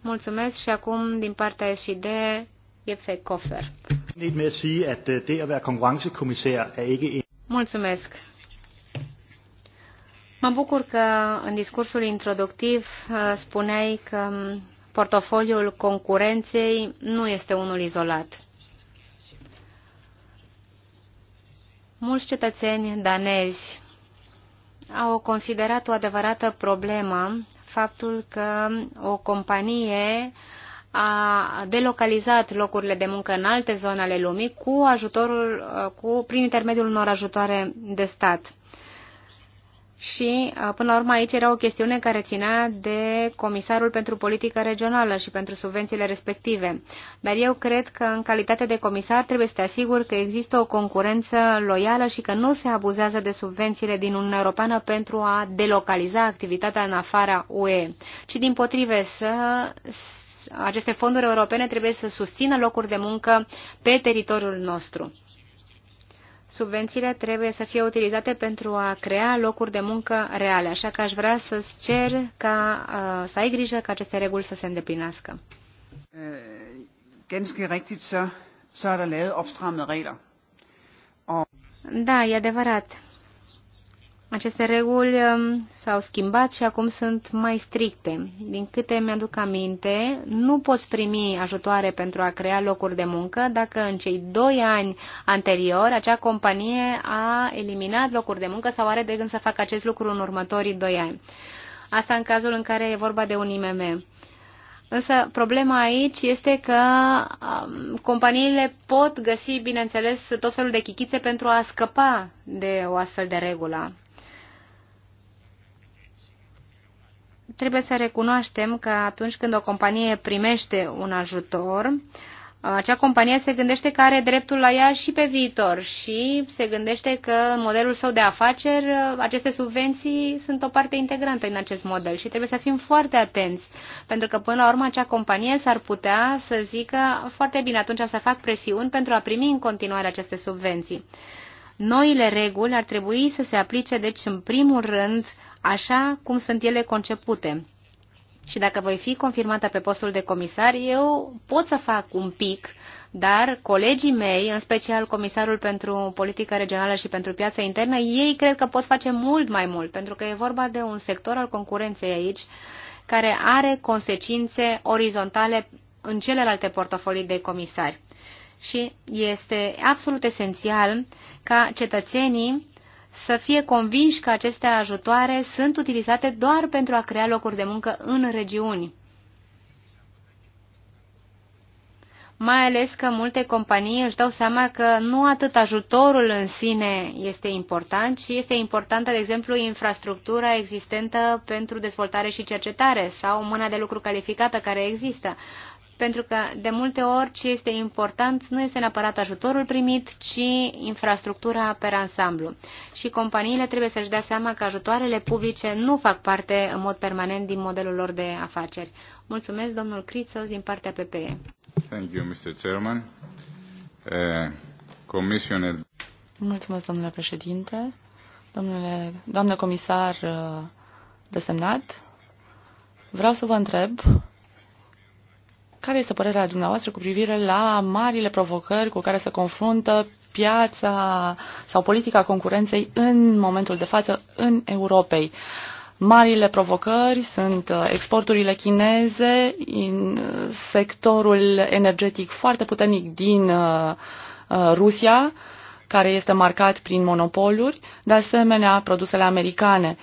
Mulțumesc și acum din partea SID, Jeppe Koffer. Med at sige, at øh, det at være konkurrencekommissær er ikke Mulțumesc! Mă bucur că în discursul introductiv uh, spuneai că um, portofoliul concurenței nu este unul izolat. Mulți cetățeni danezi au considerat o adevărată problemă faptul că o companie uh, a delocalizat locurile de muncă în alte zone ale lumii cu ajutorul, uh, cu, prin intermediul unor ajutoare de stat. Și, uh, până la urmă, aici era o chestiune care ținea de comisarul pentru politică regională și pentru subvențiile respective. Dar eu cred că, în calitate de comisar, trebuie să te asiguri că există o concurență loială și că nu se abuzează de subvențiile din Uniunea Europeană pentru a delocaliza activitatea în afara UE, ci, din potrive, să aceste fonduri europene trebuie să susțină locuri de muncă pe teritoriul nostru. Subvențiile trebuie să fie utilizate pentru a crea locuri de muncă reale, așa că aș vrea să-ți cer ca uh, să ai grijă ca aceste reguli să se îndeplinească. Eh, er da, e adevărat. Aceste reguli um, s-au schimbat și acum sunt mai stricte. Din câte mi-aduc aminte, nu poți primi ajutoare pentru a crea locuri de muncă dacă în cei doi ani anterior acea companie a eliminat locuri de muncă sau are de gând să facă acest lucru în următorii doi ani. Asta în cazul în care e vorba de un IMM. Însă problema aici este că um, companiile pot găsi, bineînțeles, tot felul de chichițe pentru a scăpa de o astfel de regulă. trebuie să recunoaștem că atunci când o companie primește un ajutor, acea companie se gândește că are dreptul la ea și pe viitor și se gândește că în modelul său de afaceri aceste subvenții sunt o parte integrantă în acest model și trebuie să fim foarte atenți, pentru că până la urmă acea companie s-ar putea să zică foarte bine atunci să fac presiuni pentru a primi în continuare aceste subvenții. Noile reguli ar trebui să se aplice deci în primul rând uh, așa cum sunt ele concepute. Și dacă voi fi confirmată pe postul de comisar, eu pot să fac un pic, dar colegii mei, în special comisarul pentru politică regională și pentru piața internă, ei cred că pot face mult mai mult, pentru că e vorba de un sector al concurenței aici, care are consecințe orizontale în celelalte portofolii de comisari. Și este absolut esențial ca cetățenii să fie convinși că aceste ajutoare sunt utilizate doar pentru a crea locuri de muncă în regiuni. Mai ales că multe companii își dau seama că nu atât ajutorul în sine este important, ci este importantă, de exemplu, infrastructura existentă pentru dezvoltare și cercetare sau mâna de lucru calificată care există pentru că de multe ori ce este important nu este neapărat ajutorul primit, ci infrastructura per ansamblu. Și companiile trebuie să-și dea seama că ajutoarele publice nu fac parte în mod permanent din modelul lor de afaceri. Mulțumesc, domnul Crițos, din partea PPE. Thank you, Mr. Chairman. Uh, eh, commissioner... Mulțumesc, domnule președinte. Domnule, doamnă comisar eh, desemnat, vreau să vă întreb care este părerea dumneavoastră cu privire la marile provocări cu care se confruntă piața sau politica concurenței în momentul de față în Europei? Marile provocări sunt uh, exporturile chineze, în uh, sectorul energetic foarte puternic din uh, Rusia, care este marcat prin monopoluri, de asemenea produsele americane.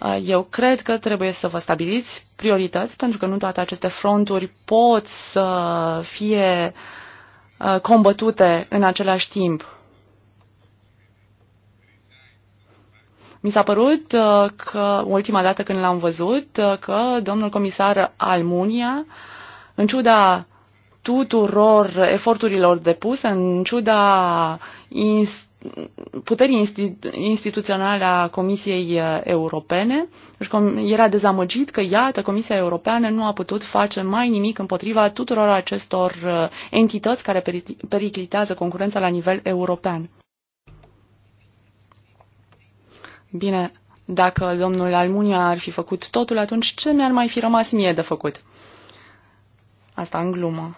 Uh, eu cred că trebuie să vă stabiliți priorități, pentru că nu toate aceste fronturi pot să fie uh, combătute în același timp. Mi s-a părut uh, că ultima dată când l-am văzut că domnul comisar Almunia, în ciuda tuturor eforturilor depuse, în ciuda instituției, puterii instituționale a Comisiei uh, Europene. Deci era dezamăgit că, iată, Comisia Europeană nu a putut face mai nimic împotriva tuturor acestor uh, entități care periclitează concurența la nivel european. Bine, dacă domnul Almunia ar fi făcut totul, atunci ce mi-ar mai fi rămas mie de făcut? Asta în glumă.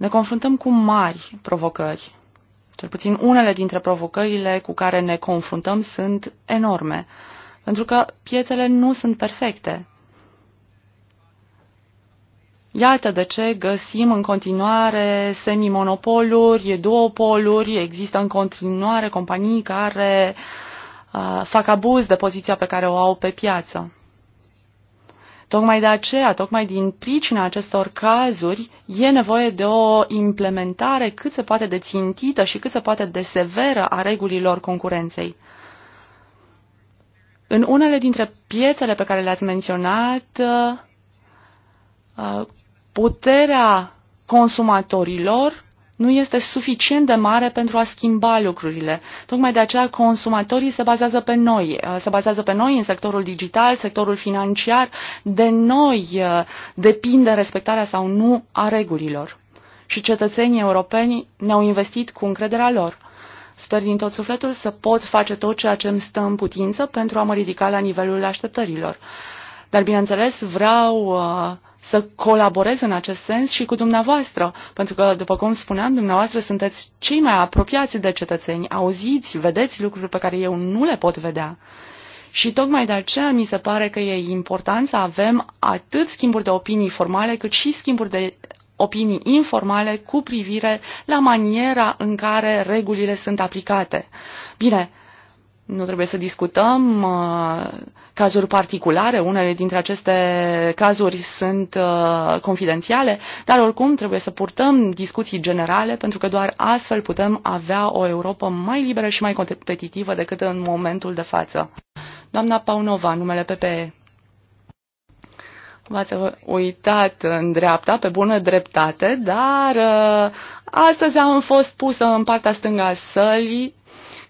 Ne confruntăm cu mari provocări. Cel puțin unele dintre provocările cu care ne confruntăm sunt enorme, pentru că piețele nu sunt perfecte. Iată de ce găsim în continuare semimonopoluri, duopoluri, există în continuare companii care uh, fac abuz de poziția pe care o au pe piață. Tocmai de aceea, tocmai din pricina acestor cazuri, e nevoie de o implementare cât se poate de țintită și cât se poate de severă a regulilor concurenței. În unele dintre piețele pe care le-ați menționat, uh, uh, puterea consumatorilor nu este suficient de mare pentru a schimba lucrurile. Tocmai de aceea consumatorii se bazează pe noi, uh, se bazează pe noi în sectorul digital, sectorul financiar, de noi uh, depinde respectarea sau nu a regulilor. Și cetățenii europeni ne-au investit cu încrederea lor. Sper din tot sufletul să pot face tot ceea ce îmi stă în putință pentru a mă ridica la nivelul așteptărilor. Dar, bineînțeles, vreau uh, să colaborez în acest sens și cu dumneavoastră, pentru că, după cum spuneam, dumneavoastră sunteți cei mai apropiați de cetățeni, auziți, vedeți lucruri pe care eu nu le pot vedea. Și tocmai de aceea mi se pare că e important să avem atât schimburi de opinii formale, cât și schimburi de opinii informale cu privire la maniera în care regulile sunt aplicate. Bine, nu trebuie să discutăm uh, cazuri particulare, unele dintre aceste cazuri sunt uh, confidențiale, dar oricum trebuie să purtăm discuții generale pentru că doar astfel putem avea o Europa mai liberă și mai competitivă decât în momentul de față. Doamna Paunova, numele PPE. V-ați uitat în dreapta, pe bună dreptate, dar uh, astăzi am fost pusă în partea stângă a sălii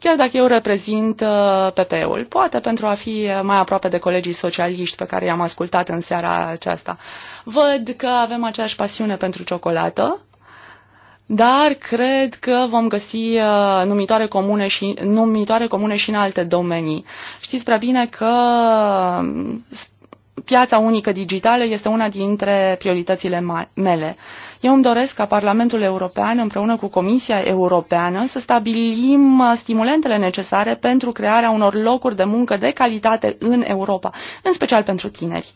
chiar dacă eu reprezint uh, PP-ul, poate pentru a fi mai aproape de colegii socialiști pe care i-am ascultat în seara aceasta. Văd că avem aceeași pasiune pentru ciocolată, dar cred că vom găsi uh, numitoare comune și, numitoare comune și în alte domenii. Știți prea bine că um, piața unică digitală este una dintre prioritățile mele. Eu îmi doresc ca Parlamentul European împreună cu Comisia Europeană să stabilim uh, stimulentele necesare pentru crearea unor locuri de muncă de calitate în Europa, în special pentru tineri.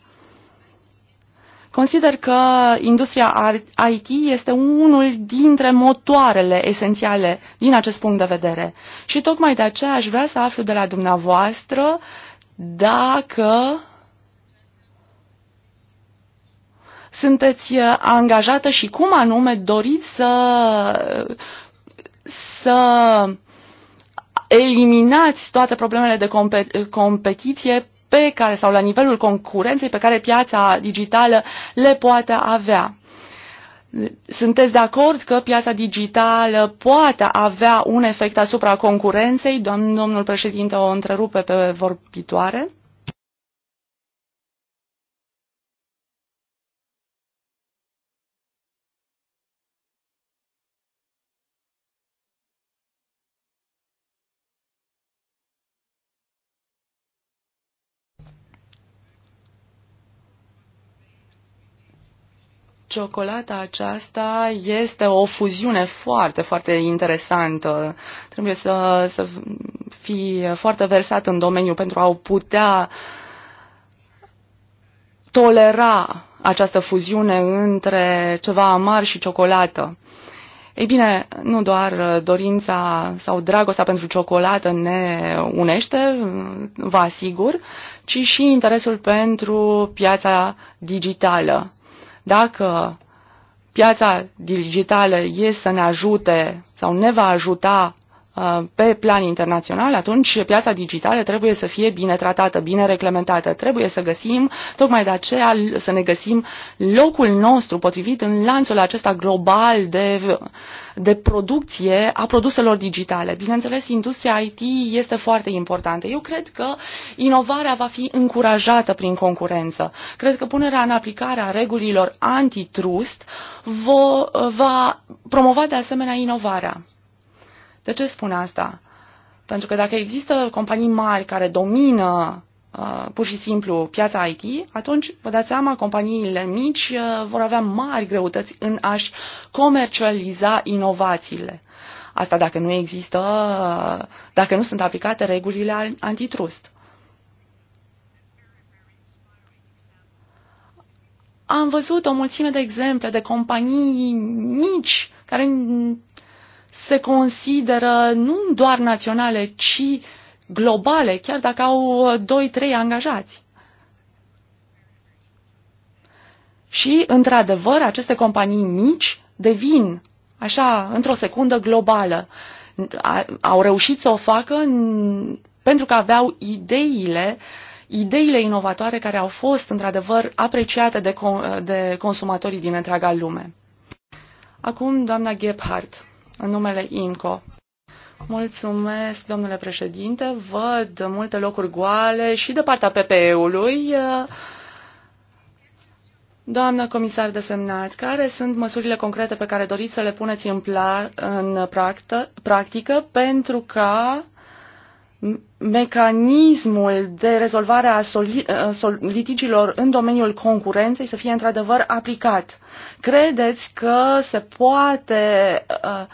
Consider că industria IT este unul dintre motoarele esențiale din acest punct de vedere. Și tocmai de aceea aș vrea să aflu de la dumneavoastră dacă sunteți uh, angajată și cum anume doriți să, să eliminați toate problemele de competiție pe care sau la nivelul concurenței pe care piața digitală le poate avea. Sunteți de acord că piața digitală poate avea un efect asupra concurenței? domnul președinte o întrerupe pe vorbitoare. Ciocolata aceasta este o fuziune foarte, foarte interesantă. Trebuie să, să fii foarte versat în domeniu pentru a o putea tolera această fuziune între ceva amar și ciocolată. Ei bine, nu doar dorința sau dragostea pentru ciocolată ne unește, vă asigur, ci și interesul pentru piața digitală. Dacă piața digitală e să ne ajute sau ne va ajuta Uh, pe plan internațional, atunci piața digitală trebuie să fie bine tratată, bine reglementată. Trebuie să găsim, tocmai de aceea, să ne găsim locul nostru potrivit în lanțul acesta global de, de producție a produselor digitale. Bineînțeles, industria IT este foarte importantă. Eu cred că inovarea va fi încurajată prin concurență. Cred că punerea în aplicare a regulilor antitrust va promova de asemenea inovarea. De ce spun asta? Pentru că dacă există companii mari care domină uh, pur și simplu piața IT, atunci vă dați seama, companiile mici uh, vor avea mari greutăți în a-și comercializa inovațiile. Asta dacă nu există, uh, dacă nu sunt aplicate regulile antitrust. Am văzut o mulțime de exemple de companii mici care se consideră nu doar naționale, ci globale, chiar dacă au 2-3 angajați. Și, într-adevăr, aceste companii mici devin, așa, într-o secundă globală. Au reușit să o facă pentru că aveau ideile ideile inovatoare care au fost, într-adevăr, apreciate de, de consumatorii din întreaga lume. Acum, doamna Gebhardt în numele INCO. Mulțumesc, domnule președinte. Văd multe locuri goale și de partea PPE-ului. Doamnă comisar desemnat, care sunt măsurile concrete pe care doriți să le puneți în, pla- în practă, practică pentru ca mecanismul de rezolvare a litigiilor în domeniul concurenței să fie într-adevăr aplicat. Credeți că se poate uh,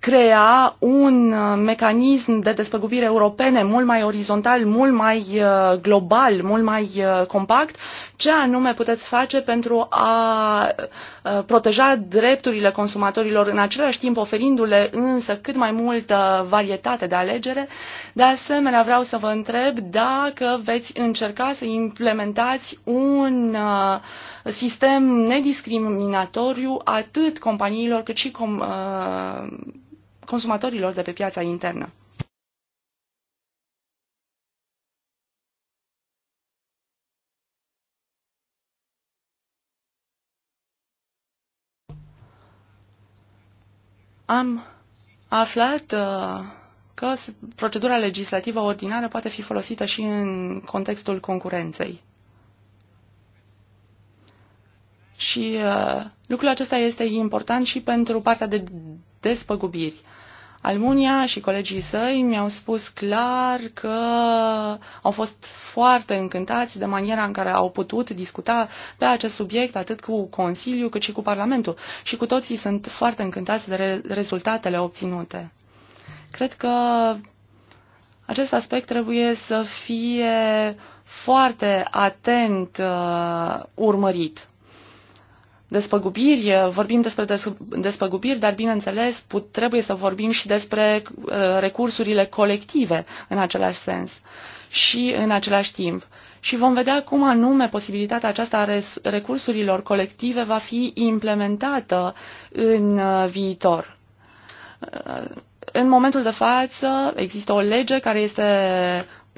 crea un uh, mecanism de despăgubire europene mult mai orizontal, mult mai uh, global, mult mai uh, compact, ce anume puteți face pentru a proteja drepturile consumatorilor în același timp oferindu-le însă cât mai multă varietate de alegere. De asemenea, vreau să vă întreb dacă veți încerca să implementați un sistem nediscriminatoriu atât companiilor cât și com- consumatorilor de pe piața internă. Am aflat uh, că procedura legislativă ordinară poate fi folosită și în contextul concurenței. Și uh, lucrul acesta este important și pentru partea de despăgubiri. Almunia și colegii săi mi-au spus clar că au fost foarte încântați de maniera în care au putut discuta pe acest subiect atât cu Consiliul cât și cu Parlamentul și cu toții sunt foarte încântați de re- rezultatele obținute. Cred că acest aspect trebuie să fie foarte atent uh, urmărit despăgubiri, eh, vorbim despre despăgubiri, dar bineînțeles put, trebuie să vorbim și despre eh, recursurile colective în același sens și în același timp. Și vom vedea cum anume posibilitatea aceasta a recursurilor colective va fi implementată în eh, viitor. În momentul de față există o lege care este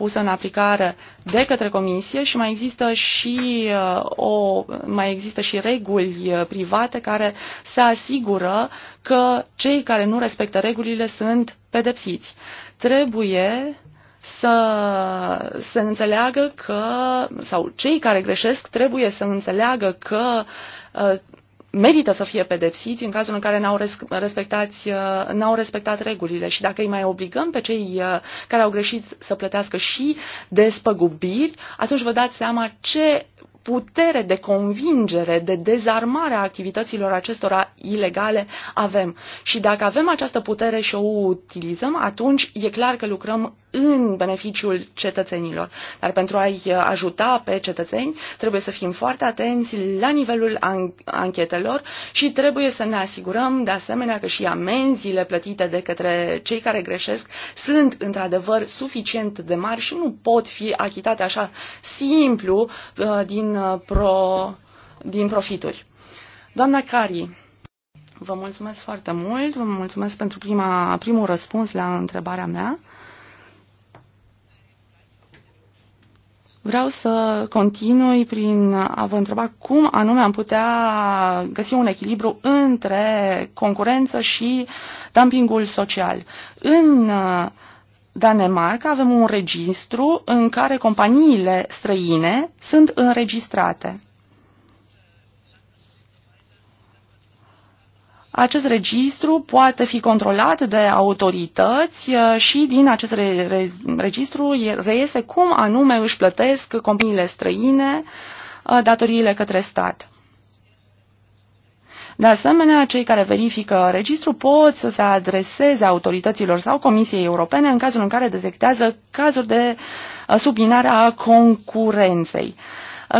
pusă în aplicare de către comisie și mai există și, uh, o, mai există și reguli uh, private care se asigură că cei care nu respectă regulile sunt pedepsiți. Trebuie să, se înțeleagă că, sau cei care greșesc trebuie să înțeleagă că uh, merită să fie pedepsiți în cazul în care n-au, respectat, uh, n-au respectat regulile și dacă îi mai obligăm pe cei uh, care au greșit să plătească și despăgubiri, atunci vă dați seama ce putere de convingere, de dezarmare a activităților acestora ilegale avem. Și dacă avem această putere și o utilizăm, atunci e clar că lucrăm în beneficiul cetățenilor. Dar pentru a-i uh, ajuta pe cetățeni, trebuie să fim foarte atenți la nivelul an- anchetelor și trebuie să ne asigurăm, de asemenea, că și amenziile plătite de către cei care greșesc sunt, într-adevăr, suficient de mari și nu pot fi achitate așa simplu uh, din, uh, pro, din profituri. Doamna Cari, vă mulțumesc foarte mult, vă mulțumesc pentru prima, primul răspuns la întrebarea mea. Vreau să continui prin a vă întreba cum anume am putea găsi un echilibru între concurență și dumpingul social. În uh, Danemarca avem un registru în care companiile străine sunt înregistrate. Acest registru poate fi controlat de autorități uh, și din acest re re registru reiese cum anume își plătesc companiile străine uh, datoriile către stat. De asemenea, cei care verifică registru pot să se adreseze autorităților sau Comisiei Europene în cazul în care detectează cazuri de uh, subminare a concurenței.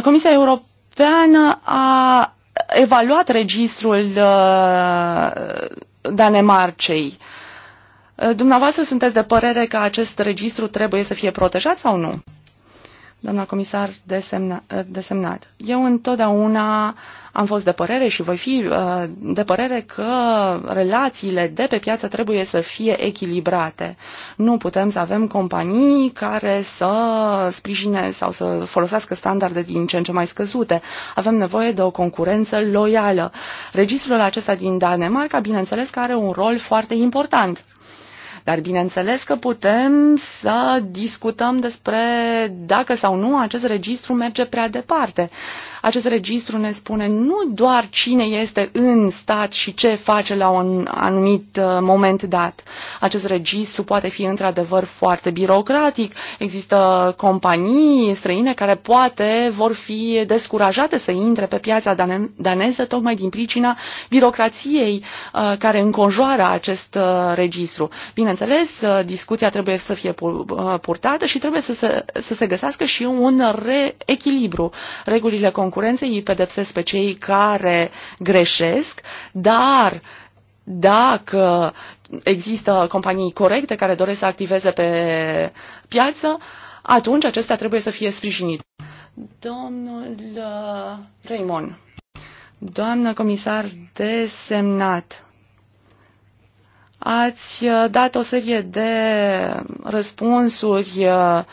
Comisia Europeană a evaluat registrul uh, Danemarcei. Uh, dumneavoastră sunteți de părere că acest registru trebuie să fie protejat sau nu? doamna comisar desemna, eh, desemnat. Eu întotdeauna am fost de părere și voi fi eh, de părere că relațiile de pe piață trebuie să fie echilibrate. Nu putem să avem companii care să sprijine sau să folosească standarde din ce în ce mai scăzute. Avem nevoie de o concurență loială. Registrul acesta din Danemarca, bineînțeles, că are un rol foarte important. Dar bineînțeles că putem să discutăm despre dacă sau nu acest registru merge prea departe. Acest registru ne spune nu doar cine este în stat și ce face la un anumit uh, moment dat. Acest registru poate fi într-adevăr foarte birocratic. Există companii străine care poate vor fi descurajate să intre pe piața dane daneză tocmai din pricina birocrației uh, care înconjoară acest uh, registru. Bineînțeles, discuția trebuie să fie purtată și trebuie să se, să se găsească și un reechilibru. Regulile concurenței, îi pedepsesc pe cei care greșesc, dar dacă există companii corecte care doresc să activeze pe piață, atunci acestea trebuie să fie sprijinite. Domnul uh, Raymond, doamnă comisar desemnat, ați uh, dat o serie de răspunsuri uh,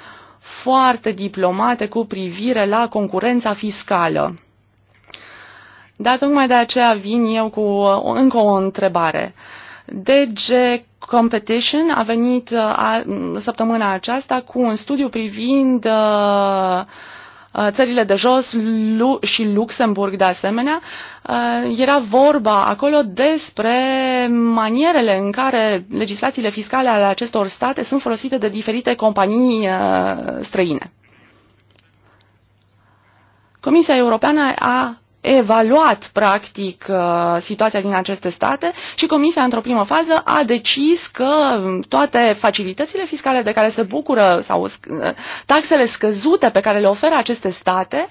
foarte diplomate cu privire la concurența fiscală. Dar tocmai de aceea vin eu cu încă o întrebare. DG Competition a venit a, săptămâna aceasta cu un studiu privind uh, Uh, țările de jos Lu și Luxemburg de asemenea, uh, era vorba acolo despre manierele în care legislațiile fiscale ale acestor state sunt folosite de diferite companii uh, străine. Comisia Europeană a evaluat practic uh, situația din aceste state și Comisia într-o primă fază a decis că um, toate facilitățile fiscale de care se bucură sau uh, taxele scăzute pe care le oferă aceste state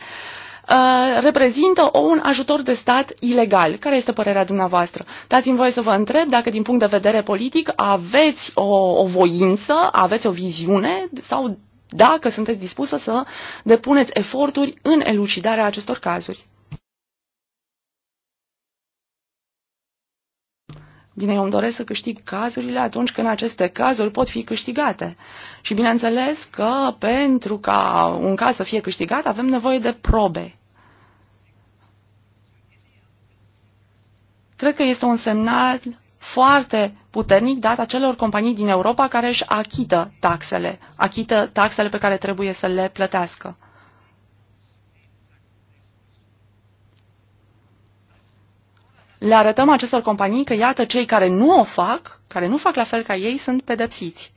uh, reprezintă un ajutor de stat ilegal. Care este părerea dumneavoastră? Dați-mi voie să vă întreb dacă din punct de vedere politic aveți o, o voință, aveți o viziune sau dacă sunteți dispusă să depuneți eforturi în elucidarea acestor cazuri. Bine, eu îmi doresc să câștig cazurile atunci când aceste cazuri pot fi câștigate. Și bineînțeles că pentru ca un caz să fie câștigat avem nevoie de probe. Cred că este un semnal foarte puternic dat acelor companii din Europa care își achită taxele, achită taxele pe care trebuie să le plătească. le arătăm acestor companii că, iată, cei care nu o fac, care nu fac la fel ca ei, sunt pedepsiți.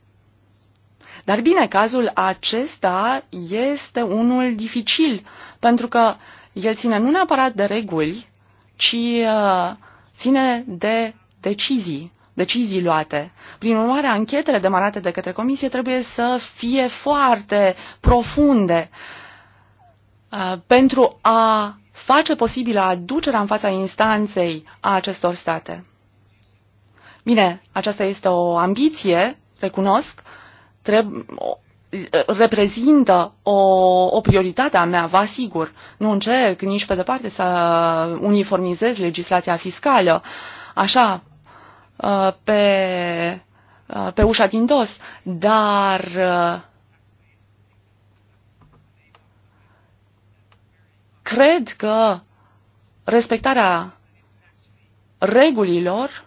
Dar bine, cazul acesta este unul dificil, pentru că el ține nu neapărat de reguli, ci uh, ține de decizii, decizii luate. Prin urmare, anchetele demarate de către comisie trebuie să fie foarte profunde uh, pentru a face posibilă aducerea în fața instanței a acestor state. Bine, aceasta este o ambiție, recunosc, treb- reprezintă o, o prioritate a mea, vă asigur. Nu încerc nici pe departe să uniformizez legislația fiscală, așa, uh, pe, uh, pe ușa din dos, dar uh, cred că respectarea regulilor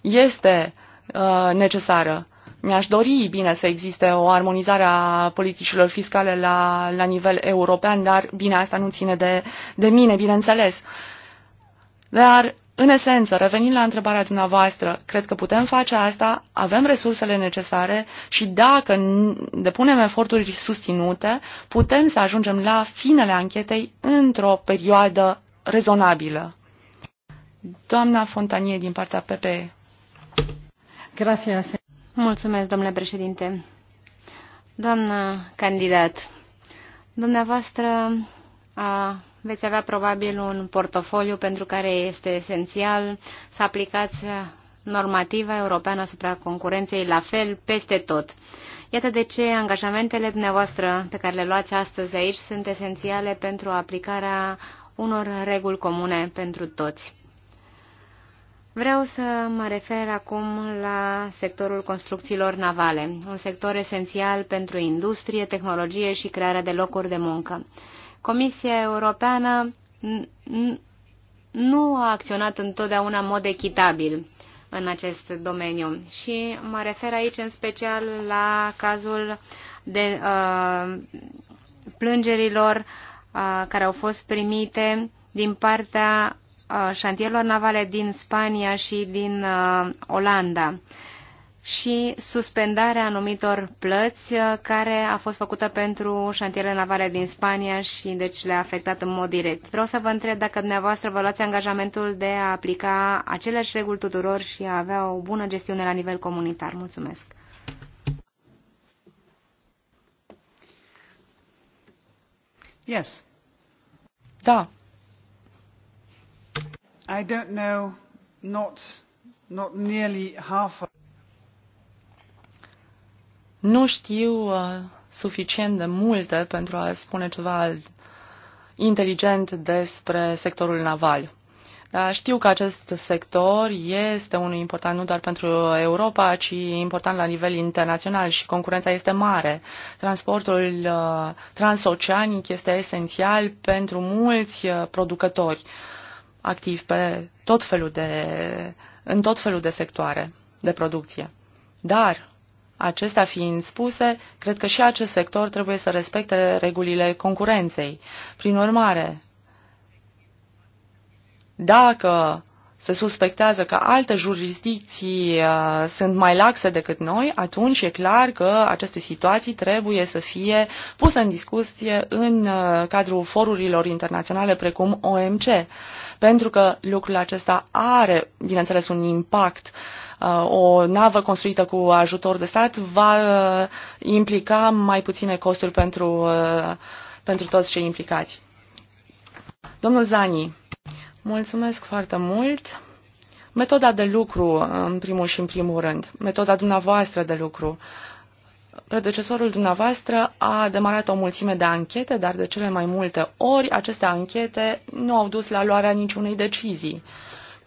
este uh, necesară. Mi-aș dori, bine, să existe o armonizare a politicilor fiscale la, la nivel european, dar, bine, asta nu ține de, de mine, bineînțeles. Dar în esență, revenind la întrebarea dumneavoastră, cred că putem face asta, avem resursele necesare și dacă depunem eforturi susținute, putem să ajungem la finele anchetei într-o perioadă rezonabilă. Doamna Fontanie din partea PPE. Gracias. Mulțumesc, domnule președinte. Doamna candidat, dumneavoastră a veți avea probabil un portofoliu pentru care este esențial să aplicați normativa europeană asupra concurenței la fel peste tot. Iată de ce angajamentele dumneavoastră pe care le luați astăzi aici sunt esențiale pentru aplicarea unor reguli comune pentru toți. Vreau să mă refer acum la sectorul construcțiilor navale, un sector esențial pentru industrie, tehnologie și crearea de locuri de muncă. Comisia Europeană nu a acționat întotdeauna în mod echitabil în acest domeniu. Și mă refer aici în special la cazul de uh, plângerilor uh, care au fost primite din partea uh, șantierilor navale din Spania și din uh, Olanda. Uh, și suspendarea anumitor plăți uh, care a fost făcută pentru șantierele navale din Spania și deci le-a afectat în mod direct. Vreau să vă întreb dacă dumneavoastră vă luați angajamentul de a aplica aceleași reguli tuturor și a avea o bună gestiune la nivel comunitar. Mulțumesc! Yes. Da. I don't know, not, not nearly half nu știu uh, suficient de multe pentru a spune ceva inteligent despre sectorul naval. Dar știu că acest sector este unul important nu doar pentru Europa, ci important la nivel internațional și concurența este mare. Transportul uh, transoceanic este esențial pentru mulți uh, producători activi pe tot felul de, în tot felul de sectoare de producție. Dar Acestea fiind spuse, cred că și acest sector trebuie să respecte regulile concurenței. Prin urmare, dacă se suspectează că alte jurisdicții uh, sunt mai laxe decât noi, atunci e clar că aceste situații trebuie să fie puse în discuție în uh, cadrul forurilor internaționale precum OMC, pentru că lucrul acesta are, bineînțeles, un impact uh, Uh, o navă construită cu ajutor de stat va uh, implica mai puține costuri pentru, uh, pentru toți cei implicați. Domnul Zani, mulțumesc foarte mult. Metoda de lucru, în primul și în primul rând, metoda dumneavoastră de lucru. Predecesorul dumneavoastră a demarat o mulțime de anchete, dar de cele mai multe ori aceste anchete nu au dus la luarea niciunei decizii.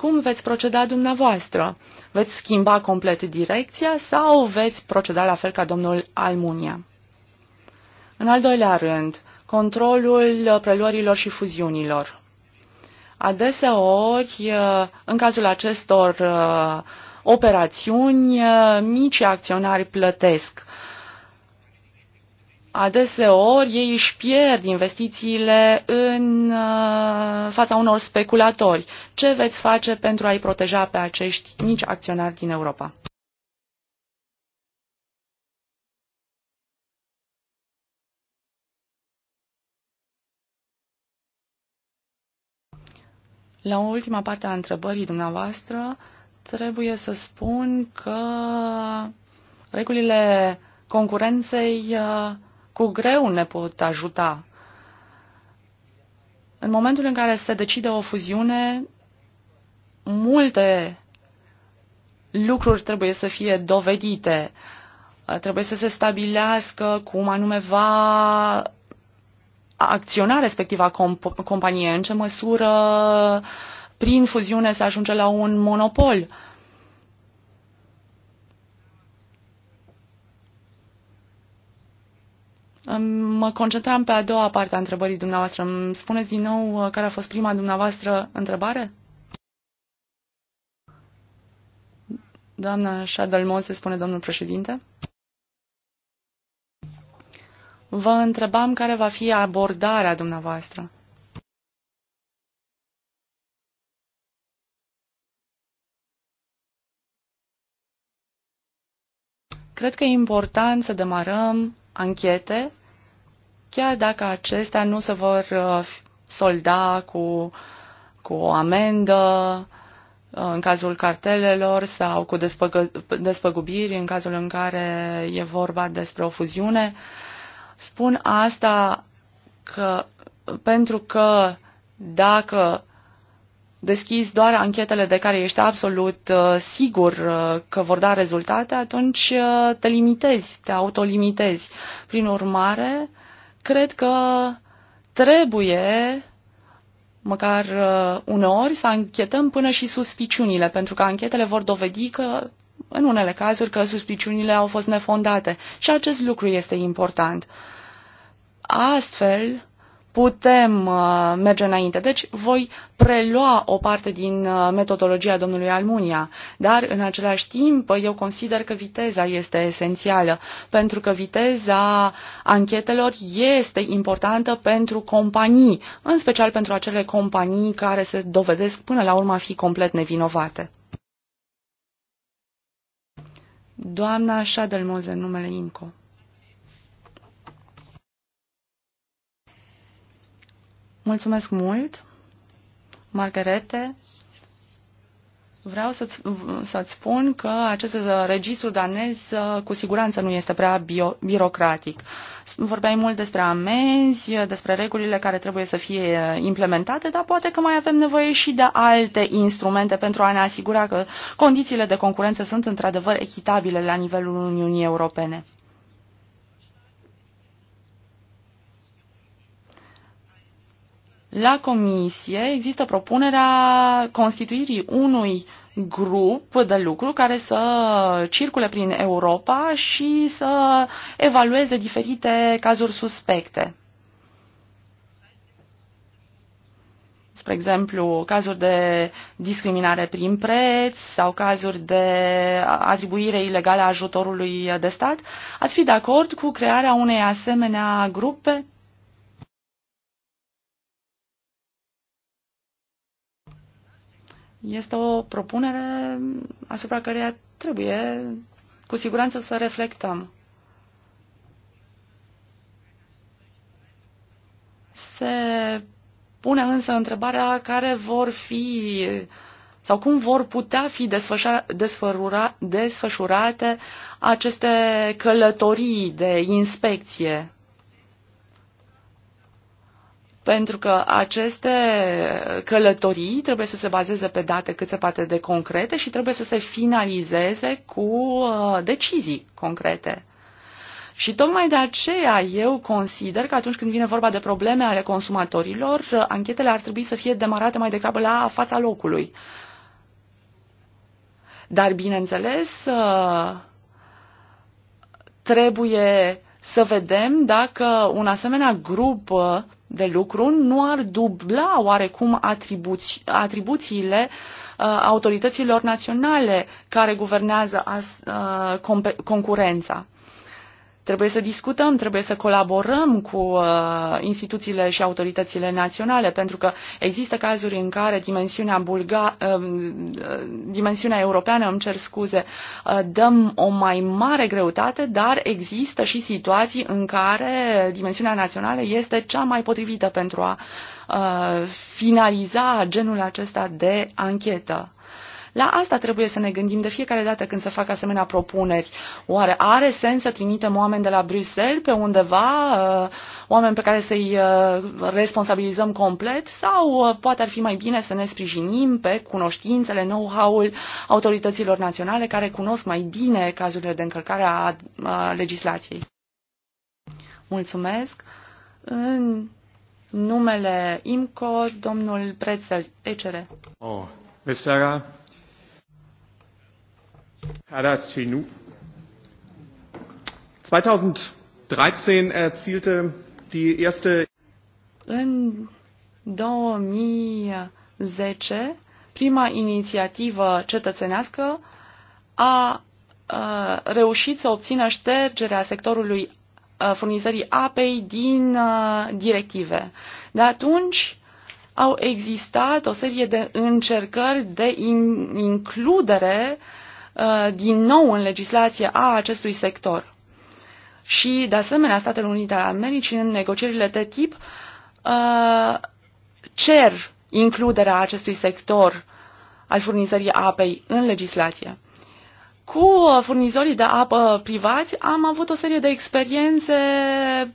Cum veți proceda dumneavoastră? Veți schimba complet direcția sau veți proceda la fel ca domnul Almunia? În al doilea rând, controlul preluărilor și fuziunilor. Adeseori, în cazul acestor uh, operațiuni, uh, mici acționari plătesc adeseori ei își pierd investițiile în uh, fața unor speculatori. Ce veți face pentru a-i proteja pe acești mici acționari din Europa? La ultima parte a întrebării dumneavoastră, trebuie să spun că regulile concurenței uh, cu greu ne pot ajuta. În momentul în care se decide o fuziune, multe lucruri trebuie să fie dovedite. Trebuie să se stabilească cum anume va acționa respectiva comp- companie, în ce măsură prin fuziune se ajunge la un monopol. Uh, Mă concentram pe a doua parte a întrebării dumneavoastră. Îmi spuneți din nou uh, care a fost prima dumneavoastră întrebare? Doamna Șadălmon, se spune domnul președinte. Vă întrebam care va fi abordarea dumneavoastră. Cred că e important să demarăm anchete, chiar dacă acestea nu se vor uh, solda cu, cu o amendă uh, în cazul cartelelor sau cu despăgă, despăgubiri în cazul în care e vorba despre o fuziune. Spun asta că, pentru că dacă deschizi doar anchetele de care ești absolut uh, sigur uh, că vor da rezultate, atunci uh, te limitezi, te autolimitezi. Prin urmare, cred că trebuie măcar uneori să anchetăm până și suspiciunile, pentru că anchetele vor dovedi că în unele cazuri că suspiciunile au fost nefondate. Și acest lucru este important. Astfel, putem uh, merge înainte. Deci voi prelua o parte din uh, metodologia domnului Almunia, dar în același timp eu consider că viteza este esențială, pentru că viteza anchetelor este importantă pentru companii, în special pentru acele companii care se dovedesc până la urmă a fi complet nevinovate. Doamna Schadelmoze, numele INCO. Mulțumesc mult, Margarete. Vreau să-ți, să spun că acest registru danez cu siguranță nu este prea bio, birocratic. Vorbeai mult despre amenzi, despre regulile care trebuie să fie implementate, dar poate că mai avem nevoie și de alte instrumente pentru a ne asigura că condițiile de concurență sunt într-adevăr echitabile la nivelul Uniunii Europene. La comisie există propunerea constituirii unui grup de lucru care să circule prin Europa și să evalueze diferite cazuri suspecte. spre exemplu, cazuri de discriminare prin preț sau cazuri de atribuire ilegală a ajutorului de stat, ați fi de acord cu crearea unei asemenea grupe? Este o propunere asupra căreia trebuie cu siguranță să reflectăm. Se pune însă întrebarea care vor fi sau cum vor putea fi desfășurate aceste călătorii de inspecție pentru că aceste călătorii trebuie să se bazeze pe date cât se poate de concrete și trebuie să se finalizeze cu uh, decizii concrete. Și tocmai de aceea eu consider că atunci când vine vorba de probleme ale consumatorilor, anchetele ar trebui să fie demarate mai degrabă la fața locului. Dar, bineînțeles, uh, trebuie să vedem dacă un asemenea grup uh, de lucru nu ar dubla oarecum atribuți, atribuțiile uh, autorităților naționale care guvernează as, uh, concurența. Trebuie să discutăm, trebuie să colaborăm cu uh, instituțiile și autoritățile naționale, pentru că există cazuri în care dimensiunea, bulga, uh, dimensiunea europeană, îmi cer scuze, uh, dăm o mai mare greutate, dar există și situații în care dimensiunea națională este cea mai potrivită pentru a uh, finaliza genul acesta de anchetă. La asta trebuie să ne gândim de fiecare dată când se fac asemenea propuneri. Oare are sens să trimitem oameni de la Bruxelles pe undeva, uh, oameni pe care să-i uh, responsabilizăm complet sau uh, poate ar fi mai bine să ne sprijinim pe cunoștințele, know-how-ul autorităților naționale care cunosc mai bine cazurile de încălcare a legislației? Mulțumesc. În numele IMCO, domnul Prețel, ECR. Oh, Vesera, 2013 erzielte die erste În 2010, prima inițiativă cetățenească a, a reușit să obțină ștergerea sectorului furnizării apei din a, directive. De atunci, au existat o serie de încercări de in, includere Uh, din nou în legislație a acestui sector. Și, de asemenea, Statele Unite ale Americii, în negocierile de tip, uh, cer includerea acestui sector al furnizării apei în legislație cu furnizorii de apă privați am avut o serie de experiențe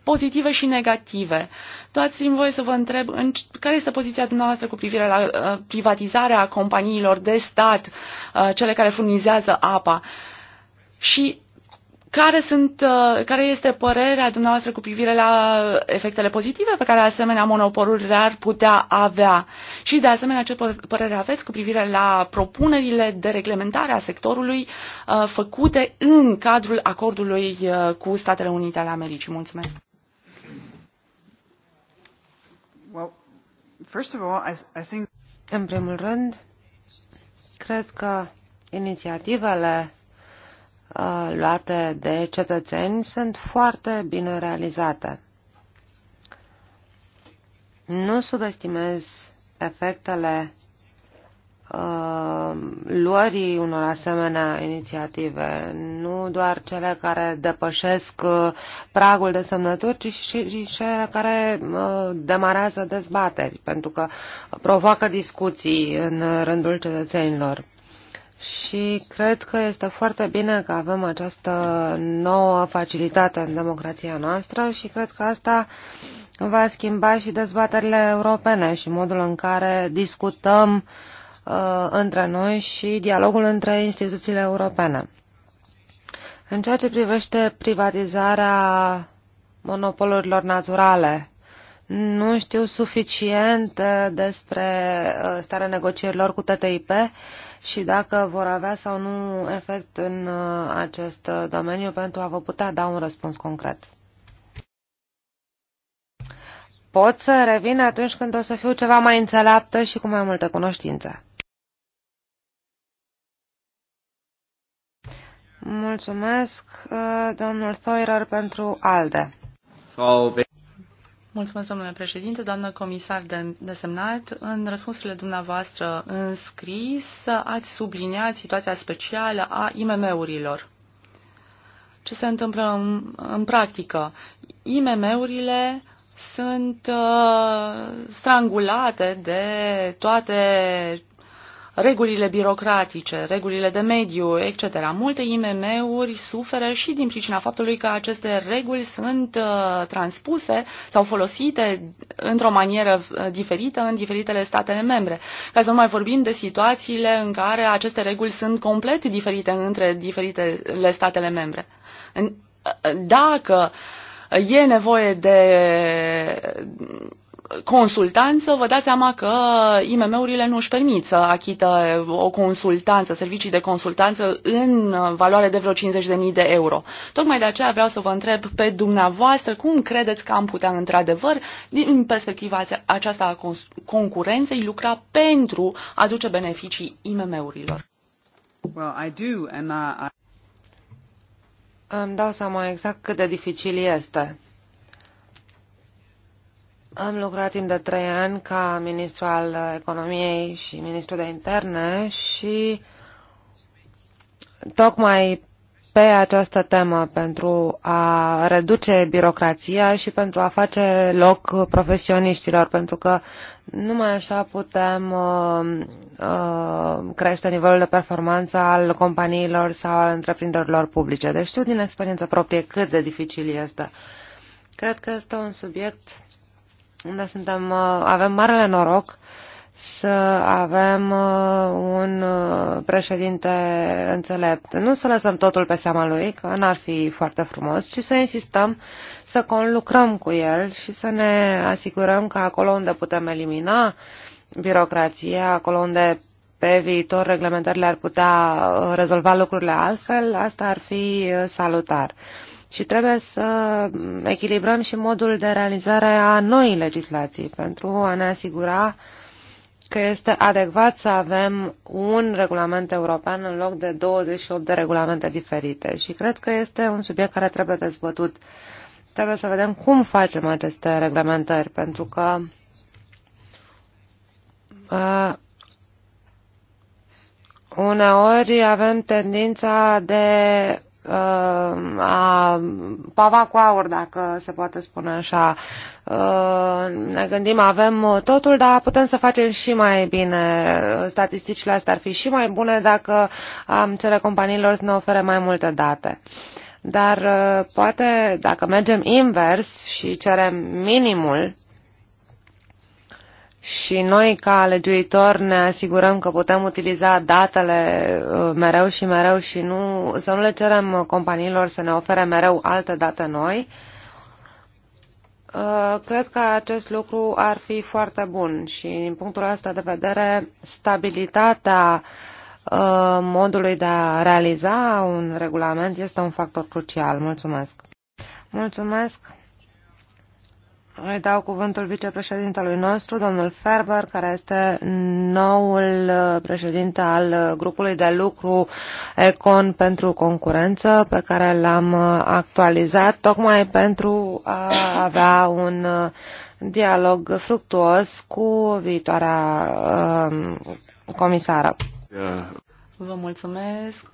pozitive și negative. Dați-mi voie să vă întreb în care este poziția dumneavoastră cu privire la uh, privatizarea companiilor de stat, uh, cele care furnizează apa. Și care, sunt, uh, care este părerea dumneavoastră cu privire la efectele pozitive pe care asemenea monopolul le-ar putea avea? Și de asemenea, ce părere aveți cu privire la propunerile de reglementare a sectorului uh, făcute în cadrul acordului uh, cu Statele Unite ale Americii? Mulțumesc! Well, first of all, I, I think... În primul rând, cred că inițiativele Uh, luate de cetățeni sunt foarte bine realizate. Nu subestimez efectele uh, luării unor asemenea inițiative, nu doar cele care depășesc uh, pragul de semnături, ci și cele care demarează dezbateri, pentru că provoacă discuții în rândul cetățenilor. Și cred că este foarte bine că avem această nouă facilitate în democrația noastră și cred că asta va schimba și dezbaterile europene și modul în care discutăm uh, între noi și dialogul între instituțiile europene. În ceea ce privește privatizarea monopolurilor naturale, nu știu suficient despre uh, starea negocierilor cu TTIP, și dacă vor avea sau nu efect în uh, acest uh, domeniu pentru a vă putea da un răspuns concret. Pot să revin atunci când o să fiu ceva mai înțeleaptă și cu mai multă cunoștință. Mulțumesc, uh, domnul Thoirer, pentru ALDE. Mulțumesc, domnule președinte, doamnă comisar de, desemnat. În răspunsurile dumneavoastră în scris ați subliniat situația specială a IMM-urilor. Ce se întâmplă în, în practică? IMM-urile sunt uh, strangulate de toate regulile birocratice, regulile de mediu, etc. Multe IMM-uri suferă și din pricina faptului că aceste reguli sunt uh, transpuse sau folosite într-o manieră uh, diferită în diferitele state membre. Ca să nu mai vorbim de situațiile în care aceste reguli sunt complet diferite între diferitele statele membre. Uh, dacă e nevoie de consultanță, vă dați seama că IMM-urile nu își permit să achită o consultanță, servicii de consultanță în valoare de vreo 50.000 de euro. Tocmai de aceea vreau să vă întreb pe dumneavoastră cum credeți că am putea într-adevăr, din perspectiva aceasta a concurenței, lucra pentru a aduce beneficii IMM-urilor. Well, I do, and I... Îmi dau seama exact cât de dificil este. Am lucrat timp de trei ani ca ministru al economiei și ministru de interne și tocmai pe această temă pentru a reduce birocrația și pentru a face loc profesioniștilor, pentru că numai așa putem uh, uh, crește nivelul de performanță al companiilor sau al întreprinderilor publice. Deci știu din experiență proprie cât de dificil este. Cred că este un subiect unde da, suntem, uh, avem marele noroc să avem uh, un uh, președinte înțelept. Nu să lăsăm totul pe seama lui, că n-ar fi foarte frumos, ci să insistăm să conlucrăm cu el și să ne asigurăm că acolo unde putem elimina birocrația, acolo unde pe viitor reglementările ar putea rezolva lucrurile altfel, asta ar fi salutar și trebuie să echilibrăm și modul de realizare a noii legislații pentru a ne asigura că este adecvat să avem un regulament european în loc de 28 de regulamente diferite. Și cred că este un subiect care trebuie dezbătut. Trebuie să vedem cum facem aceste reglementări, pentru că uh, uneori avem tendința de a pava cu aur, dacă se poate spune așa. Uh, ne gândim, avem totul, dar putem să facem și mai bine. Statisticile astea ar fi și mai bune dacă am cele companiilor să ne ofere mai multe date. Dar uh, poate dacă mergem invers și cerem minimul, și noi, ca legiuitor, ne asigurăm că putem utiliza datele uh, mereu și mereu și nu, să nu le cerem companiilor să ne ofere mereu alte date noi, uh, cred că acest lucru ar fi foarte bun și, din punctul ăsta de vedere, stabilitatea uh, modului de a realiza un regulament este un factor crucial. Mulțumesc! Mulțumesc! Îi dau cuvântul vicepreședintelui nostru, domnul Ferber, care este noul uh, președinte al uh, grupului de lucru Econ pentru concurență, pe care l-am uh, actualizat tocmai pentru a avea un dialog fructuos cu viitoarea comisară. Vă mulțumesc.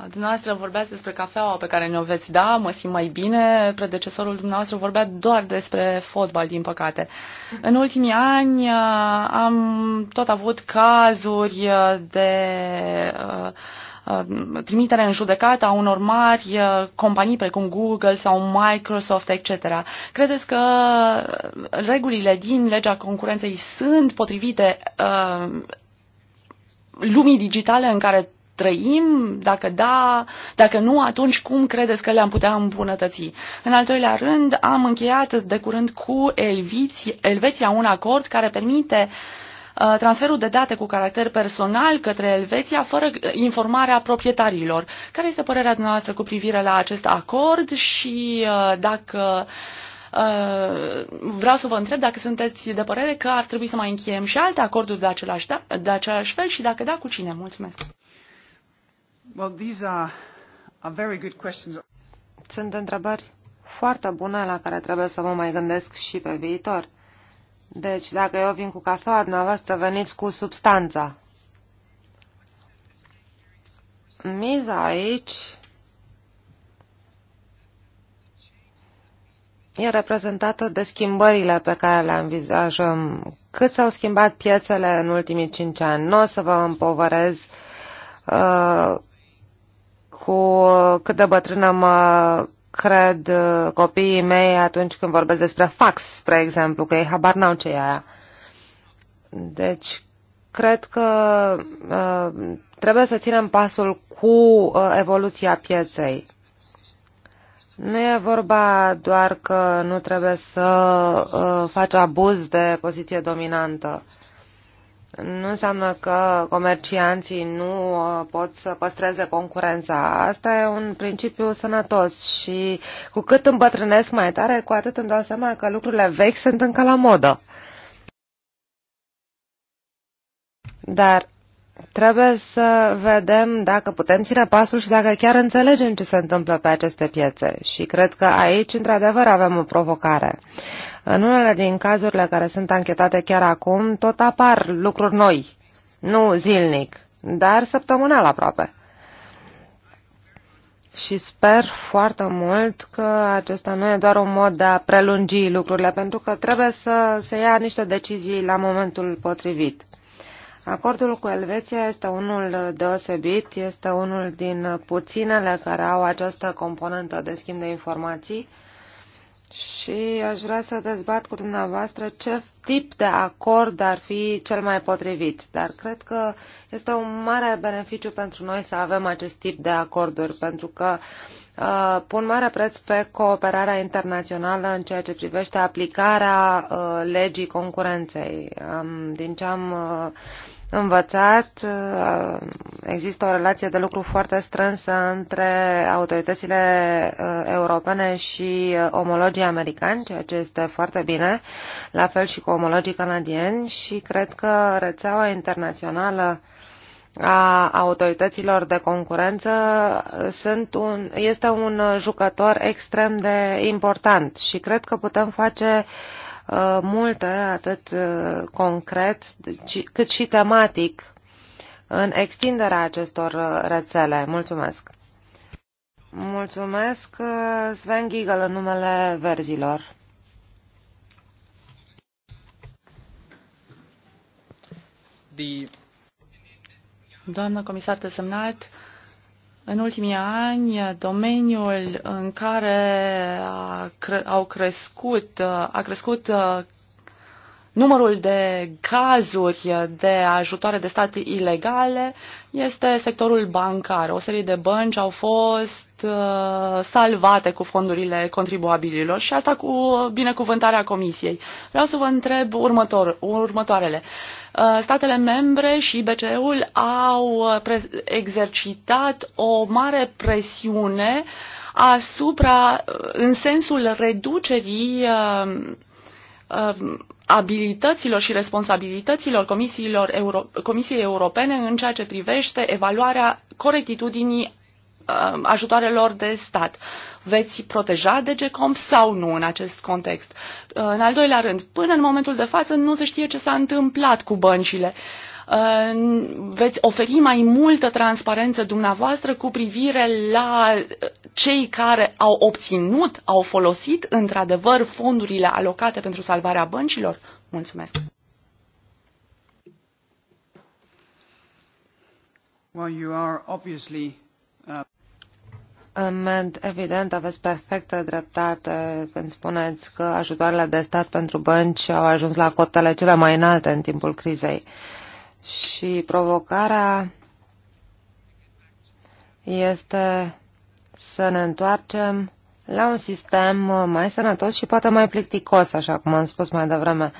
Dumneavoastră vorbeați despre cafeaua pe care ne-o veți da, mă simt mai bine. Predecesorul dumneavoastră vorbea doar despre fotbal, din păcate. În ultimii ani uh, am tot avut cazuri uh, de uh, trimitere în judecată a unor mari companii precum Google sau Microsoft, etc. Credeți că regulile din legea concurenței sunt potrivite lumii digitale în care trăim? Dacă da, dacă nu, atunci cum credeți că le-am putea îmbunătăți? În al doilea rând, am încheiat de curând cu Elveția un acord care permite uh, transferul de date cu caracter personal către Elveția fără uh, informarea proprietarilor. Care este părerea noastră cu privire la acest acord și uh, dacă vreau să vă întreb dacă sunteți de părere că ar trebui să mai încheiem și alte acorduri de același, da- de același fel și dacă da, cu cine? Mulțumesc! Sunt întrebări foarte bune la care trebuie să mă mai gândesc și pe viitor. Deci, dacă eu vin cu cafeaua dumneavoastră, veniți cu substanța. Miza aici e reprezentată de schimbările pe care le învizajăm. Cât s-au schimbat piețele în ultimii cinci ani? Nu o să vă împovărez uh, cu cât de bătrână mă uh, cred uh, copiii mei atunci când vorbesc despre fax, spre exemplu, că ei habar n-au ce e aia. Deci, cred că uh, trebuie să ținem pasul cu uh, evoluția pieței. Nu e vorba doar că nu trebuie să uh, faci abuz de poziție dominantă. Uh, nu înseamnă că comercianții nu uh, pot să păstreze concurența. Asta e un principiu sănătos și cu cât îmbătrânesc mai tare, cu atât îmi dau seama că lucrurile vechi sunt încă la modă. Dar trebuie să vedem dacă putem ține pasul și dacă chiar înțelegem ce se întâmplă pe aceste piețe. Și cred că aici, într-adevăr, avem o provocare. În unele din cazurile care sunt anchetate chiar acum, tot apar lucruri noi, nu zilnic, dar săptămânal aproape. Și sper foarte mult că acesta nu e doar un mod de a prelungi lucrurile, pentru că trebuie să se ia niște decizii la momentul potrivit. Acordul cu Elveția este unul deosebit, este unul din puținele care au această componentă de schimb de informații și aș vrea să dezbat cu dumneavoastră ce tip de acord ar fi cel mai potrivit. Dar cred că este un mare beneficiu pentru noi să avem acest tip de acorduri, pentru că uh, pun mare preț pe cooperarea internațională în ceea ce privește aplicarea uh, legii concurenței. Um, din ce am uh, învățat. Uh, există o relație de lucru foarte strânsă între autoritățile uh, europene și uh, omologii americani, ceea ce este foarte bine, la fel și cu omologii canadieni și cred că rețeaua internațională a autorităților de concurență sunt un, este un jucător extrem de important și cred că putem face uh, Uh, multe, atât uh, concret, cât și tematic, în extinderea acestor uh, rețele. Mulțumesc! Mulțumesc, Sven Giegel, în numele verzilor. The... Doamnă comisar semnat, în ultimii ani, domeniul în care a cre- au crescut, a crescut numărul de cazuri de ajutoare de stat ilegale este sectorul bancar. O serie de bănci au fost uh, salvate cu fondurile contribuabililor și asta cu binecuvântarea Comisiei. Vreau să vă întreb următor, următoarele. Uh, statele membre și BCE-ul au uh, exercitat o mare presiune asupra, în sensul reducerii abilităților și responsabilităților Comisiilor Euro- Comisiei Europene în ceea ce privește evaluarea corectitudinii uh, ajutoarelor de stat. Veți proteja DGCOMP sau nu în acest context? Uh, în al doilea rând, până în momentul de față nu se știe ce s-a întâmplat cu băncile. Uh, Uh, veți oferi mai multă transparență dumneavoastră cu privire la uh, cei care au obținut, au folosit într-adevăr fondurile alocate pentru salvarea băncilor? Mulțumesc! Well, you are obviously în mod evident, aveți perfectă dreptate când spuneți că ajutoarele de stat pentru bănci au ajuns la cotele cele mai înalte în timpul crizei. Și provocarea este să ne întoarcem la un sistem mai sănătos și poate mai plicticos, așa cum am spus mai devreme.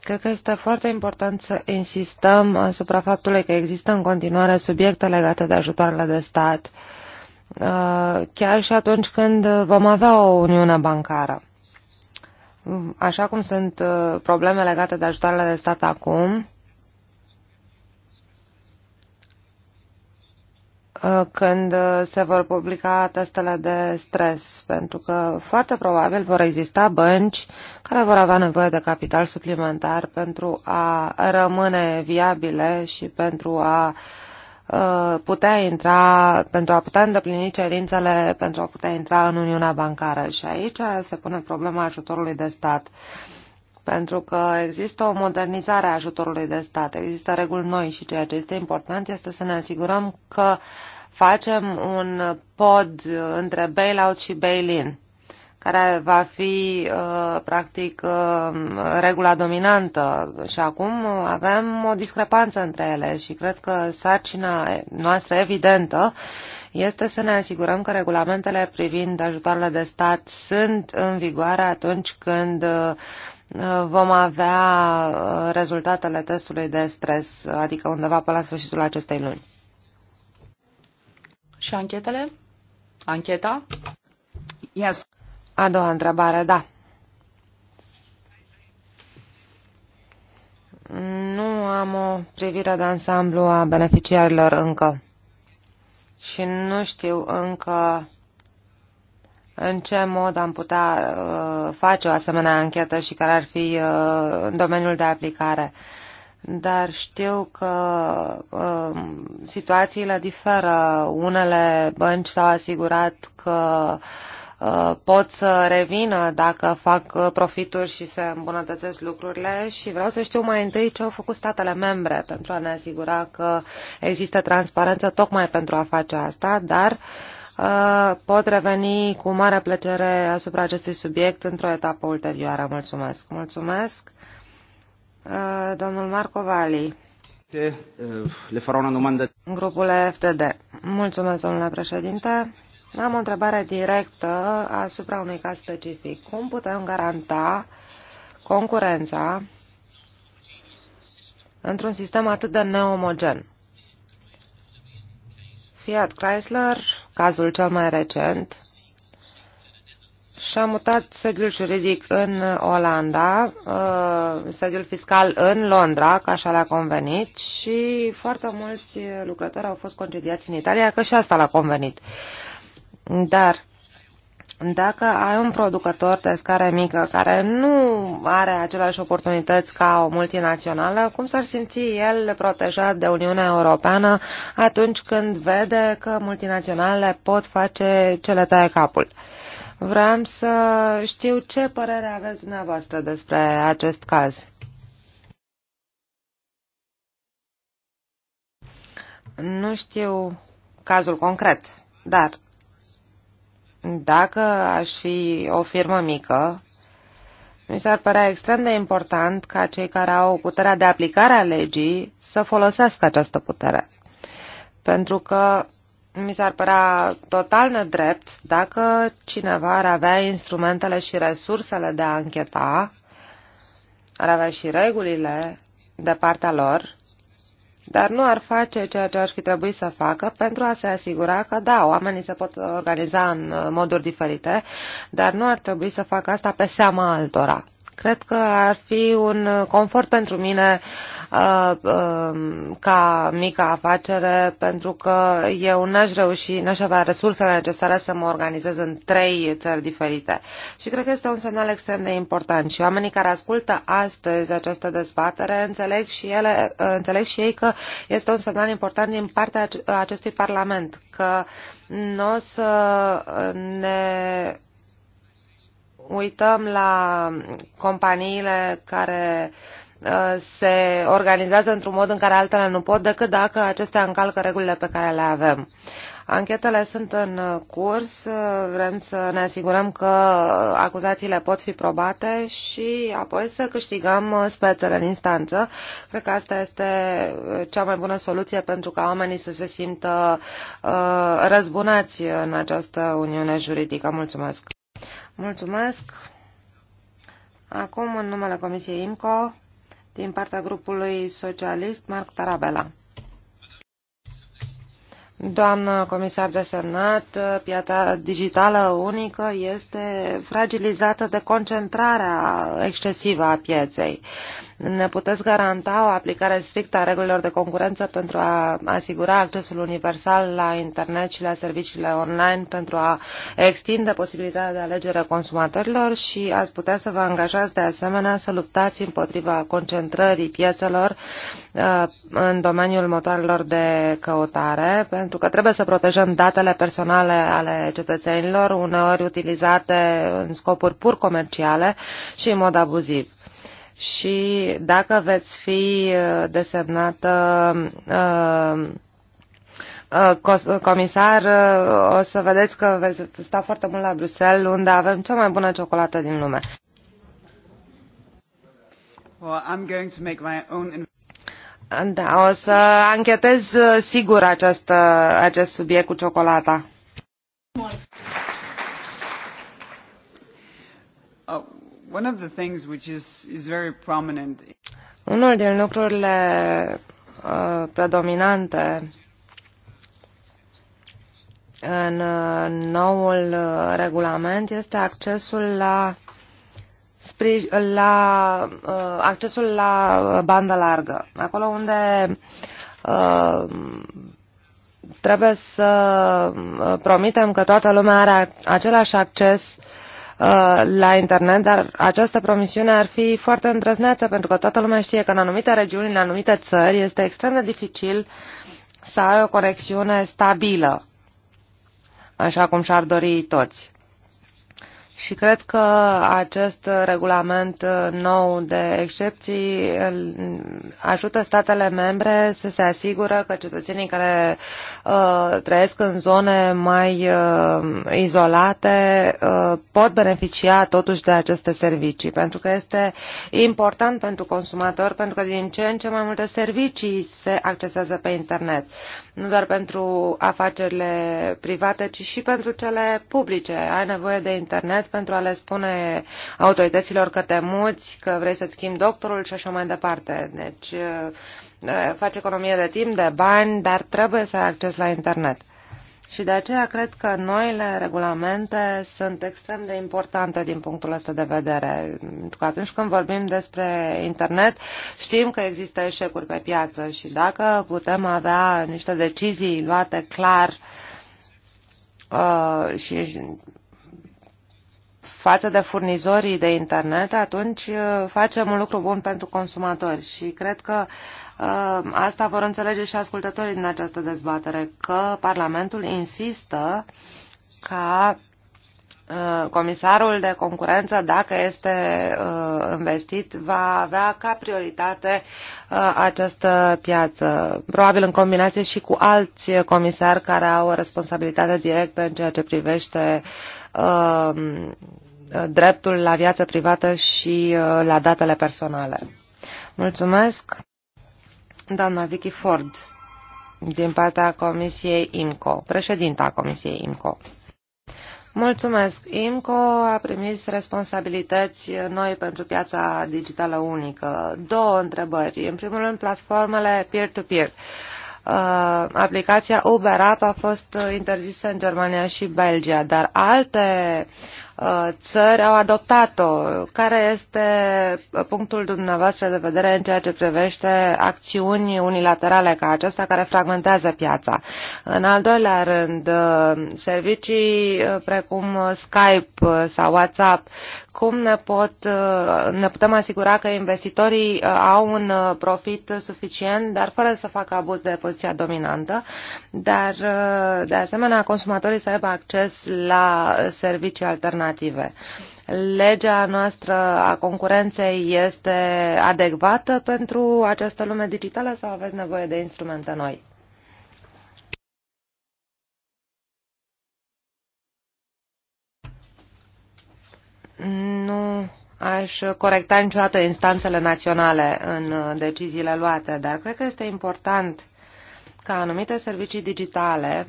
Cred că este foarte important să insistăm asupra faptului că există în continuare subiecte legate de ajutoarele de stat, uh, chiar și atunci când vom avea o uniune bancară. Așa cum sunt uh, probleme legate de ajutoarele de stat acum, Uh, când uh, se vor publica testele de stres, pentru că foarte probabil vor exista bănci care vor avea nevoie de capital suplimentar pentru a rămâne viabile și pentru a uh, putea intra, pentru a putea îndeplini cerințele, pentru a putea intra în Uniunea Bancară. Și aici se pune problema ajutorului de stat. Uh, pentru că există o modernizare a ajutorului de stat, există reguli noi și ceea ce este important este să ne asigurăm că facem un pod între bailout și bail-in, care va fi uh, practic um, regula dominantă și acum avem o discrepanță între ele și cred că sarcina noastră evidentă este să ne asigurăm că regulamentele privind ajutoarele de stat sunt în vigoare atunci când uh, vom avea uh, rezultatele testului de stres, adică undeva pe la sfârșitul acestei luni. Și anchetele? Ancheta? Yes. A doua întrebare, da. Nu am o privire de ansamblu a beneficiarilor încă și nu știu încă în ce mod am putea uh, face o asemenea anchetă și care ar fi uh, în domeniul de aplicare. Dar știu că uh, situațiile diferă. Unele bănci s-au asigurat că uh, pot să revină dacă fac uh, profituri și se îmbunătățesc lucrurile și vreau să știu mai întâi ce au făcut statele membre pentru a ne asigura că există transparență tocmai pentru a face asta, dar uh, Uh, pot reveni cu mare plăcere asupra acestui subiect într-o etapă ulterioară. Mulțumesc! Mulțumesc! Uh, domnul Marco Vali. Uh, le farò o întrebare. Grupul FTD. Mulțumesc, domnule președinte. Am o întrebare directă asupra unui caz specific. Cum putem garanta concurența într-un sistem atât de neomogen? Fiat Chrysler, cazul cel mai recent, și-a mutat sediul juridic în Olanda, uh, sediul fiscal în Londra, ca așa le-a convenit, și foarte mulți lucrători au fost concediați în Italia, că și asta l-a convenit. Dar dacă ai un producător de scară mică care nu are aceleași oportunități ca o multinațională, cum s-ar simți el protejat de Uniunea Europeană atunci când vede că multinaționalele pot face ce le taie capul? Vreau să știu ce părere aveți dumneavoastră despre acest caz. Nu știu cazul concret, dar dacă aș fi o firmă mică, mi s-ar părea extrem de important ca cei care au puterea de aplicare a legii să folosească această putere. Pentru că mi s-ar părea total nedrept dacă cineva ar avea instrumentele și resursele de a încheta, ar avea și regulile de partea lor dar nu ar face ceea ce ar fi trebuit să facă pentru a se asigura că, da, oamenii se pot organiza în uh, moduri diferite, dar nu ar trebui să facă asta pe seama altora. Cred că ar fi un confort pentru mine uh, uh, ca mică afacere, pentru că eu n-aș reuși, n-aș avea resursele necesare să mă organizez în trei țări diferite. Și cred că este un semnal extrem de important. Și oamenii care ascultă astăzi această dezbatere înțeleg și, ele, uh, înțeleg și ei că este un semnal important din partea acestui Parlament, că nu o să ne uităm la companiile care uh, se organizează într-un mod în care altele nu pot decât dacă acestea încalcă regulile pe care le avem. Anchetele sunt în uh, curs, uh, vrem să ne asigurăm că acuzațiile pot fi probate și apoi să câștigăm spețele în instanță. Cred că asta este cea mai bună soluție pentru ca oamenii să se simtă răzbunați în această uniune juridică. Mulțumesc! Mulțumesc. Acum, în numele Comisiei IMCO, din partea grupului socialist, Marc Tarabela. Doamnă comisar de semnat, piața digitală unică este fragilizată de concentrarea excesivă a pieței. Uh, ne puteți garanta o aplicare strictă a regulilor de concurență pentru a asigura accesul universal la internet și la serviciile online pentru a extinde posibilitatea de alegere consumatorilor și ați putea să vă angajați de asemenea să luptați împotriva concentrării piețelor uh, în domeniul motoarelor de căutare, pentru că trebuie să protejăm datele personale ale cetățenilor, uneori utilizate în scopuri pur comerciale și în mod abuziv și dacă veți fi uh, desemnată uh, uh, comisar, o să vedeți că veți sta foarte mult la Bruxelles, unde avem cea mai bună ciocolată din lume. Da, o să anchetez sigur acest, acest subiect cu ciocolata. Unul din lucrurile uh, predominante în uh, noul uh, regulament este accesul la la uh, accesul la uh, bandă largă, acolo unde uh, trebuie să promitem că toată lumea are același acces uh, Uh, la internet, dar această promisiune ar fi foarte îndrăzneață, pentru că toată lumea știe că în anumite regiuni, în anumite țări, este extrem de dificil să ai o conexiune stabilă, așa cum și-ar dori toți. Și cred că acest regulament nou de excepții ajută statele membre să se asigură că cetățenii care uh, trăiesc în zone mai uh, izolate uh, pot beneficia totuși de aceste servicii, pentru că este important pentru consumator, pentru că din ce în ce mai multe servicii se accesează pe internet, nu doar pentru afacerile private, ci și pentru cele publice. Ai nevoie de internet internet pentru a le spune autorităților că te muți, că vrei să-ți schimbi doctorul și așa mai departe. Deci faci economie de timp, de bani, dar trebuie să ai acces la internet. Și de aceea cred că noile regulamente sunt extrem de importante din punctul ăsta de vedere. Pentru că atunci când vorbim despre internet, știm că există eșecuri pe piață și dacă putem avea niște decizii luate clar uh, și față de furnizorii de internet, atunci uh, facem un lucru bun pentru consumatori. Și cred că uh, asta vor înțelege și ascultătorii din această dezbatere, că Parlamentul insistă ca uh, comisarul de concurență, dacă este investit, va avea ca prioritate această piață, probabil în combinație și cu alți comisari care au o responsabilitate directă în ceea ce privește Uh, dreptul la viață privată și uh, la datele personale. Mulțumesc, doamna Vicky Ford, din partea Comisiei IMCO, președinta Comisiei IMCO. Mulțumesc. IMCO a primit responsabilități noi pentru piața digitală unică. Două întrebări. În primul rând, platformele peer-to-peer. -peer. Uh, aplicația Uber App a fost interzisă în Germania și Belgia, dar alte Uh, țări au adoptat-o. Care este punctul dumneavoastră de vedere în ceea ce privește acțiuni unilaterale ca aceasta care fragmentează piața? În al doilea rând, uh, servicii uh, precum Skype sau WhatsApp, cum ne, pot, ne putem asigura că investitorii au un profit suficient, dar fără să facă abuz de poziția dominantă, dar de asemenea consumatorii să aibă acces la servicii alternative alternative. Legea noastră a concurenței este adecvată pentru această lume digitală sau aveți nevoie de instrumente noi? Nu aș corecta niciodată instanțele naționale în deciziile luate, dar cred că este important ca anumite servicii digitale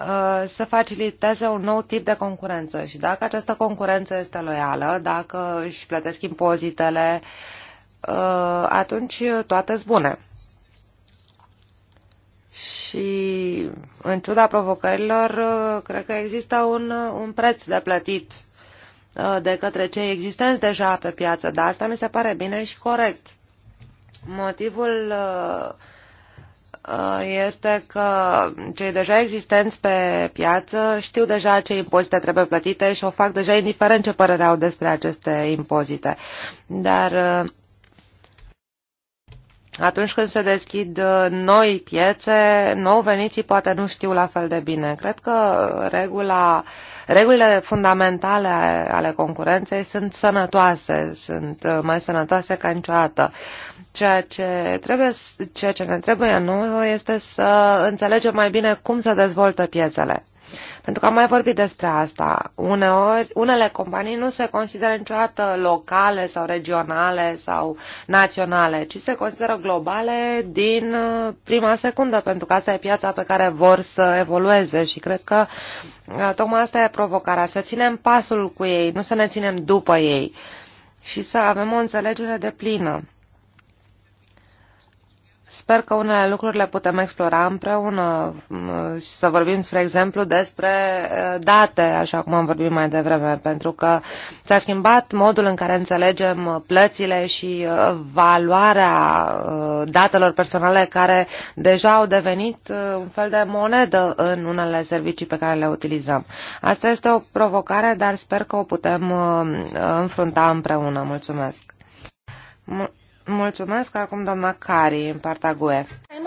Uh, să faciliteze un nou tip de concurență și dacă această concurență este loială, dacă își plătesc impozitele, uh, atunci toate bune. Și în ciuda provocărilor, uh, cred că există un, un preț de plătit de către cei existenți deja pe piață, dar asta mi se pare bine și corect. Motivul uh, Uh, este că cei deja existenți pe piață știu deja ce impozite trebuie plătite și o fac deja indiferent ce părere au despre aceste impozite. Dar uh, atunci când se deschid uh, noi piețe, nou veniții poate nu știu la fel de bine. Cred că regula uh, Regulile fundamentale ale concurenței sunt sănătoase, sunt uh, mai sănătoase ca niciodată. Ceea ce, trebuie, ceea ce ne trebuie nouă este să înțelegem mai bine cum se dezvoltă piețele. Pentru că am mai vorbit despre asta. Uneori, unele companii nu se consideră niciodată locale sau regionale sau naționale, ci se consideră globale din uh, prima secundă, pentru că asta e piața pe care vor să evolueze și cred că uh, tocmai asta e provocarea, să ținem pasul cu ei, nu să ne ținem după ei și să avem o înțelegere de plină. Sper că unele lucruri le putem explora împreună și mm, să vorbim, spre exemplu, despre eh, date, așa cum am vorbit mai devreme, pentru că s-a schimbat modul în care înțelegem plățile și eh, valoarea eh, datelor personale care deja au devenit un fel de monedă în unele servicii pe care le utilizăm. Asta este o provocare, dar sper că o putem înfrunta împreună. Mulțumesc! Mulțumesc acum doamna Cari în partea GUE. Øh,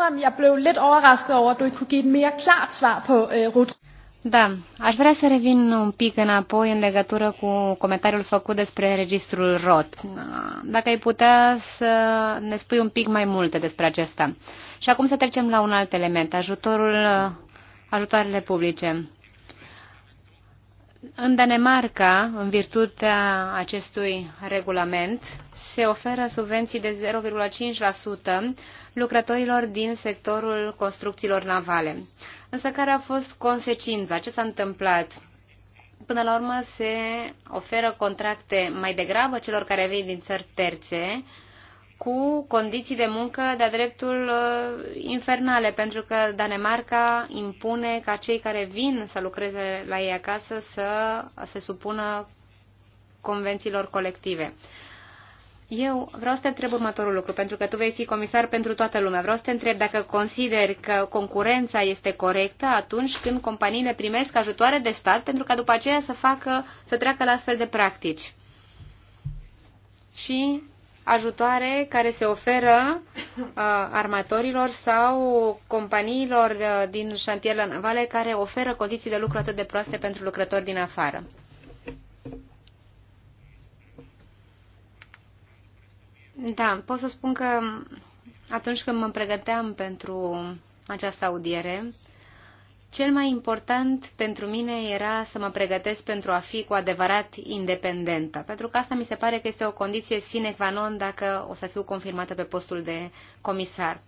da, aș vrea să revin un pic înapoi în legătură cu comentariul făcut despre registrul ROT. Dacă ai putea să ne spui un pic mai multe despre acesta. Și acum să trecem la un alt element, ajutorul, ajutoarele publice. În Danemarca, în virtutea acestui regulament, se oferă subvenții de 0,5% lucrătorilor din sectorul construcțiilor navale. Însă care a fost consecința? Ce s-a întâmplat? Până la urmă se oferă contracte mai degrabă celor care vin din țări terțe, cu condiții de muncă de-a dreptul uh, infernale, pentru că Danemarca impune ca cei care vin să lucreze la ei acasă să se supună convențiilor colective. Eu vreau să te întreb următorul lucru, pentru că tu vei fi comisar pentru toată lumea. Vreau să te întreb dacă consideri că concurența este corectă atunci când companiile primesc ajutoare de stat pentru ca după aceea să facă, să treacă la astfel de practici. Și ajutoare care se oferă uh, armatorilor sau companiilor uh, din șantierele navale care oferă condiții de lucru atât de proaste pentru lucrători din afară. Da, pot să spun că atunci când mă pregăteam pentru această audiere, cel mai important pentru mine era să mă pregătesc pentru a fi cu adevărat independentă, pentru că asta mi se pare că este o condiție sine qua non dacă o să fiu confirmată pe postul de comisar.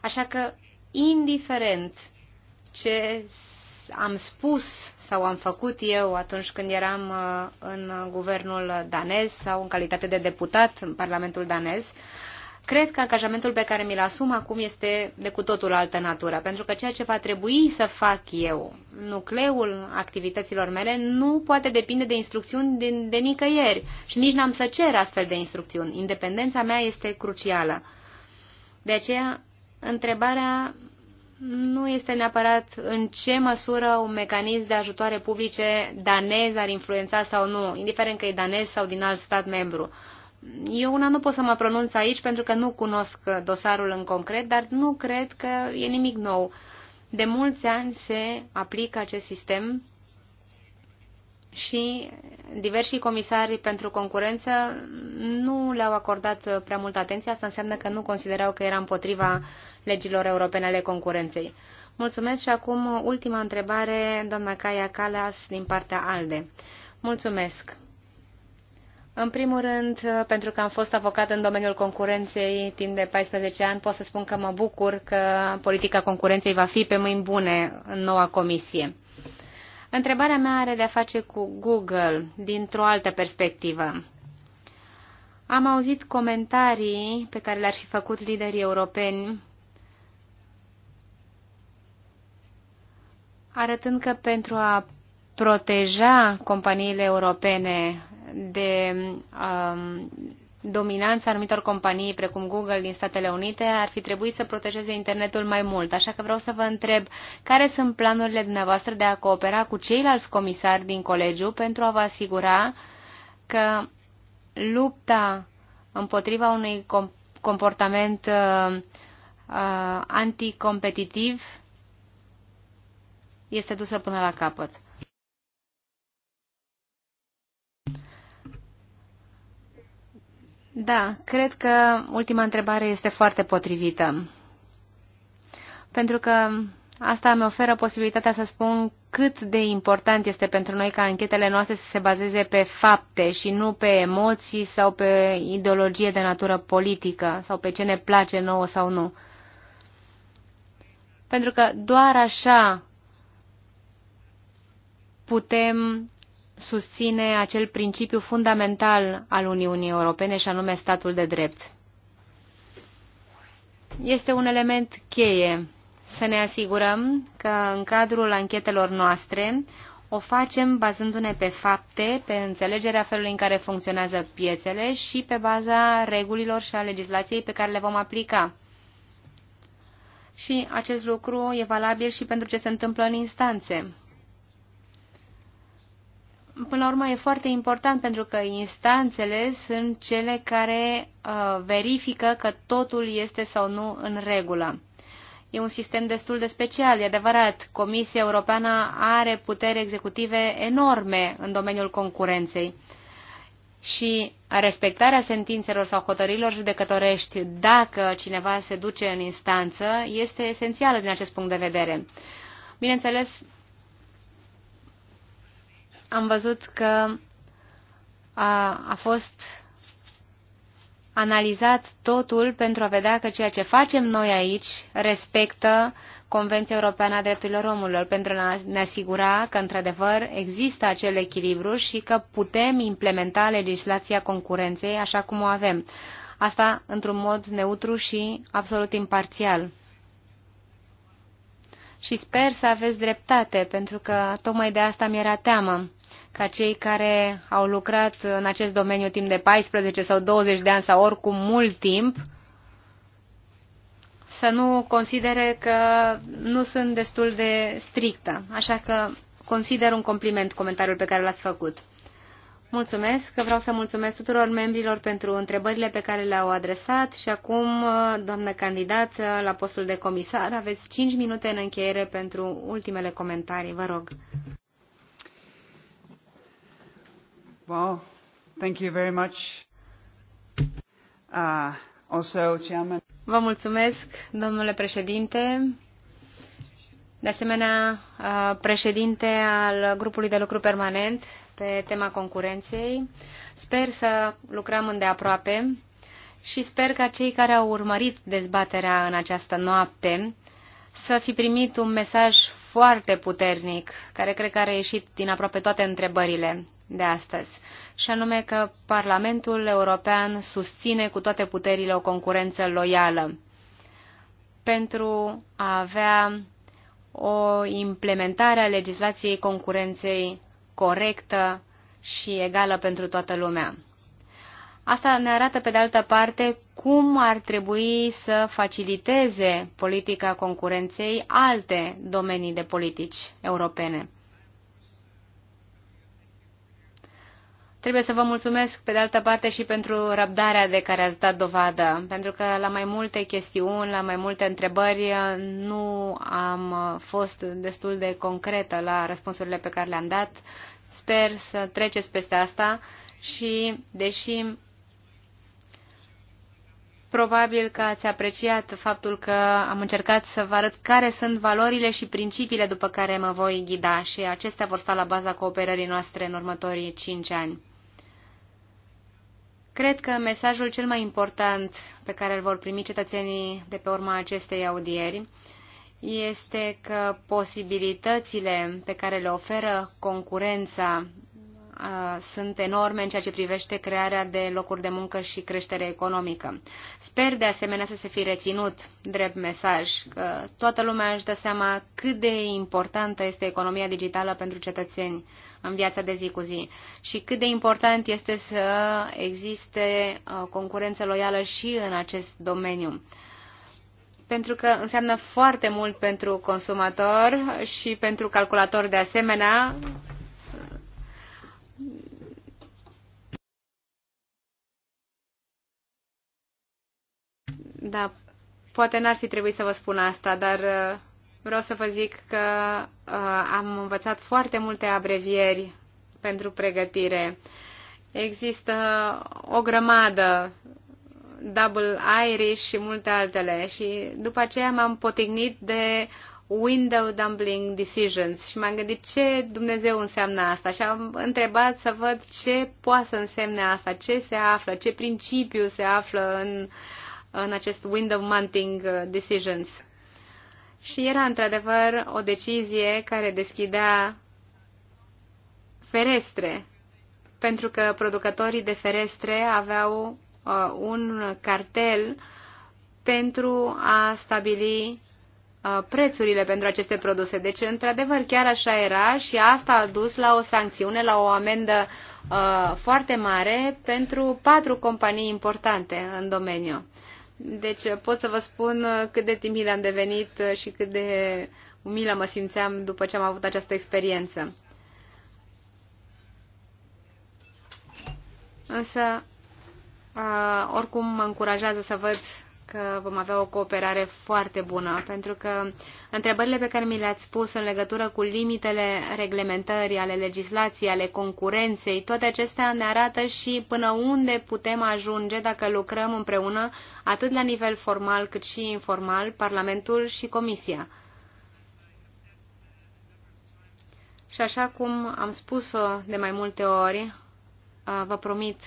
Așa că, indiferent ce am spus sau am făcut eu atunci când eram uh, în guvernul danez sau în calitate de deputat în Parlamentul danez, Cred că angajamentul pe care mi-l asum acum este de cu totul altă natură, pentru că ceea ce va trebui să fac eu, nucleul activităților mele, nu poate depinde de instrucțiuni de, de nicăieri și nici n-am să cer astfel de instrucțiuni. Independența mea este crucială. De aceea, întrebarea nu este neapărat în ce măsură un mecanism de ajutoare publice danez ar influența sau nu, indiferent că e danez sau din alt stat membru. Eu una nu pot să mă pronunț aici pentru că nu cunosc dosarul în concret, dar nu cred că e nimic nou. De mulți ani se aplică acest sistem și diversi comisari pentru concurență nu le-au acordat prea multă atenție. Asta înseamnă că nu considerau că era împotriva legilor europene ale concurenței. Mulțumesc și acum ultima întrebare, doamna Caia Calas, din partea ALDE. Mulțumesc. În primul rând, pentru că am fost avocat în domeniul concurenței timp de 14 ani, pot să spun că mă bucur că politica concurenței va fi pe mâini bune în noua comisie. Întrebarea mea are de-a face cu Google dintr-o altă perspectivă. Am auzit comentarii pe care le-ar fi făcut liderii europeni arătând că pentru a proteja companiile europene de um, dominanța anumitor companii precum Google din Statele Unite ar fi trebuit să protejeze internetul mai mult. Așa că vreau să vă întreb care sunt planurile dumneavoastră de a coopera cu ceilalți comisari din colegiu pentru a vă asigura că lupta împotriva unui comportament uh, uh, anticompetitiv este dusă până la capăt. Da, cred că ultima întrebare este foarte potrivită. Pentru că asta mi oferă posibilitatea să spun cât de important este pentru noi ca anchetele noastre să se bazeze pe fapte și nu pe emoții sau pe ideologie de natură politică sau pe ce ne place nouă sau nu. Pentru că doar așa putem susține acel principiu fundamental al Uniunii Europene și anume statul de drept. Este un element cheie să ne asigurăm că în cadrul anchetelor noastre o facem bazându-ne pe fapte, pe înțelegerea felului în care funcționează piețele și pe baza regulilor și a legislației pe care le vom aplica. Și acest lucru e valabil și pentru ce se întâmplă în instanțe până la urmă, e foarte important pentru că instanțele sunt cele care uh, verifică că totul este sau nu în regulă. E un sistem destul de special, e adevărat. Comisia Europeană are puteri executive enorme în domeniul concurenței și respectarea sentințelor sau hotărilor judecătorești dacă cineva se duce în instanță este esențială din acest punct de vedere. Bineînțeles, am văzut că a, a fost analizat totul pentru a vedea că ceea ce facem noi aici respectă Convenția Europeană a Drepturilor Omului, pentru a ne asigura că, într-adevăr, există acel echilibru și că putem implementa legislația concurenței așa cum o avem. Asta într-un mod neutru și absolut imparțial. Și sper să aveți dreptate, pentru că tocmai de asta mi-era teamă ca cei care au lucrat în acest domeniu timp de 14 sau 20 de ani sau oricum mult timp, să nu considere că nu sunt destul de strictă. Așa că consider un compliment comentariul pe care l-ați făcut. Mulțumesc, vreau să mulțumesc tuturor membrilor pentru întrebările pe care le-au adresat și acum, doamnă candidat la postul de comisar, aveți 5 minute în încheiere pentru ultimele comentarii, vă rog. Well, thank you very much. Uh, also, chairman. Vă mulțumesc, domnule președinte. De asemenea, uh, președinte al grupului de lucru permanent pe tema concurenței. Sper să lucrăm îndeaproape și sper ca cei care au urmărit dezbaterea în această noapte să fi primit un mesaj foarte puternic, care cred că a ieșit din aproape toate întrebările de astăzi, și anume că Parlamentul European susține cu toate puterile o concurență loială pentru a avea o implementare a legislației concurenței corectă și egală pentru toată lumea. Asta ne arată, pe de altă parte, cum ar trebui să faciliteze politica concurenței alte domenii de politici europene. Trebuie să vă mulțumesc, pe de altă parte, și pentru răbdarea de care ați dat dovadă, pentru că la mai multe chestiuni, la mai multe întrebări, nu am fost destul de concretă la răspunsurile pe care le-am dat. Sper să treceți peste asta și, deși probabil că ați apreciat faptul că am încercat să vă arăt care sunt valorile și principiile după care mă voi ghida și acestea vor sta la baza cooperării noastre în următorii cinci ani. Cred că mesajul cel mai important pe care îl vor primi cetățenii de pe urma acestei audieri este că posibilitățile pe care le oferă concurența sunt enorme în ceea ce privește crearea de locuri de muncă și creștere economică. Sper de asemenea să se fi reținut drept mesaj că toată lumea își dă seama cât de importantă este economia digitală pentru cetățeni în viața de zi cu zi și cât de important este să existe concurență loială și în acest domeniu pentru că înseamnă foarte mult pentru consumator și pentru calculator de asemenea, da, poate n-ar fi trebuit să vă spun asta, dar uh, vreau să vă zic că uh, am învățat foarte multe abrevieri pentru pregătire. Există o grămadă, Double Irish și multe altele și după aceea m-am potignit de window dumpling decisions și m-am gândit ce Dumnezeu înseamnă asta și am întrebat să văd ce poate să însemne asta, ce se află, ce principiu se află în, în acest window mounting uh, decisions. Și era într-adevăr o decizie care deschidea ferestre, pentru că producătorii de ferestre aveau uh, un cartel pentru a stabili Uh, prețurile pentru aceste produse. Deci, într-adevăr, chiar așa era și asta a dus la o sancțiune, la o amendă uh, foarte mare pentru patru companii importante în domeniu. Deci pot să vă spun uh, cât de timid am devenit și cât de umilă mă simțeam după ce am avut această experiență. Însă, oricum mă încurajează să văd că vom avea o cooperare foarte bună, pentru că întrebările pe care mi le-ați pus în legătură cu limitele reglementării, ale legislației, ale concurenței, toate acestea ne arată și până unde putem ajunge dacă lucrăm împreună, atât la nivel formal cât și informal, Parlamentul și Comisia. Și așa cum am spus-o de mai multe ori, vă promit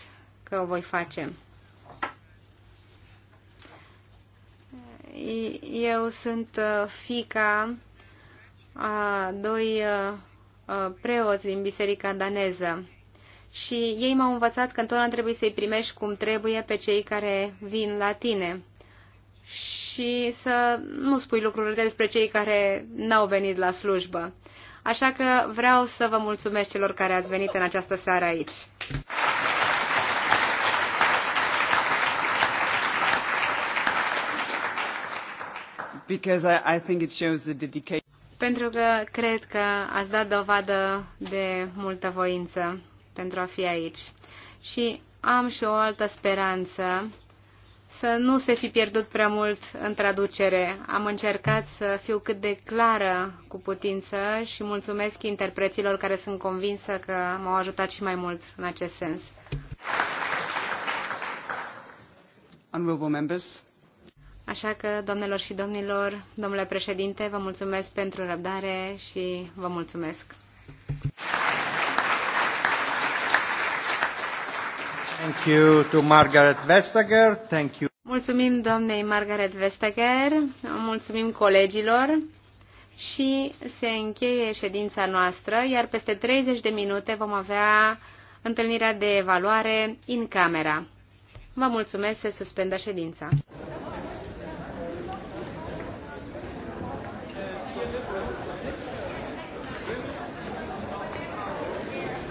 că o voi face. Eu sunt uh, fica a doi uh, uh, preoți din biserica daneză și ei m-au învățat că întotdeauna trebuie să-i primești cum trebuie pe cei care vin la tine și să nu spui lucruri despre cei care n-au venit la slujbă. Așa că vreau să vă mulțumesc celor care ați venit în această seară aici. because I, I think it shows the dedication. Pentru că cred că ați dat dovadă de multă voință pentru a fi aici. Și am și o altă speranță să nu se fi pierdut prea mult în traducere. Am încercat să fiu cât de clară cu putință și mulțumesc interpreților care sunt convinsă că m-au ajutat și mai mult în acest sens. Honorable members, Așa că, domnilor și domnilor, domnule președinte, vă mulțumesc pentru răbdare și vă mulțumesc. Thank you to Margaret Vestager. Thank you. Mulțumim doamnei Margaret Vestager, mulțumim colegilor și se încheie ședința noastră, iar peste 30 de minute vom avea întâlnirea de evaluare în camera. Vă mulțumesc, se suspendă ședința.